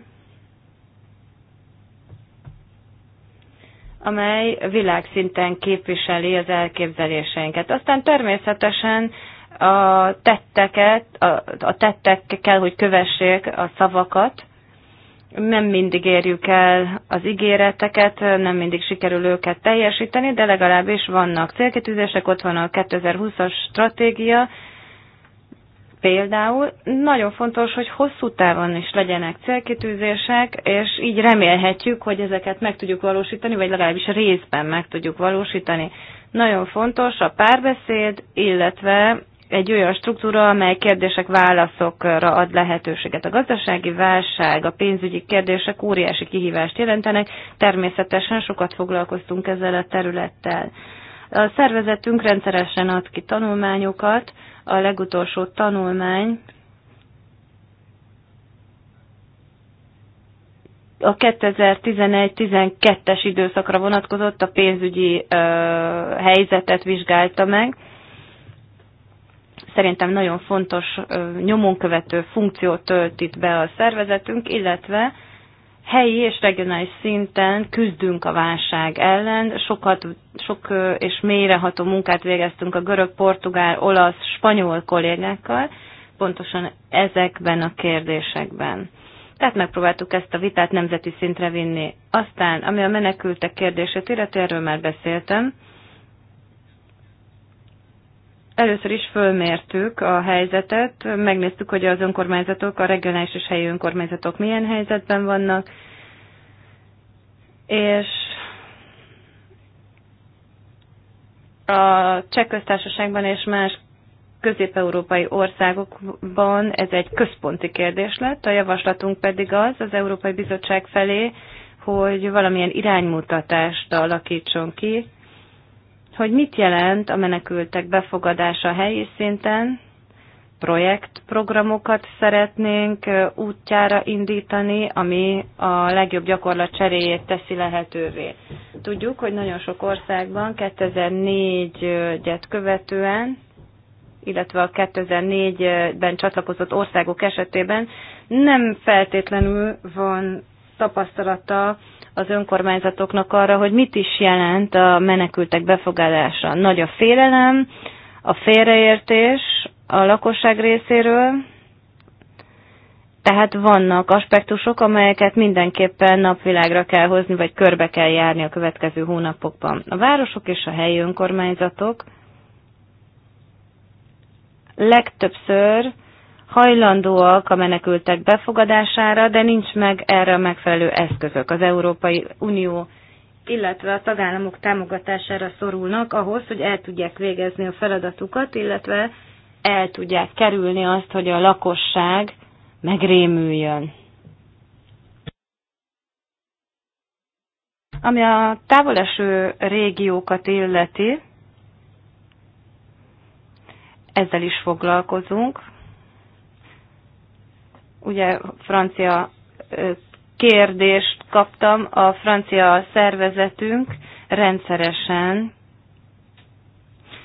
amely világszinten képviseli az elképzeléseinket. Aztán természetesen a tetteket, a, a tettek kell, hogy kövessék a szavakat, nem mindig érjük el az ígéreteket, nem mindig sikerül őket teljesíteni, de legalábbis vannak célkitűzések, ott van a 2020-as stratégia, Például nagyon fontos, hogy hosszú távon is legyenek célkitűzések, és így remélhetjük, hogy ezeket meg tudjuk valósítani, vagy legalábbis részben meg tudjuk valósítani. Nagyon fontos a párbeszéd, illetve egy olyan struktúra, amely kérdések válaszokra ad lehetőséget. A gazdasági válság, a pénzügyi kérdések óriási kihívást jelentenek, természetesen sokat foglalkoztunk ezzel a területtel. A szervezetünk rendszeresen ad ki tanulmányokat, a legutolsó tanulmány a 2011-12-es időszakra vonatkozott, a pénzügyi ö, helyzetet vizsgálta meg, Szerintem nagyon fontos nyomonkövető funkciót tölt itt be a szervezetünk, illetve helyi és regionális szinten küzdünk a válság ellen. Sokat, sok és mélyreható munkát végeztünk a görög, portugál, olasz, spanyol kollégákkal, pontosan ezekben a kérdésekben. Tehát megpróbáltuk ezt a vitát nemzeti szintre vinni. Aztán, ami a menekültek kérdését illeti, erről már beszéltem, Először is fölmértük a helyzetet, megnéztük, hogy az önkormányzatok, a regionális és helyi önkormányzatok milyen helyzetben vannak, és a cseh köztársaságban és más közép-európai országokban ez egy központi kérdés lett, a javaslatunk pedig az az Európai Bizottság felé, hogy valamilyen iránymutatást alakítson ki, hogy mit jelent a menekültek befogadása helyi szinten, projektprogramokat szeretnénk útjára indítani, ami a legjobb gyakorlat cseréjét teszi lehetővé. Tudjuk, hogy nagyon sok országban 2004-et követően, illetve a 2004-ben csatlakozott országok esetében nem feltétlenül van tapasztalata az önkormányzatoknak arra, hogy mit is jelent a menekültek befogadása. Nagy a félelem, a félreértés a lakosság részéről, tehát vannak aspektusok, amelyeket mindenképpen napvilágra kell hozni, vagy körbe kell járni a következő hónapokban. A városok és a helyi önkormányzatok legtöbbször hajlandóak a menekültek befogadására, de nincs meg erre a megfelelő eszközök. Az Európai Unió illetve a tagállamok támogatására szorulnak ahhoz, hogy el tudják végezni a feladatukat, illetve el tudják kerülni azt, hogy a lakosság megrémüljön. Ami a távoleső régiókat illeti, ezzel is foglalkozunk ugye francia kérdést kaptam, a francia szervezetünk rendszeresen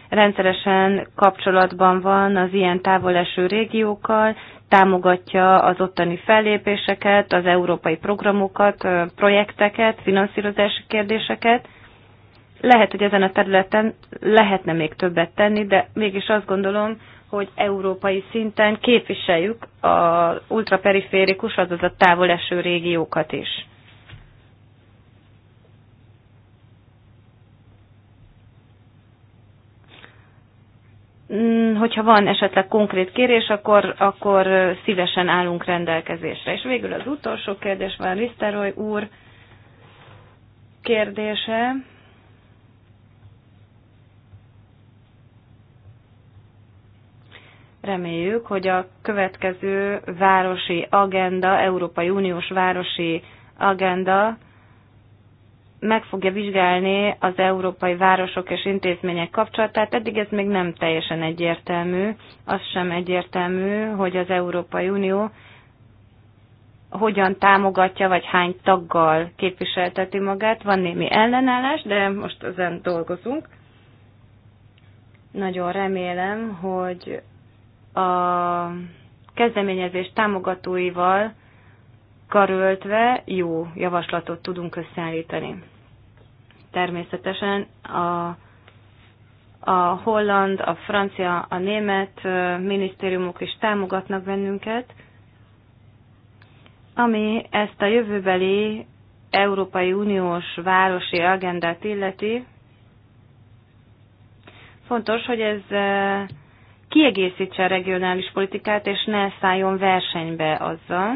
rendszeresen kapcsolatban van az ilyen eső régiókkal, támogatja az ottani fellépéseket, az európai programokat, projekteket, finanszírozási kérdéseket. Lehet, hogy ezen a területen lehetne még többet tenni, de mégis azt gondolom, hogy európai szinten képviseljük az ultraperiférikus, azaz a eső régiókat is. Mm, hogyha van esetleg konkrét kérés, akkor, akkor szívesen állunk rendelkezésre. És végül az utolsó kérdés van Liszteroy úr kérdése Reméljük, hogy a következő városi agenda, Európai Uniós városi agenda meg fogja vizsgálni az európai városok és intézmények kapcsolatát. Eddig ez még nem teljesen egyértelmű. Az sem egyértelmű, hogy az Európai Unió hogyan támogatja, vagy hány taggal képviselteti magát. Van némi ellenállás, de most ezen dolgozunk. Nagyon remélem, hogy a kezdeményezés támogatóival karöltve jó javaslatot tudunk összeállítani. Természetesen a, a holland, a francia, a német minisztériumok is támogatnak bennünket, ami ezt a jövőbeli Európai Uniós városi agendát illeti. Fontos, hogy ez kiegészítse a regionális politikát, és ne szálljon versenybe azzal.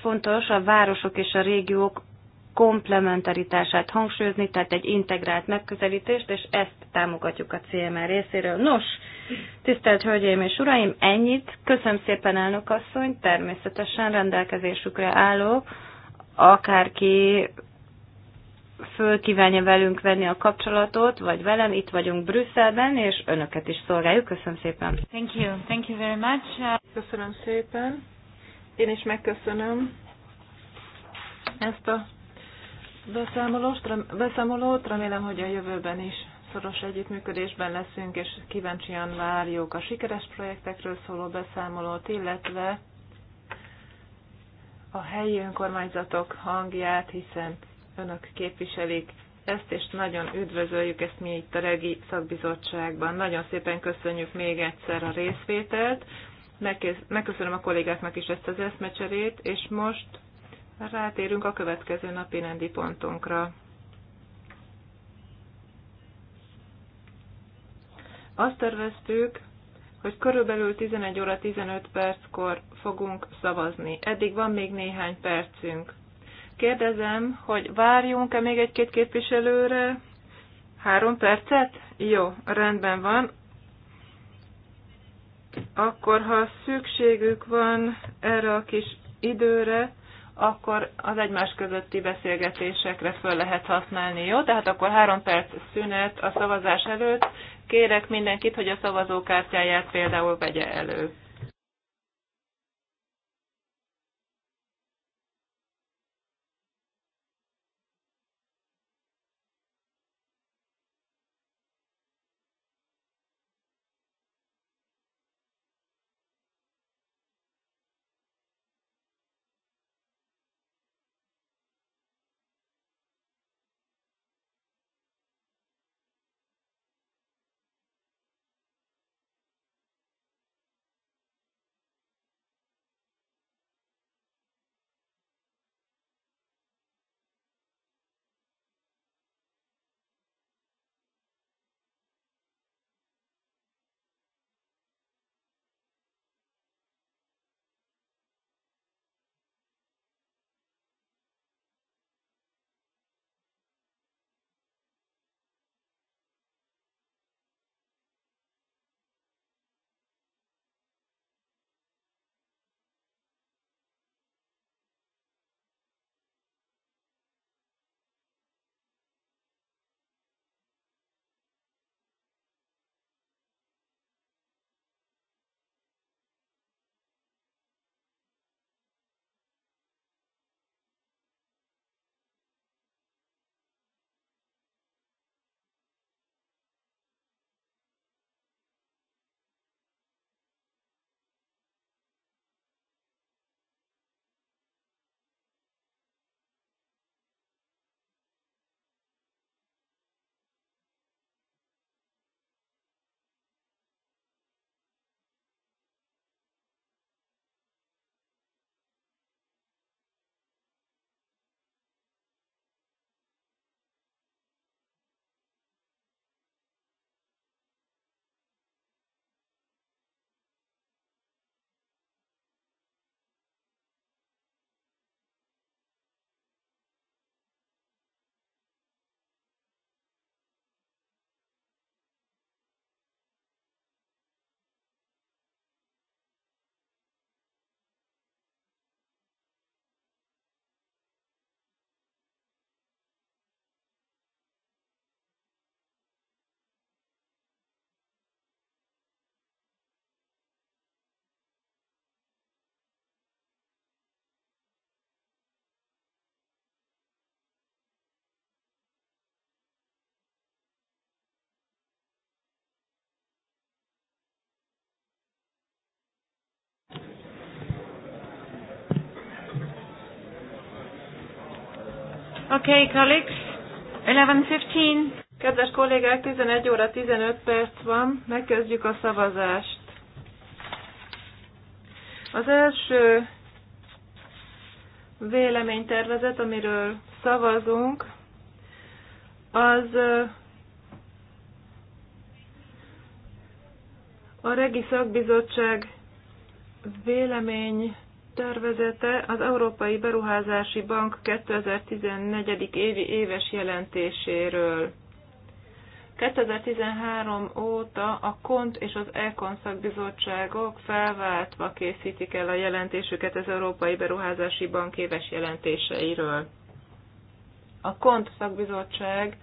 Fontos a városok és a régiók komplementaritását hangsúlyozni, tehát egy integrált megközelítést, és ezt támogatjuk a CMR részéről. Nos, tisztelt Hölgyeim és Uraim, ennyit. Köszönöm szépen, elnök asszony, természetesen rendelkezésükre állok. Akárki föl kívánja velünk venni a kapcsolatot, vagy velem, itt vagyunk Brüsszelben, és önöket is szolgáljuk. Köszönöm szépen. Thank you. Thank you very much. Köszönöm szépen. Én is megköszönöm ezt a beszámolót, beszámolót. Remélem, hogy a jövőben is szoros együttműködésben leszünk, és kíváncsian várjuk a sikeres projektekről szóló beszámolót, illetve a helyi önkormányzatok hangját, hiszen önök képviselik ezt, és nagyon üdvözöljük ezt mi itt a Regi Szakbizottságban. Nagyon szépen köszönjük még egyszer a részvételt, megköszönöm a kollégáknak is ezt az eszmecserét, és most rátérünk a következő napi rendi pontunkra. Azt terveztük, hogy körülbelül 11 óra 15 perckor fogunk szavazni. Eddig van még néhány percünk. Kérdezem, hogy várjunk-e még egy-két képviselőre? Három percet? Jó, rendben van. Akkor, ha szükségük van erre a kis időre, akkor az egymás közötti beszélgetésekre föl lehet használni, jó? Tehát akkor három perc szünet a szavazás előtt. Kérek mindenkit, hogy a szavazókártyáját például vegye elő. Okay, colleagues, 11.15. Kedves kollégák, 11 óra 15 perc van, megkezdjük a szavazást. Az első véleménytervezet, amiről szavazunk, az a Regi Szakbizottság vélemény tervezete az Európai Beruházási Bank 2014. évi éves jelentéséről. 2013 óta a KONT és az ECON szakbizottságok felváltva készítik el a jelentésüket az Európai Beruházási Bank éves jelentéseiről. A KONT szakbizottság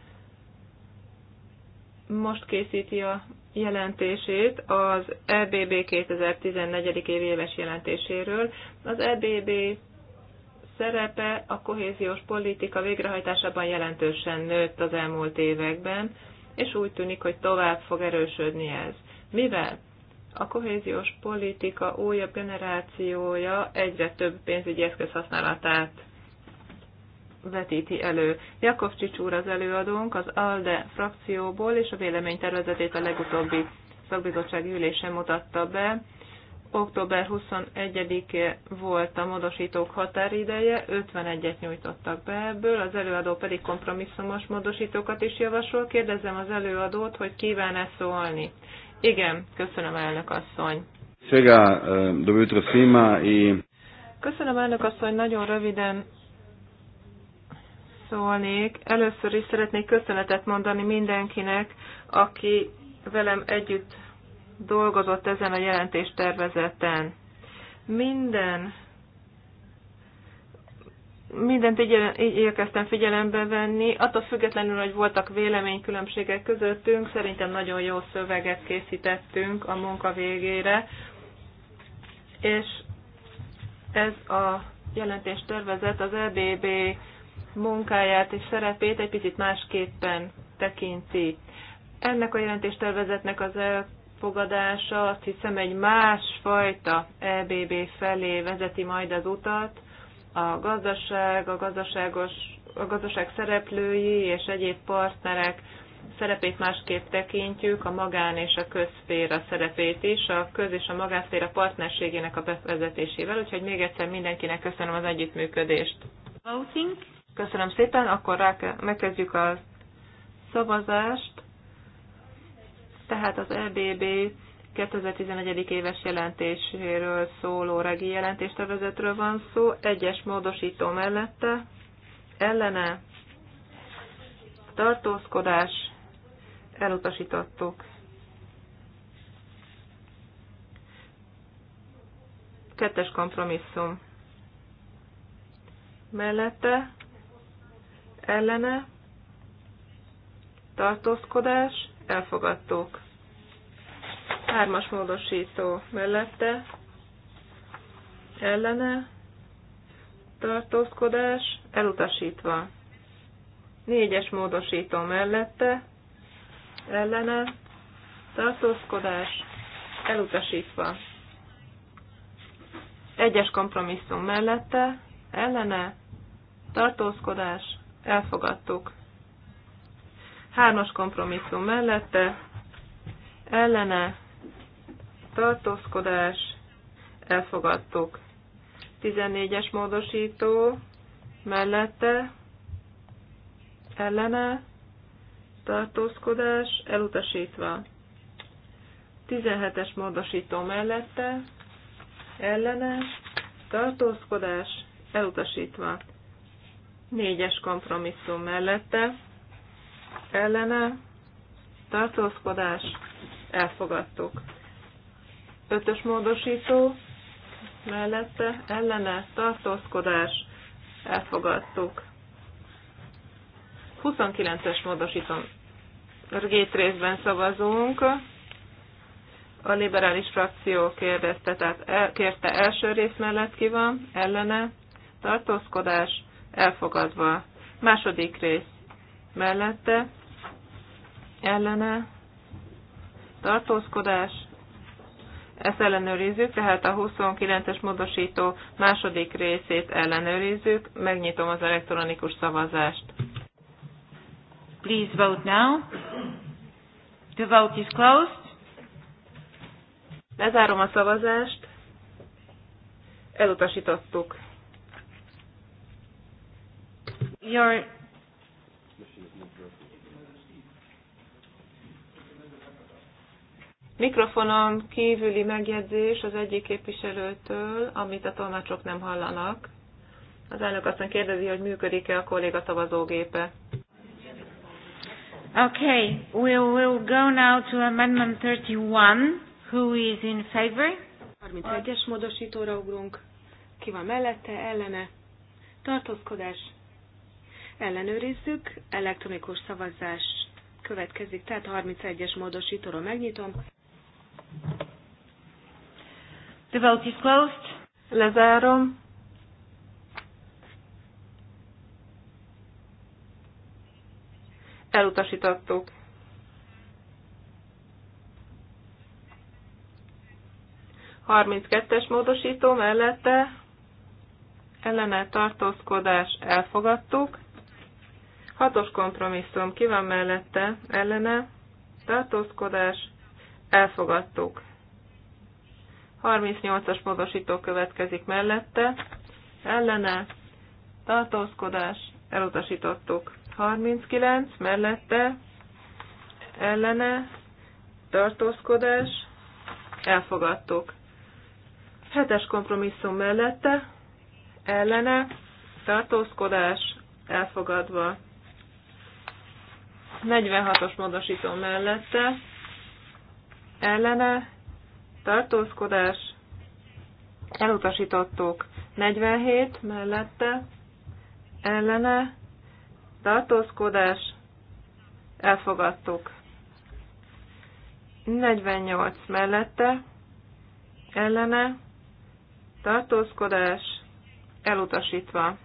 most készíti a jelentését az EBB 2014. év éves jelentéséről. Az EBB szerepe a kohéziós politika végrehajtásában jelentősen nőtt az elmúlt években, és úgy tűnik, hogy tovább fog erősödni ez. Mivel? A kohéziós politika újabb generációja egyre több pénzügyi eszköz használatát vetíti elő. Jakovcsics úr az előadónk az ALDE frakcióból, és a véleménytervezetét a legutóbbi szakbizottsági ülésen mutatta be. Október 21-e volt a módosítók határideje, 51-et nyújtottak be ebből, az előadó pedig kompromisszumos módosítókat is javasol. Kérdezem az előadót, hogy kíván-e szólni. Igen, köszönöm elnök asszony. Köszönöm elnök asszony, nagyon röviden szólnék. Először is szeretnék köszönetet mondani mindenkinek, aki velem együtt dolgozott ezen a jelentéstervezeten. Minden mindent így érkeztem figyelembe venni. Attól függetlenül, hogy voltak véleménykülönbségek közöttünk, szerintem nagyon jó szöveget készítettünk a munka végére, és ez a jelentéstervezet tervezet az EBB munkáját és szerepét egy picit másképpen tekinti. Ennek a jelentéstervezetnek az elfogadása azt hiszem egy másfajta EBB felé vezeti majd az utat, a gazdaság, a, gazdaságos, a gazdaság szereplői és egyéb partnerek szerepét másképp tekintjük, a magán és a közszféra szerepét is, a köz és a magánszféra partnerségének a bevezetésével, úgyhogy még egyszer mindenkinek köszönöm az együttműködést. Voting. Köszönöm szépen, akkor rá kell, megkezdjük a szavazást. Tehát az EBB 2011. éves jelentéséről szóló regi jelentéstevezetről van szó, egyes módosító mellette, ellene tartózkodás elutasítottuk. Kettes kompromisszum mellette ellene, tartózkodás, elfogadtuk. Hármas módosító mellette, ellene, tartózkodás, elutasítva. Négyes módosító mellette, ellene, tartózkodás, elutasítva. Egyes kompromisszum mellette, ellene, tartózkodás, elfogadtuk. Hármas kompromisszum mellette, ellene, tartózkodás, elfogadtuk. 14-es módosító, mellette, ellene, tartózkodás, elutasítva. 17-es módosító mellette, ellene, tartózkodás, elutasítva. Négyes kompromisszum mellette ellene tartózkodás elfogadtuk. Ötös módosító mellette ellene tartózkodás elfogadtuk. 29-es módosítom. Két részben szavazunk. A liberális frakció kérdezte, tehát el, kérte első rész mellett ki van, ellene, tartózkodás, elfogadva. Második rész mellette, ellene, tartózkodás, ezt ellenőrizzük, tehát a 29-es módosító második részét ellenőrizzük, megnyitom az elektronikus szavazást. Please vote now. The vote is closed. Lezárom a szavazást. Elutasítottuk. Your mikrofonon kívüli megjegyzés az egyik képviselőtől, amit a tolmácsok nem hallanak. Az elnök aztán kérdezi, hogy működik-e a kolléga szavazógépe. Okay, we will go now to amendment 31. Who is in favor? 31-es módosítóra ugrunk. Ki van mellette, ellene? Tartózkodás ellenőrizzük, elektronikus szavazás következik, tehát 31-es módosítóról megnyitom. The vote is closed. Lezárom. Elutasítottuk. Harminckettes módosító mellette ellene tartózkodás elfogadtuk. Hatos kompromisszum, ki van mellette, ellene, tartózkodás, elfogadtuk. 38-as módosító következik mellette, ellene, tartózkodás, elutasítottuk. 39 mellette, ellene, tartózkodás, elfogadtuk. Hetes kompromisszum mellette, ellene, tartózkodás, elfogadva. 46-os módosító mellette ellene tartózkodás elutasítottuk. 47 mellette ellene tartózkodás elfogadtuk. 48 mellette ellene tartózkodás elutasítva.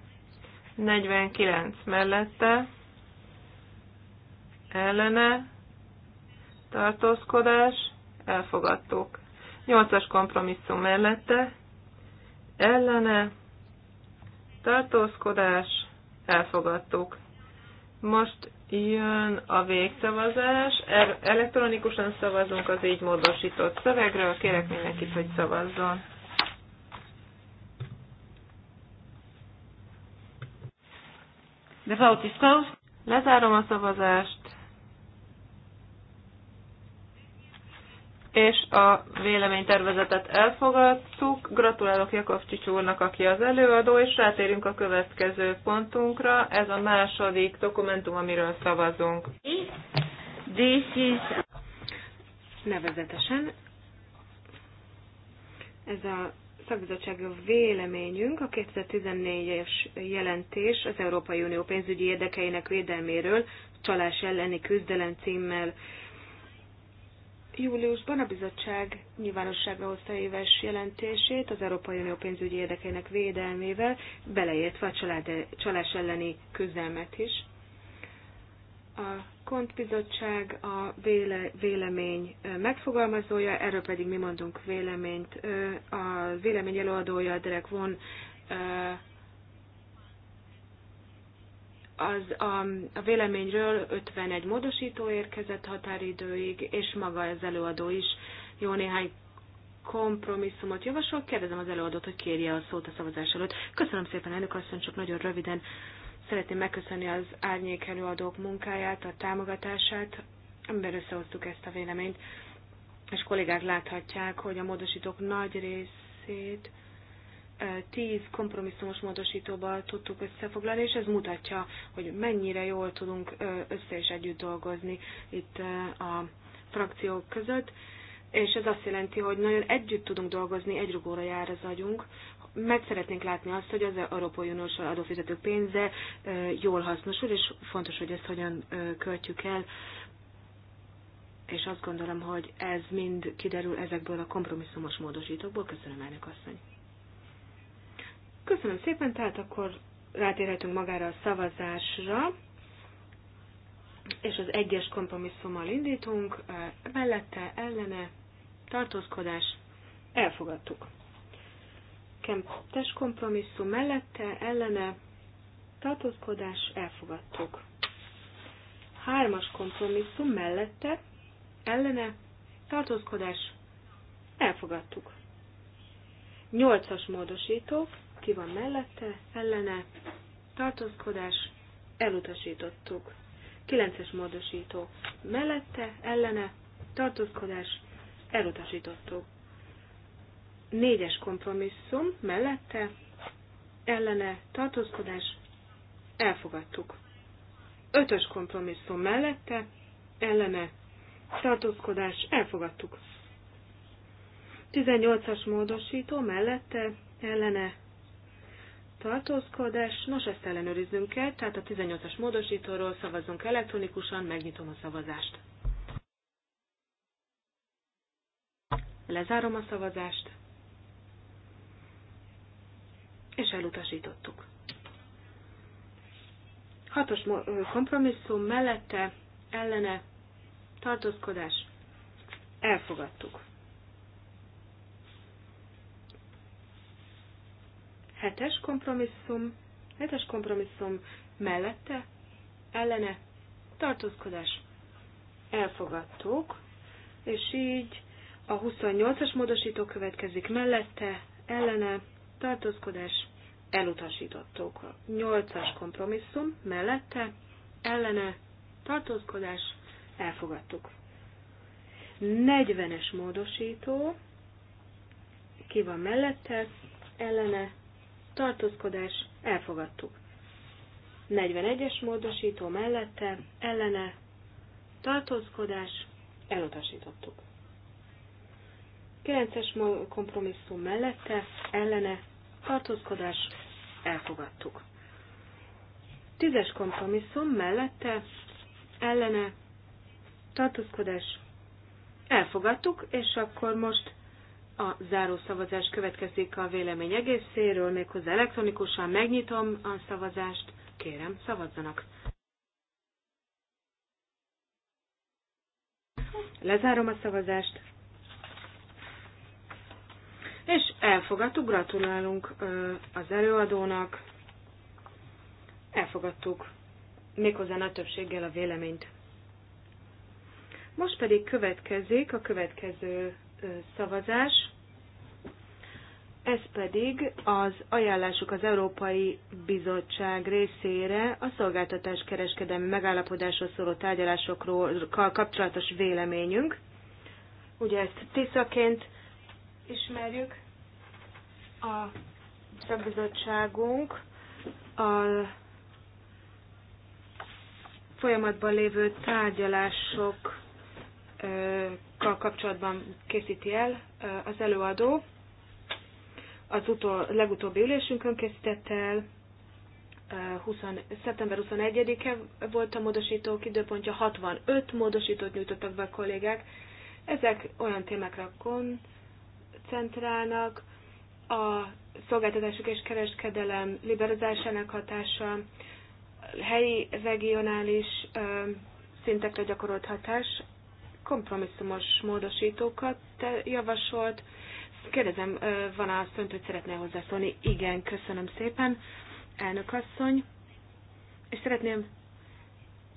49 mellette ellene, tartózkodás, elfogadtuk. Nyolcas kompromisszum mellette, ellene, tartózkodás, elfogadtuk. Most jön a végszavazás. Elektronikusan szavazunk az így módosított szövegről. Kérek mindenkit, hogy szavazzon. The vote is closed. Lezárom a szavazást. és a véleménytervezetet elfogadtuk. Gratulálok Jakovcsics úrnak, aki az előadó, és rátérünk a következő pontunkra. Ez a második dokumentum, amiről szavazunk. This is... Nevezetesen ez a szakbizottsági véleményünk a 2014-es jelentés az Európai Unió pénzügyi érdekeinek védelméről csalás elleni küzdelem címmel Júliusban a bizottság nyilvánosságra hozta éves jelentését az Európai Unió pénzügyi érdekeinek védelmével, beleértve a család, csalás elleni küzdelmet is. A Kont Bizottság a véle, vélemény megfogalmazója, erről pedig mi mondunk véleményt. A vélemény előadója Derek von az a, a véleményről 51 módosító érkezett határidőig, és maga az előadó is jó néhány kompromisszumot javasol. Kérdezem az előadót, hogy kérje a szót a szavazás előtt. Köszönöm szépen, elnök asszony, csak nagyon röviden szeretném megköszönni az árnyék előadók munkáját, a támogatását, amiben összehoztuk ezt a véleményt, és kollégák láthatják, hogy a módosítók nagy részét tíz kompromisszumos módosítóba tudtuk összefoglalni, és ez mutatja, hogy mennyire jól tudunk össze és együtt dolgozni itt a frakciók között, és ez azt jelenti, hogy nagyon együtt tudunk dolgozni, egy rugóra jár az agyunk, meg szeretnénk látni azt, hogy az Európai Uniós adófizető pénze jól hasznosul, és fontos, hogy ezt hogyan költjük el, és azt gondolom, hogy ez mind kiderül ezekből a kompromisszumos módosítókból. Köszönöm, elnök asszony! Köszönöm szépen, tehát akkor rátérhetünk magára a szavazásra, és az egyes kompromisszummal indítunk, mellette, ellene, tartózkodás, elfogadtuk. Kemptes kompromisszum mellette, ellene, tartózkodás, elfogadtuk. Hármas kompromisszum mellette, ellene, tartózkodás, elfogadtuk. Nyolcas módosítók, ki van mellette, ellene, tartózkodás, elutasítottuk. 9-es módosító mellette, ellene, tartózkodás, elutasítottuk. 4-es kompromisszum mellette, ellene, tartózkodás, elfogadtuk. 5-ös kompromisszum mellette, ellene, tartózkodás, elfogadtuk. 18-as módosító mellette, ellene, tartózkodás, nos ezt ellenőrizzünk kell, tehát a 18-as módosítóról szavazzunk elektronikusan, megnyitom a szavazást. Lezárom a szavazást, és elutasítottuk. Hatos kompromisszum mellette ellene tartózkodás elfogadtuk. Hetes kompromisszum, hetes kompromisszum mellette, ellene, tartózkodás. Elfogadtuk, és így a 28-as módosító következik mellette, ellene, tartózkodás, elutasítottuk. 8-as kompromisszum mellette, ellene, tartózkodás, elfogadtuk. 40-es módosító, ki van mellette, ellene, tartózkodás, elfogadtuk. 41-es módosító mellette, ellene, tartózkodás, elutasítottuk. 9-es kompromisszum mellette, ellene, tartózkodás, elfogadtuk. 10-es kompromisszum mellette, ellene, tartózkodás, elfogadtuk, és akkor most a záró szavazás következik a vélemény egészéről, méghozzá elektronikusan megnyitom a szavazást. Kérem, szavazzanak! Lezárom a szavazást. És elfogadtuk, gratulálunk az előadónak. Elfogadtuk méghozzá nagy többséggel a véleményt. Most pedig következik a következő szavazás, ez pedig az ajánlásuk az Európai Bizottság részére a szolgáltatás kereskedelmi megállapodásról szóló tárgyalásokról kapcsolatos véleményünk. Ugye ezt tiszaként ismerjük. A szakbizottságunk a folyamatban lévő tárgyalások kapcsolatban készíti el az előadó. Az utol, legutóbbi ülésünkön készítette el, 20, szeptember 21-e volt a módosítók időpontja, 65 módosítót nyújtottak be a kollégák. Ezek olyan témákra koncentrálnak, a szolgáltatások és kereskedelem liberalizásának hatása, helyi, regionális szintekre gyakorolt hatás, kompromisszumos módosítókat javasolt. Kérdezem, van-e asszonyt, hogy szeretnél hozzászólni? Igen, köszönöm szépen, elnök asszony. És szeretném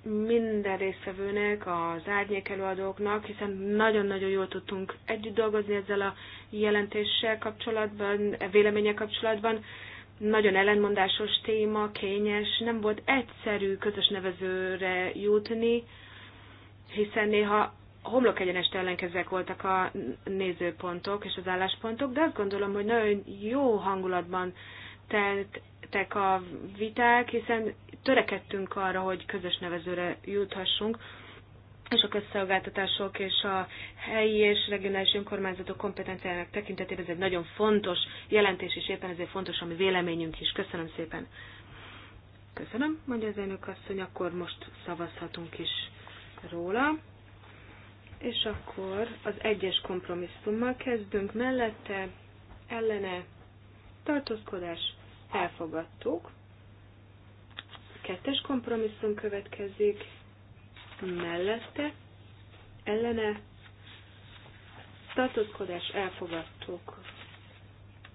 minden résztvevőnek, az árnyék előadóknak, hiszen nagyon-nagyon jól tudtunk együtt dolgozni ezzel a jelentéssel kapcsolatban, véleménye kapcsolatban. Nagyon ellenmondásos téma, kényes, nem volt egyszerű közös nevezőre jutni, hiszen néha a homlok egyenest ellenkezőek voltak a nézőpontok és az álláspontok, de azt gondolom, hogy nagyon jó hangulatban teltek a viták, hiszen törekedtünk arra, hogy közös nevezőre juthassunk, és a közszolgáltatások és a helyi és regionális önkormányzatok kompetenciájának tekintetében ez egy nagyon fontos jelentés, és éppen ezért fontos a mi véleményünk is. Köszönöm szépen! Köszönöm, mondja az elnök asszony, akkor most szavazhatunk is róla. És akkor az egyes kompromisszummal kezdünk mellette, ellene, tartózkodás, elfogadtuk. Kettes kompromisszum következik, mellette, ellene, tartózkodás, elfogadtuk.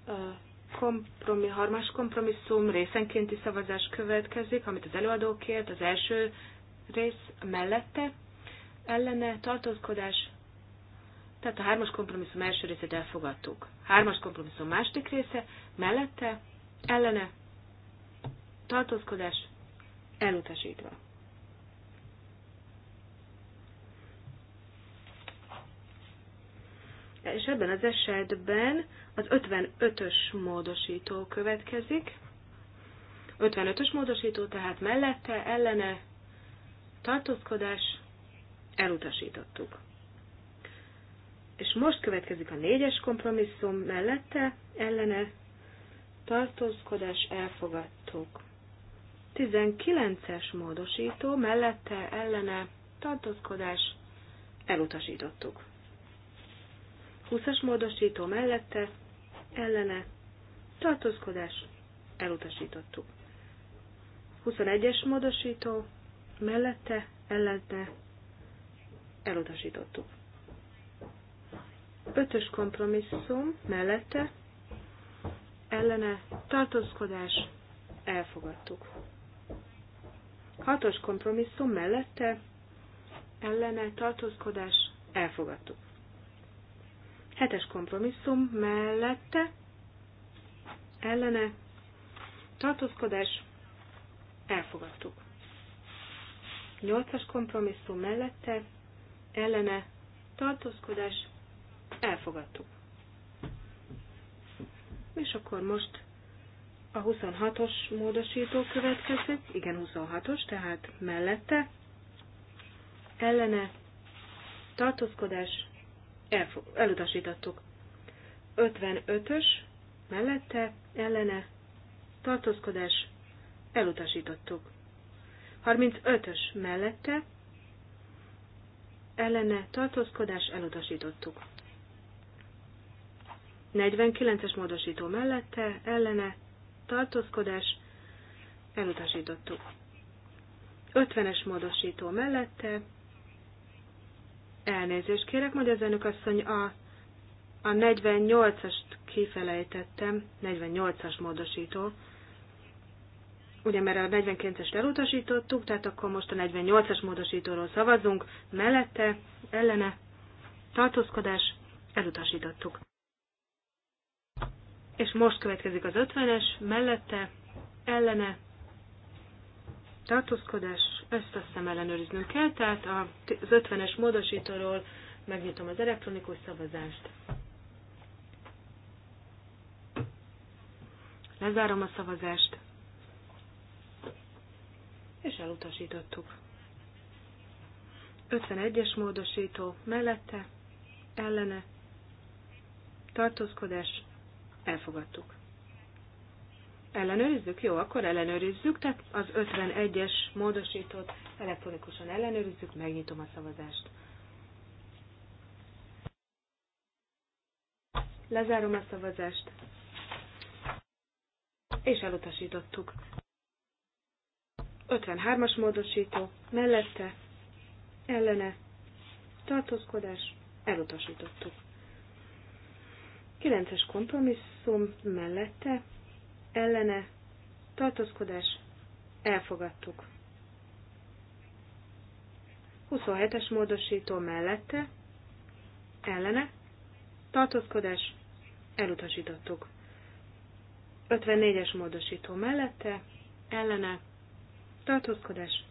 A kompromi, harmas kompromisszum részenkénti szavazás következik, amit az előadó kért, az első rész mellette, ellene tartózkodás. Tehát a hármas kompromisszum első részét elfogadtuk. Hármas kompromisszum második része, mellette, ellene, tartózkodás, elutasítva. És ebben az esetben az 55-ös módosító következik. 55-ös módosító, tehát mellette, ellene, tartózkodás, elutasítottuk. És most következik a négyes kompromisszum mellette, ellene tartózkodás elfogadtuk. 19-es módosító mellette, ellene tartózkodás elutasítottuk. 20-as módosító mellette, ellene tartózkodás elutasítottuk. 21-es módosító mellette, ellene elutasítottuk. Ötös kompromisszum mellette ellene tartózkodás elfogadtuk. Hatos kompromisszum mellette ellene tartózkodás elfogadtuk. Hetes kompromisszum mellette ellene tartózkodás elfogadtuk. Nyolcas kompromisszum mellette ellene tartózkodás elfogadtuk. És akkor most a 26-os módosító következik, igen 26-os, tehát mellette ellene tartózkodás elfog, elutasítottuk. 55-ös mellette ellene tartózkodás elutasítottuk. 35-ös mellette ellene tartózkodás elutasítottuk. 49-es módosító mellette ellene tartózkodás elutasítottuk. 50-es módosító mellette elnézést kérek, mondja az önök asszony, a, a 48-ast kifelejtettem, 48-as módosító ugye mert a 49-est elutasítottuk, tehát akkor most a 48-as módosítóról szavazunk, mellette, ellene, tartózkodás, elutasítottuk. És most következik az 50-es, mellette, ellene, tartózkodás, ezt azt hiszem ellenőriznünk kell, tehát az 50-es módosítóról megnyitom az elektronikus szavazást. Lezárom a szavazást és elutasítottuk. 51-es módosító mellette, ellene, tartózkodás, elfogadtuk. Ellenőrizzük? Jó, akkor ellenőrizzük, tehát az 51-es módosítót elektronikusan ellenőrizzük, megnyitom a szavazást. Lezárom a szavazást. És elutasítottuk. 53-as módosító mellette ellene tartózkodás elutasítottuk. 9-es kompromisszum mellette ellene tartózkodás elfogadtuk. 27-es módosító mellette ellene tartózkodás elutasítottuk. 54-es módosító mellette ellene tartózkodás,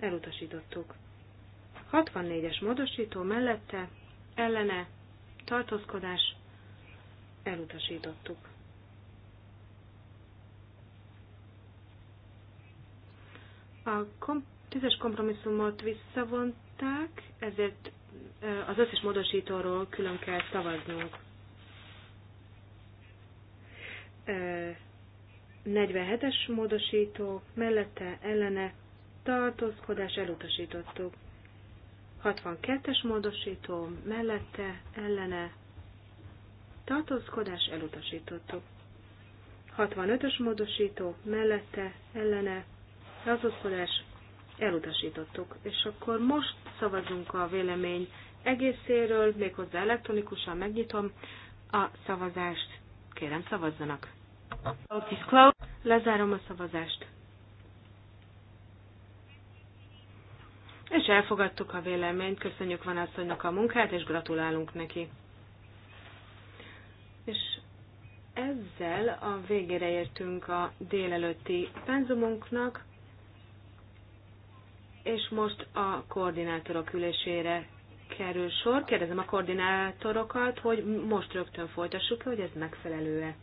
elutasítottuk. 64-es módosító mellette, ellene, tartózkodás, elutasítottuk. A kom- tízes kompromisszumot visszavonták, ezért az összes módosítóról külön kell szavaznunk. 47-es módosító, mellette ellene tartózkodás elutasítottuk. 62-es módosító, mellette ellene tartózkodás elutasítottuk. 65-ös módosító, mellette ellene tartózkodás elutasítottuk. És akkor most szavazunk a vélemény egészéről, méghozzá elektronikusan megnyitom a szavazást. Kérem, szavazzanak! Lezárom a szavazást. És elfogadtuk a véleményt, köszönjük Van asszonynak a munkát, és gratulálunk neki. És ezzel a végére értünk a délelőtti penzumunknak, és most a koordinátorok ülésére kerül sor. Kérdezem a koordinátorokat, hogy most rögtön folytassuk hogy ez megfelelő-e.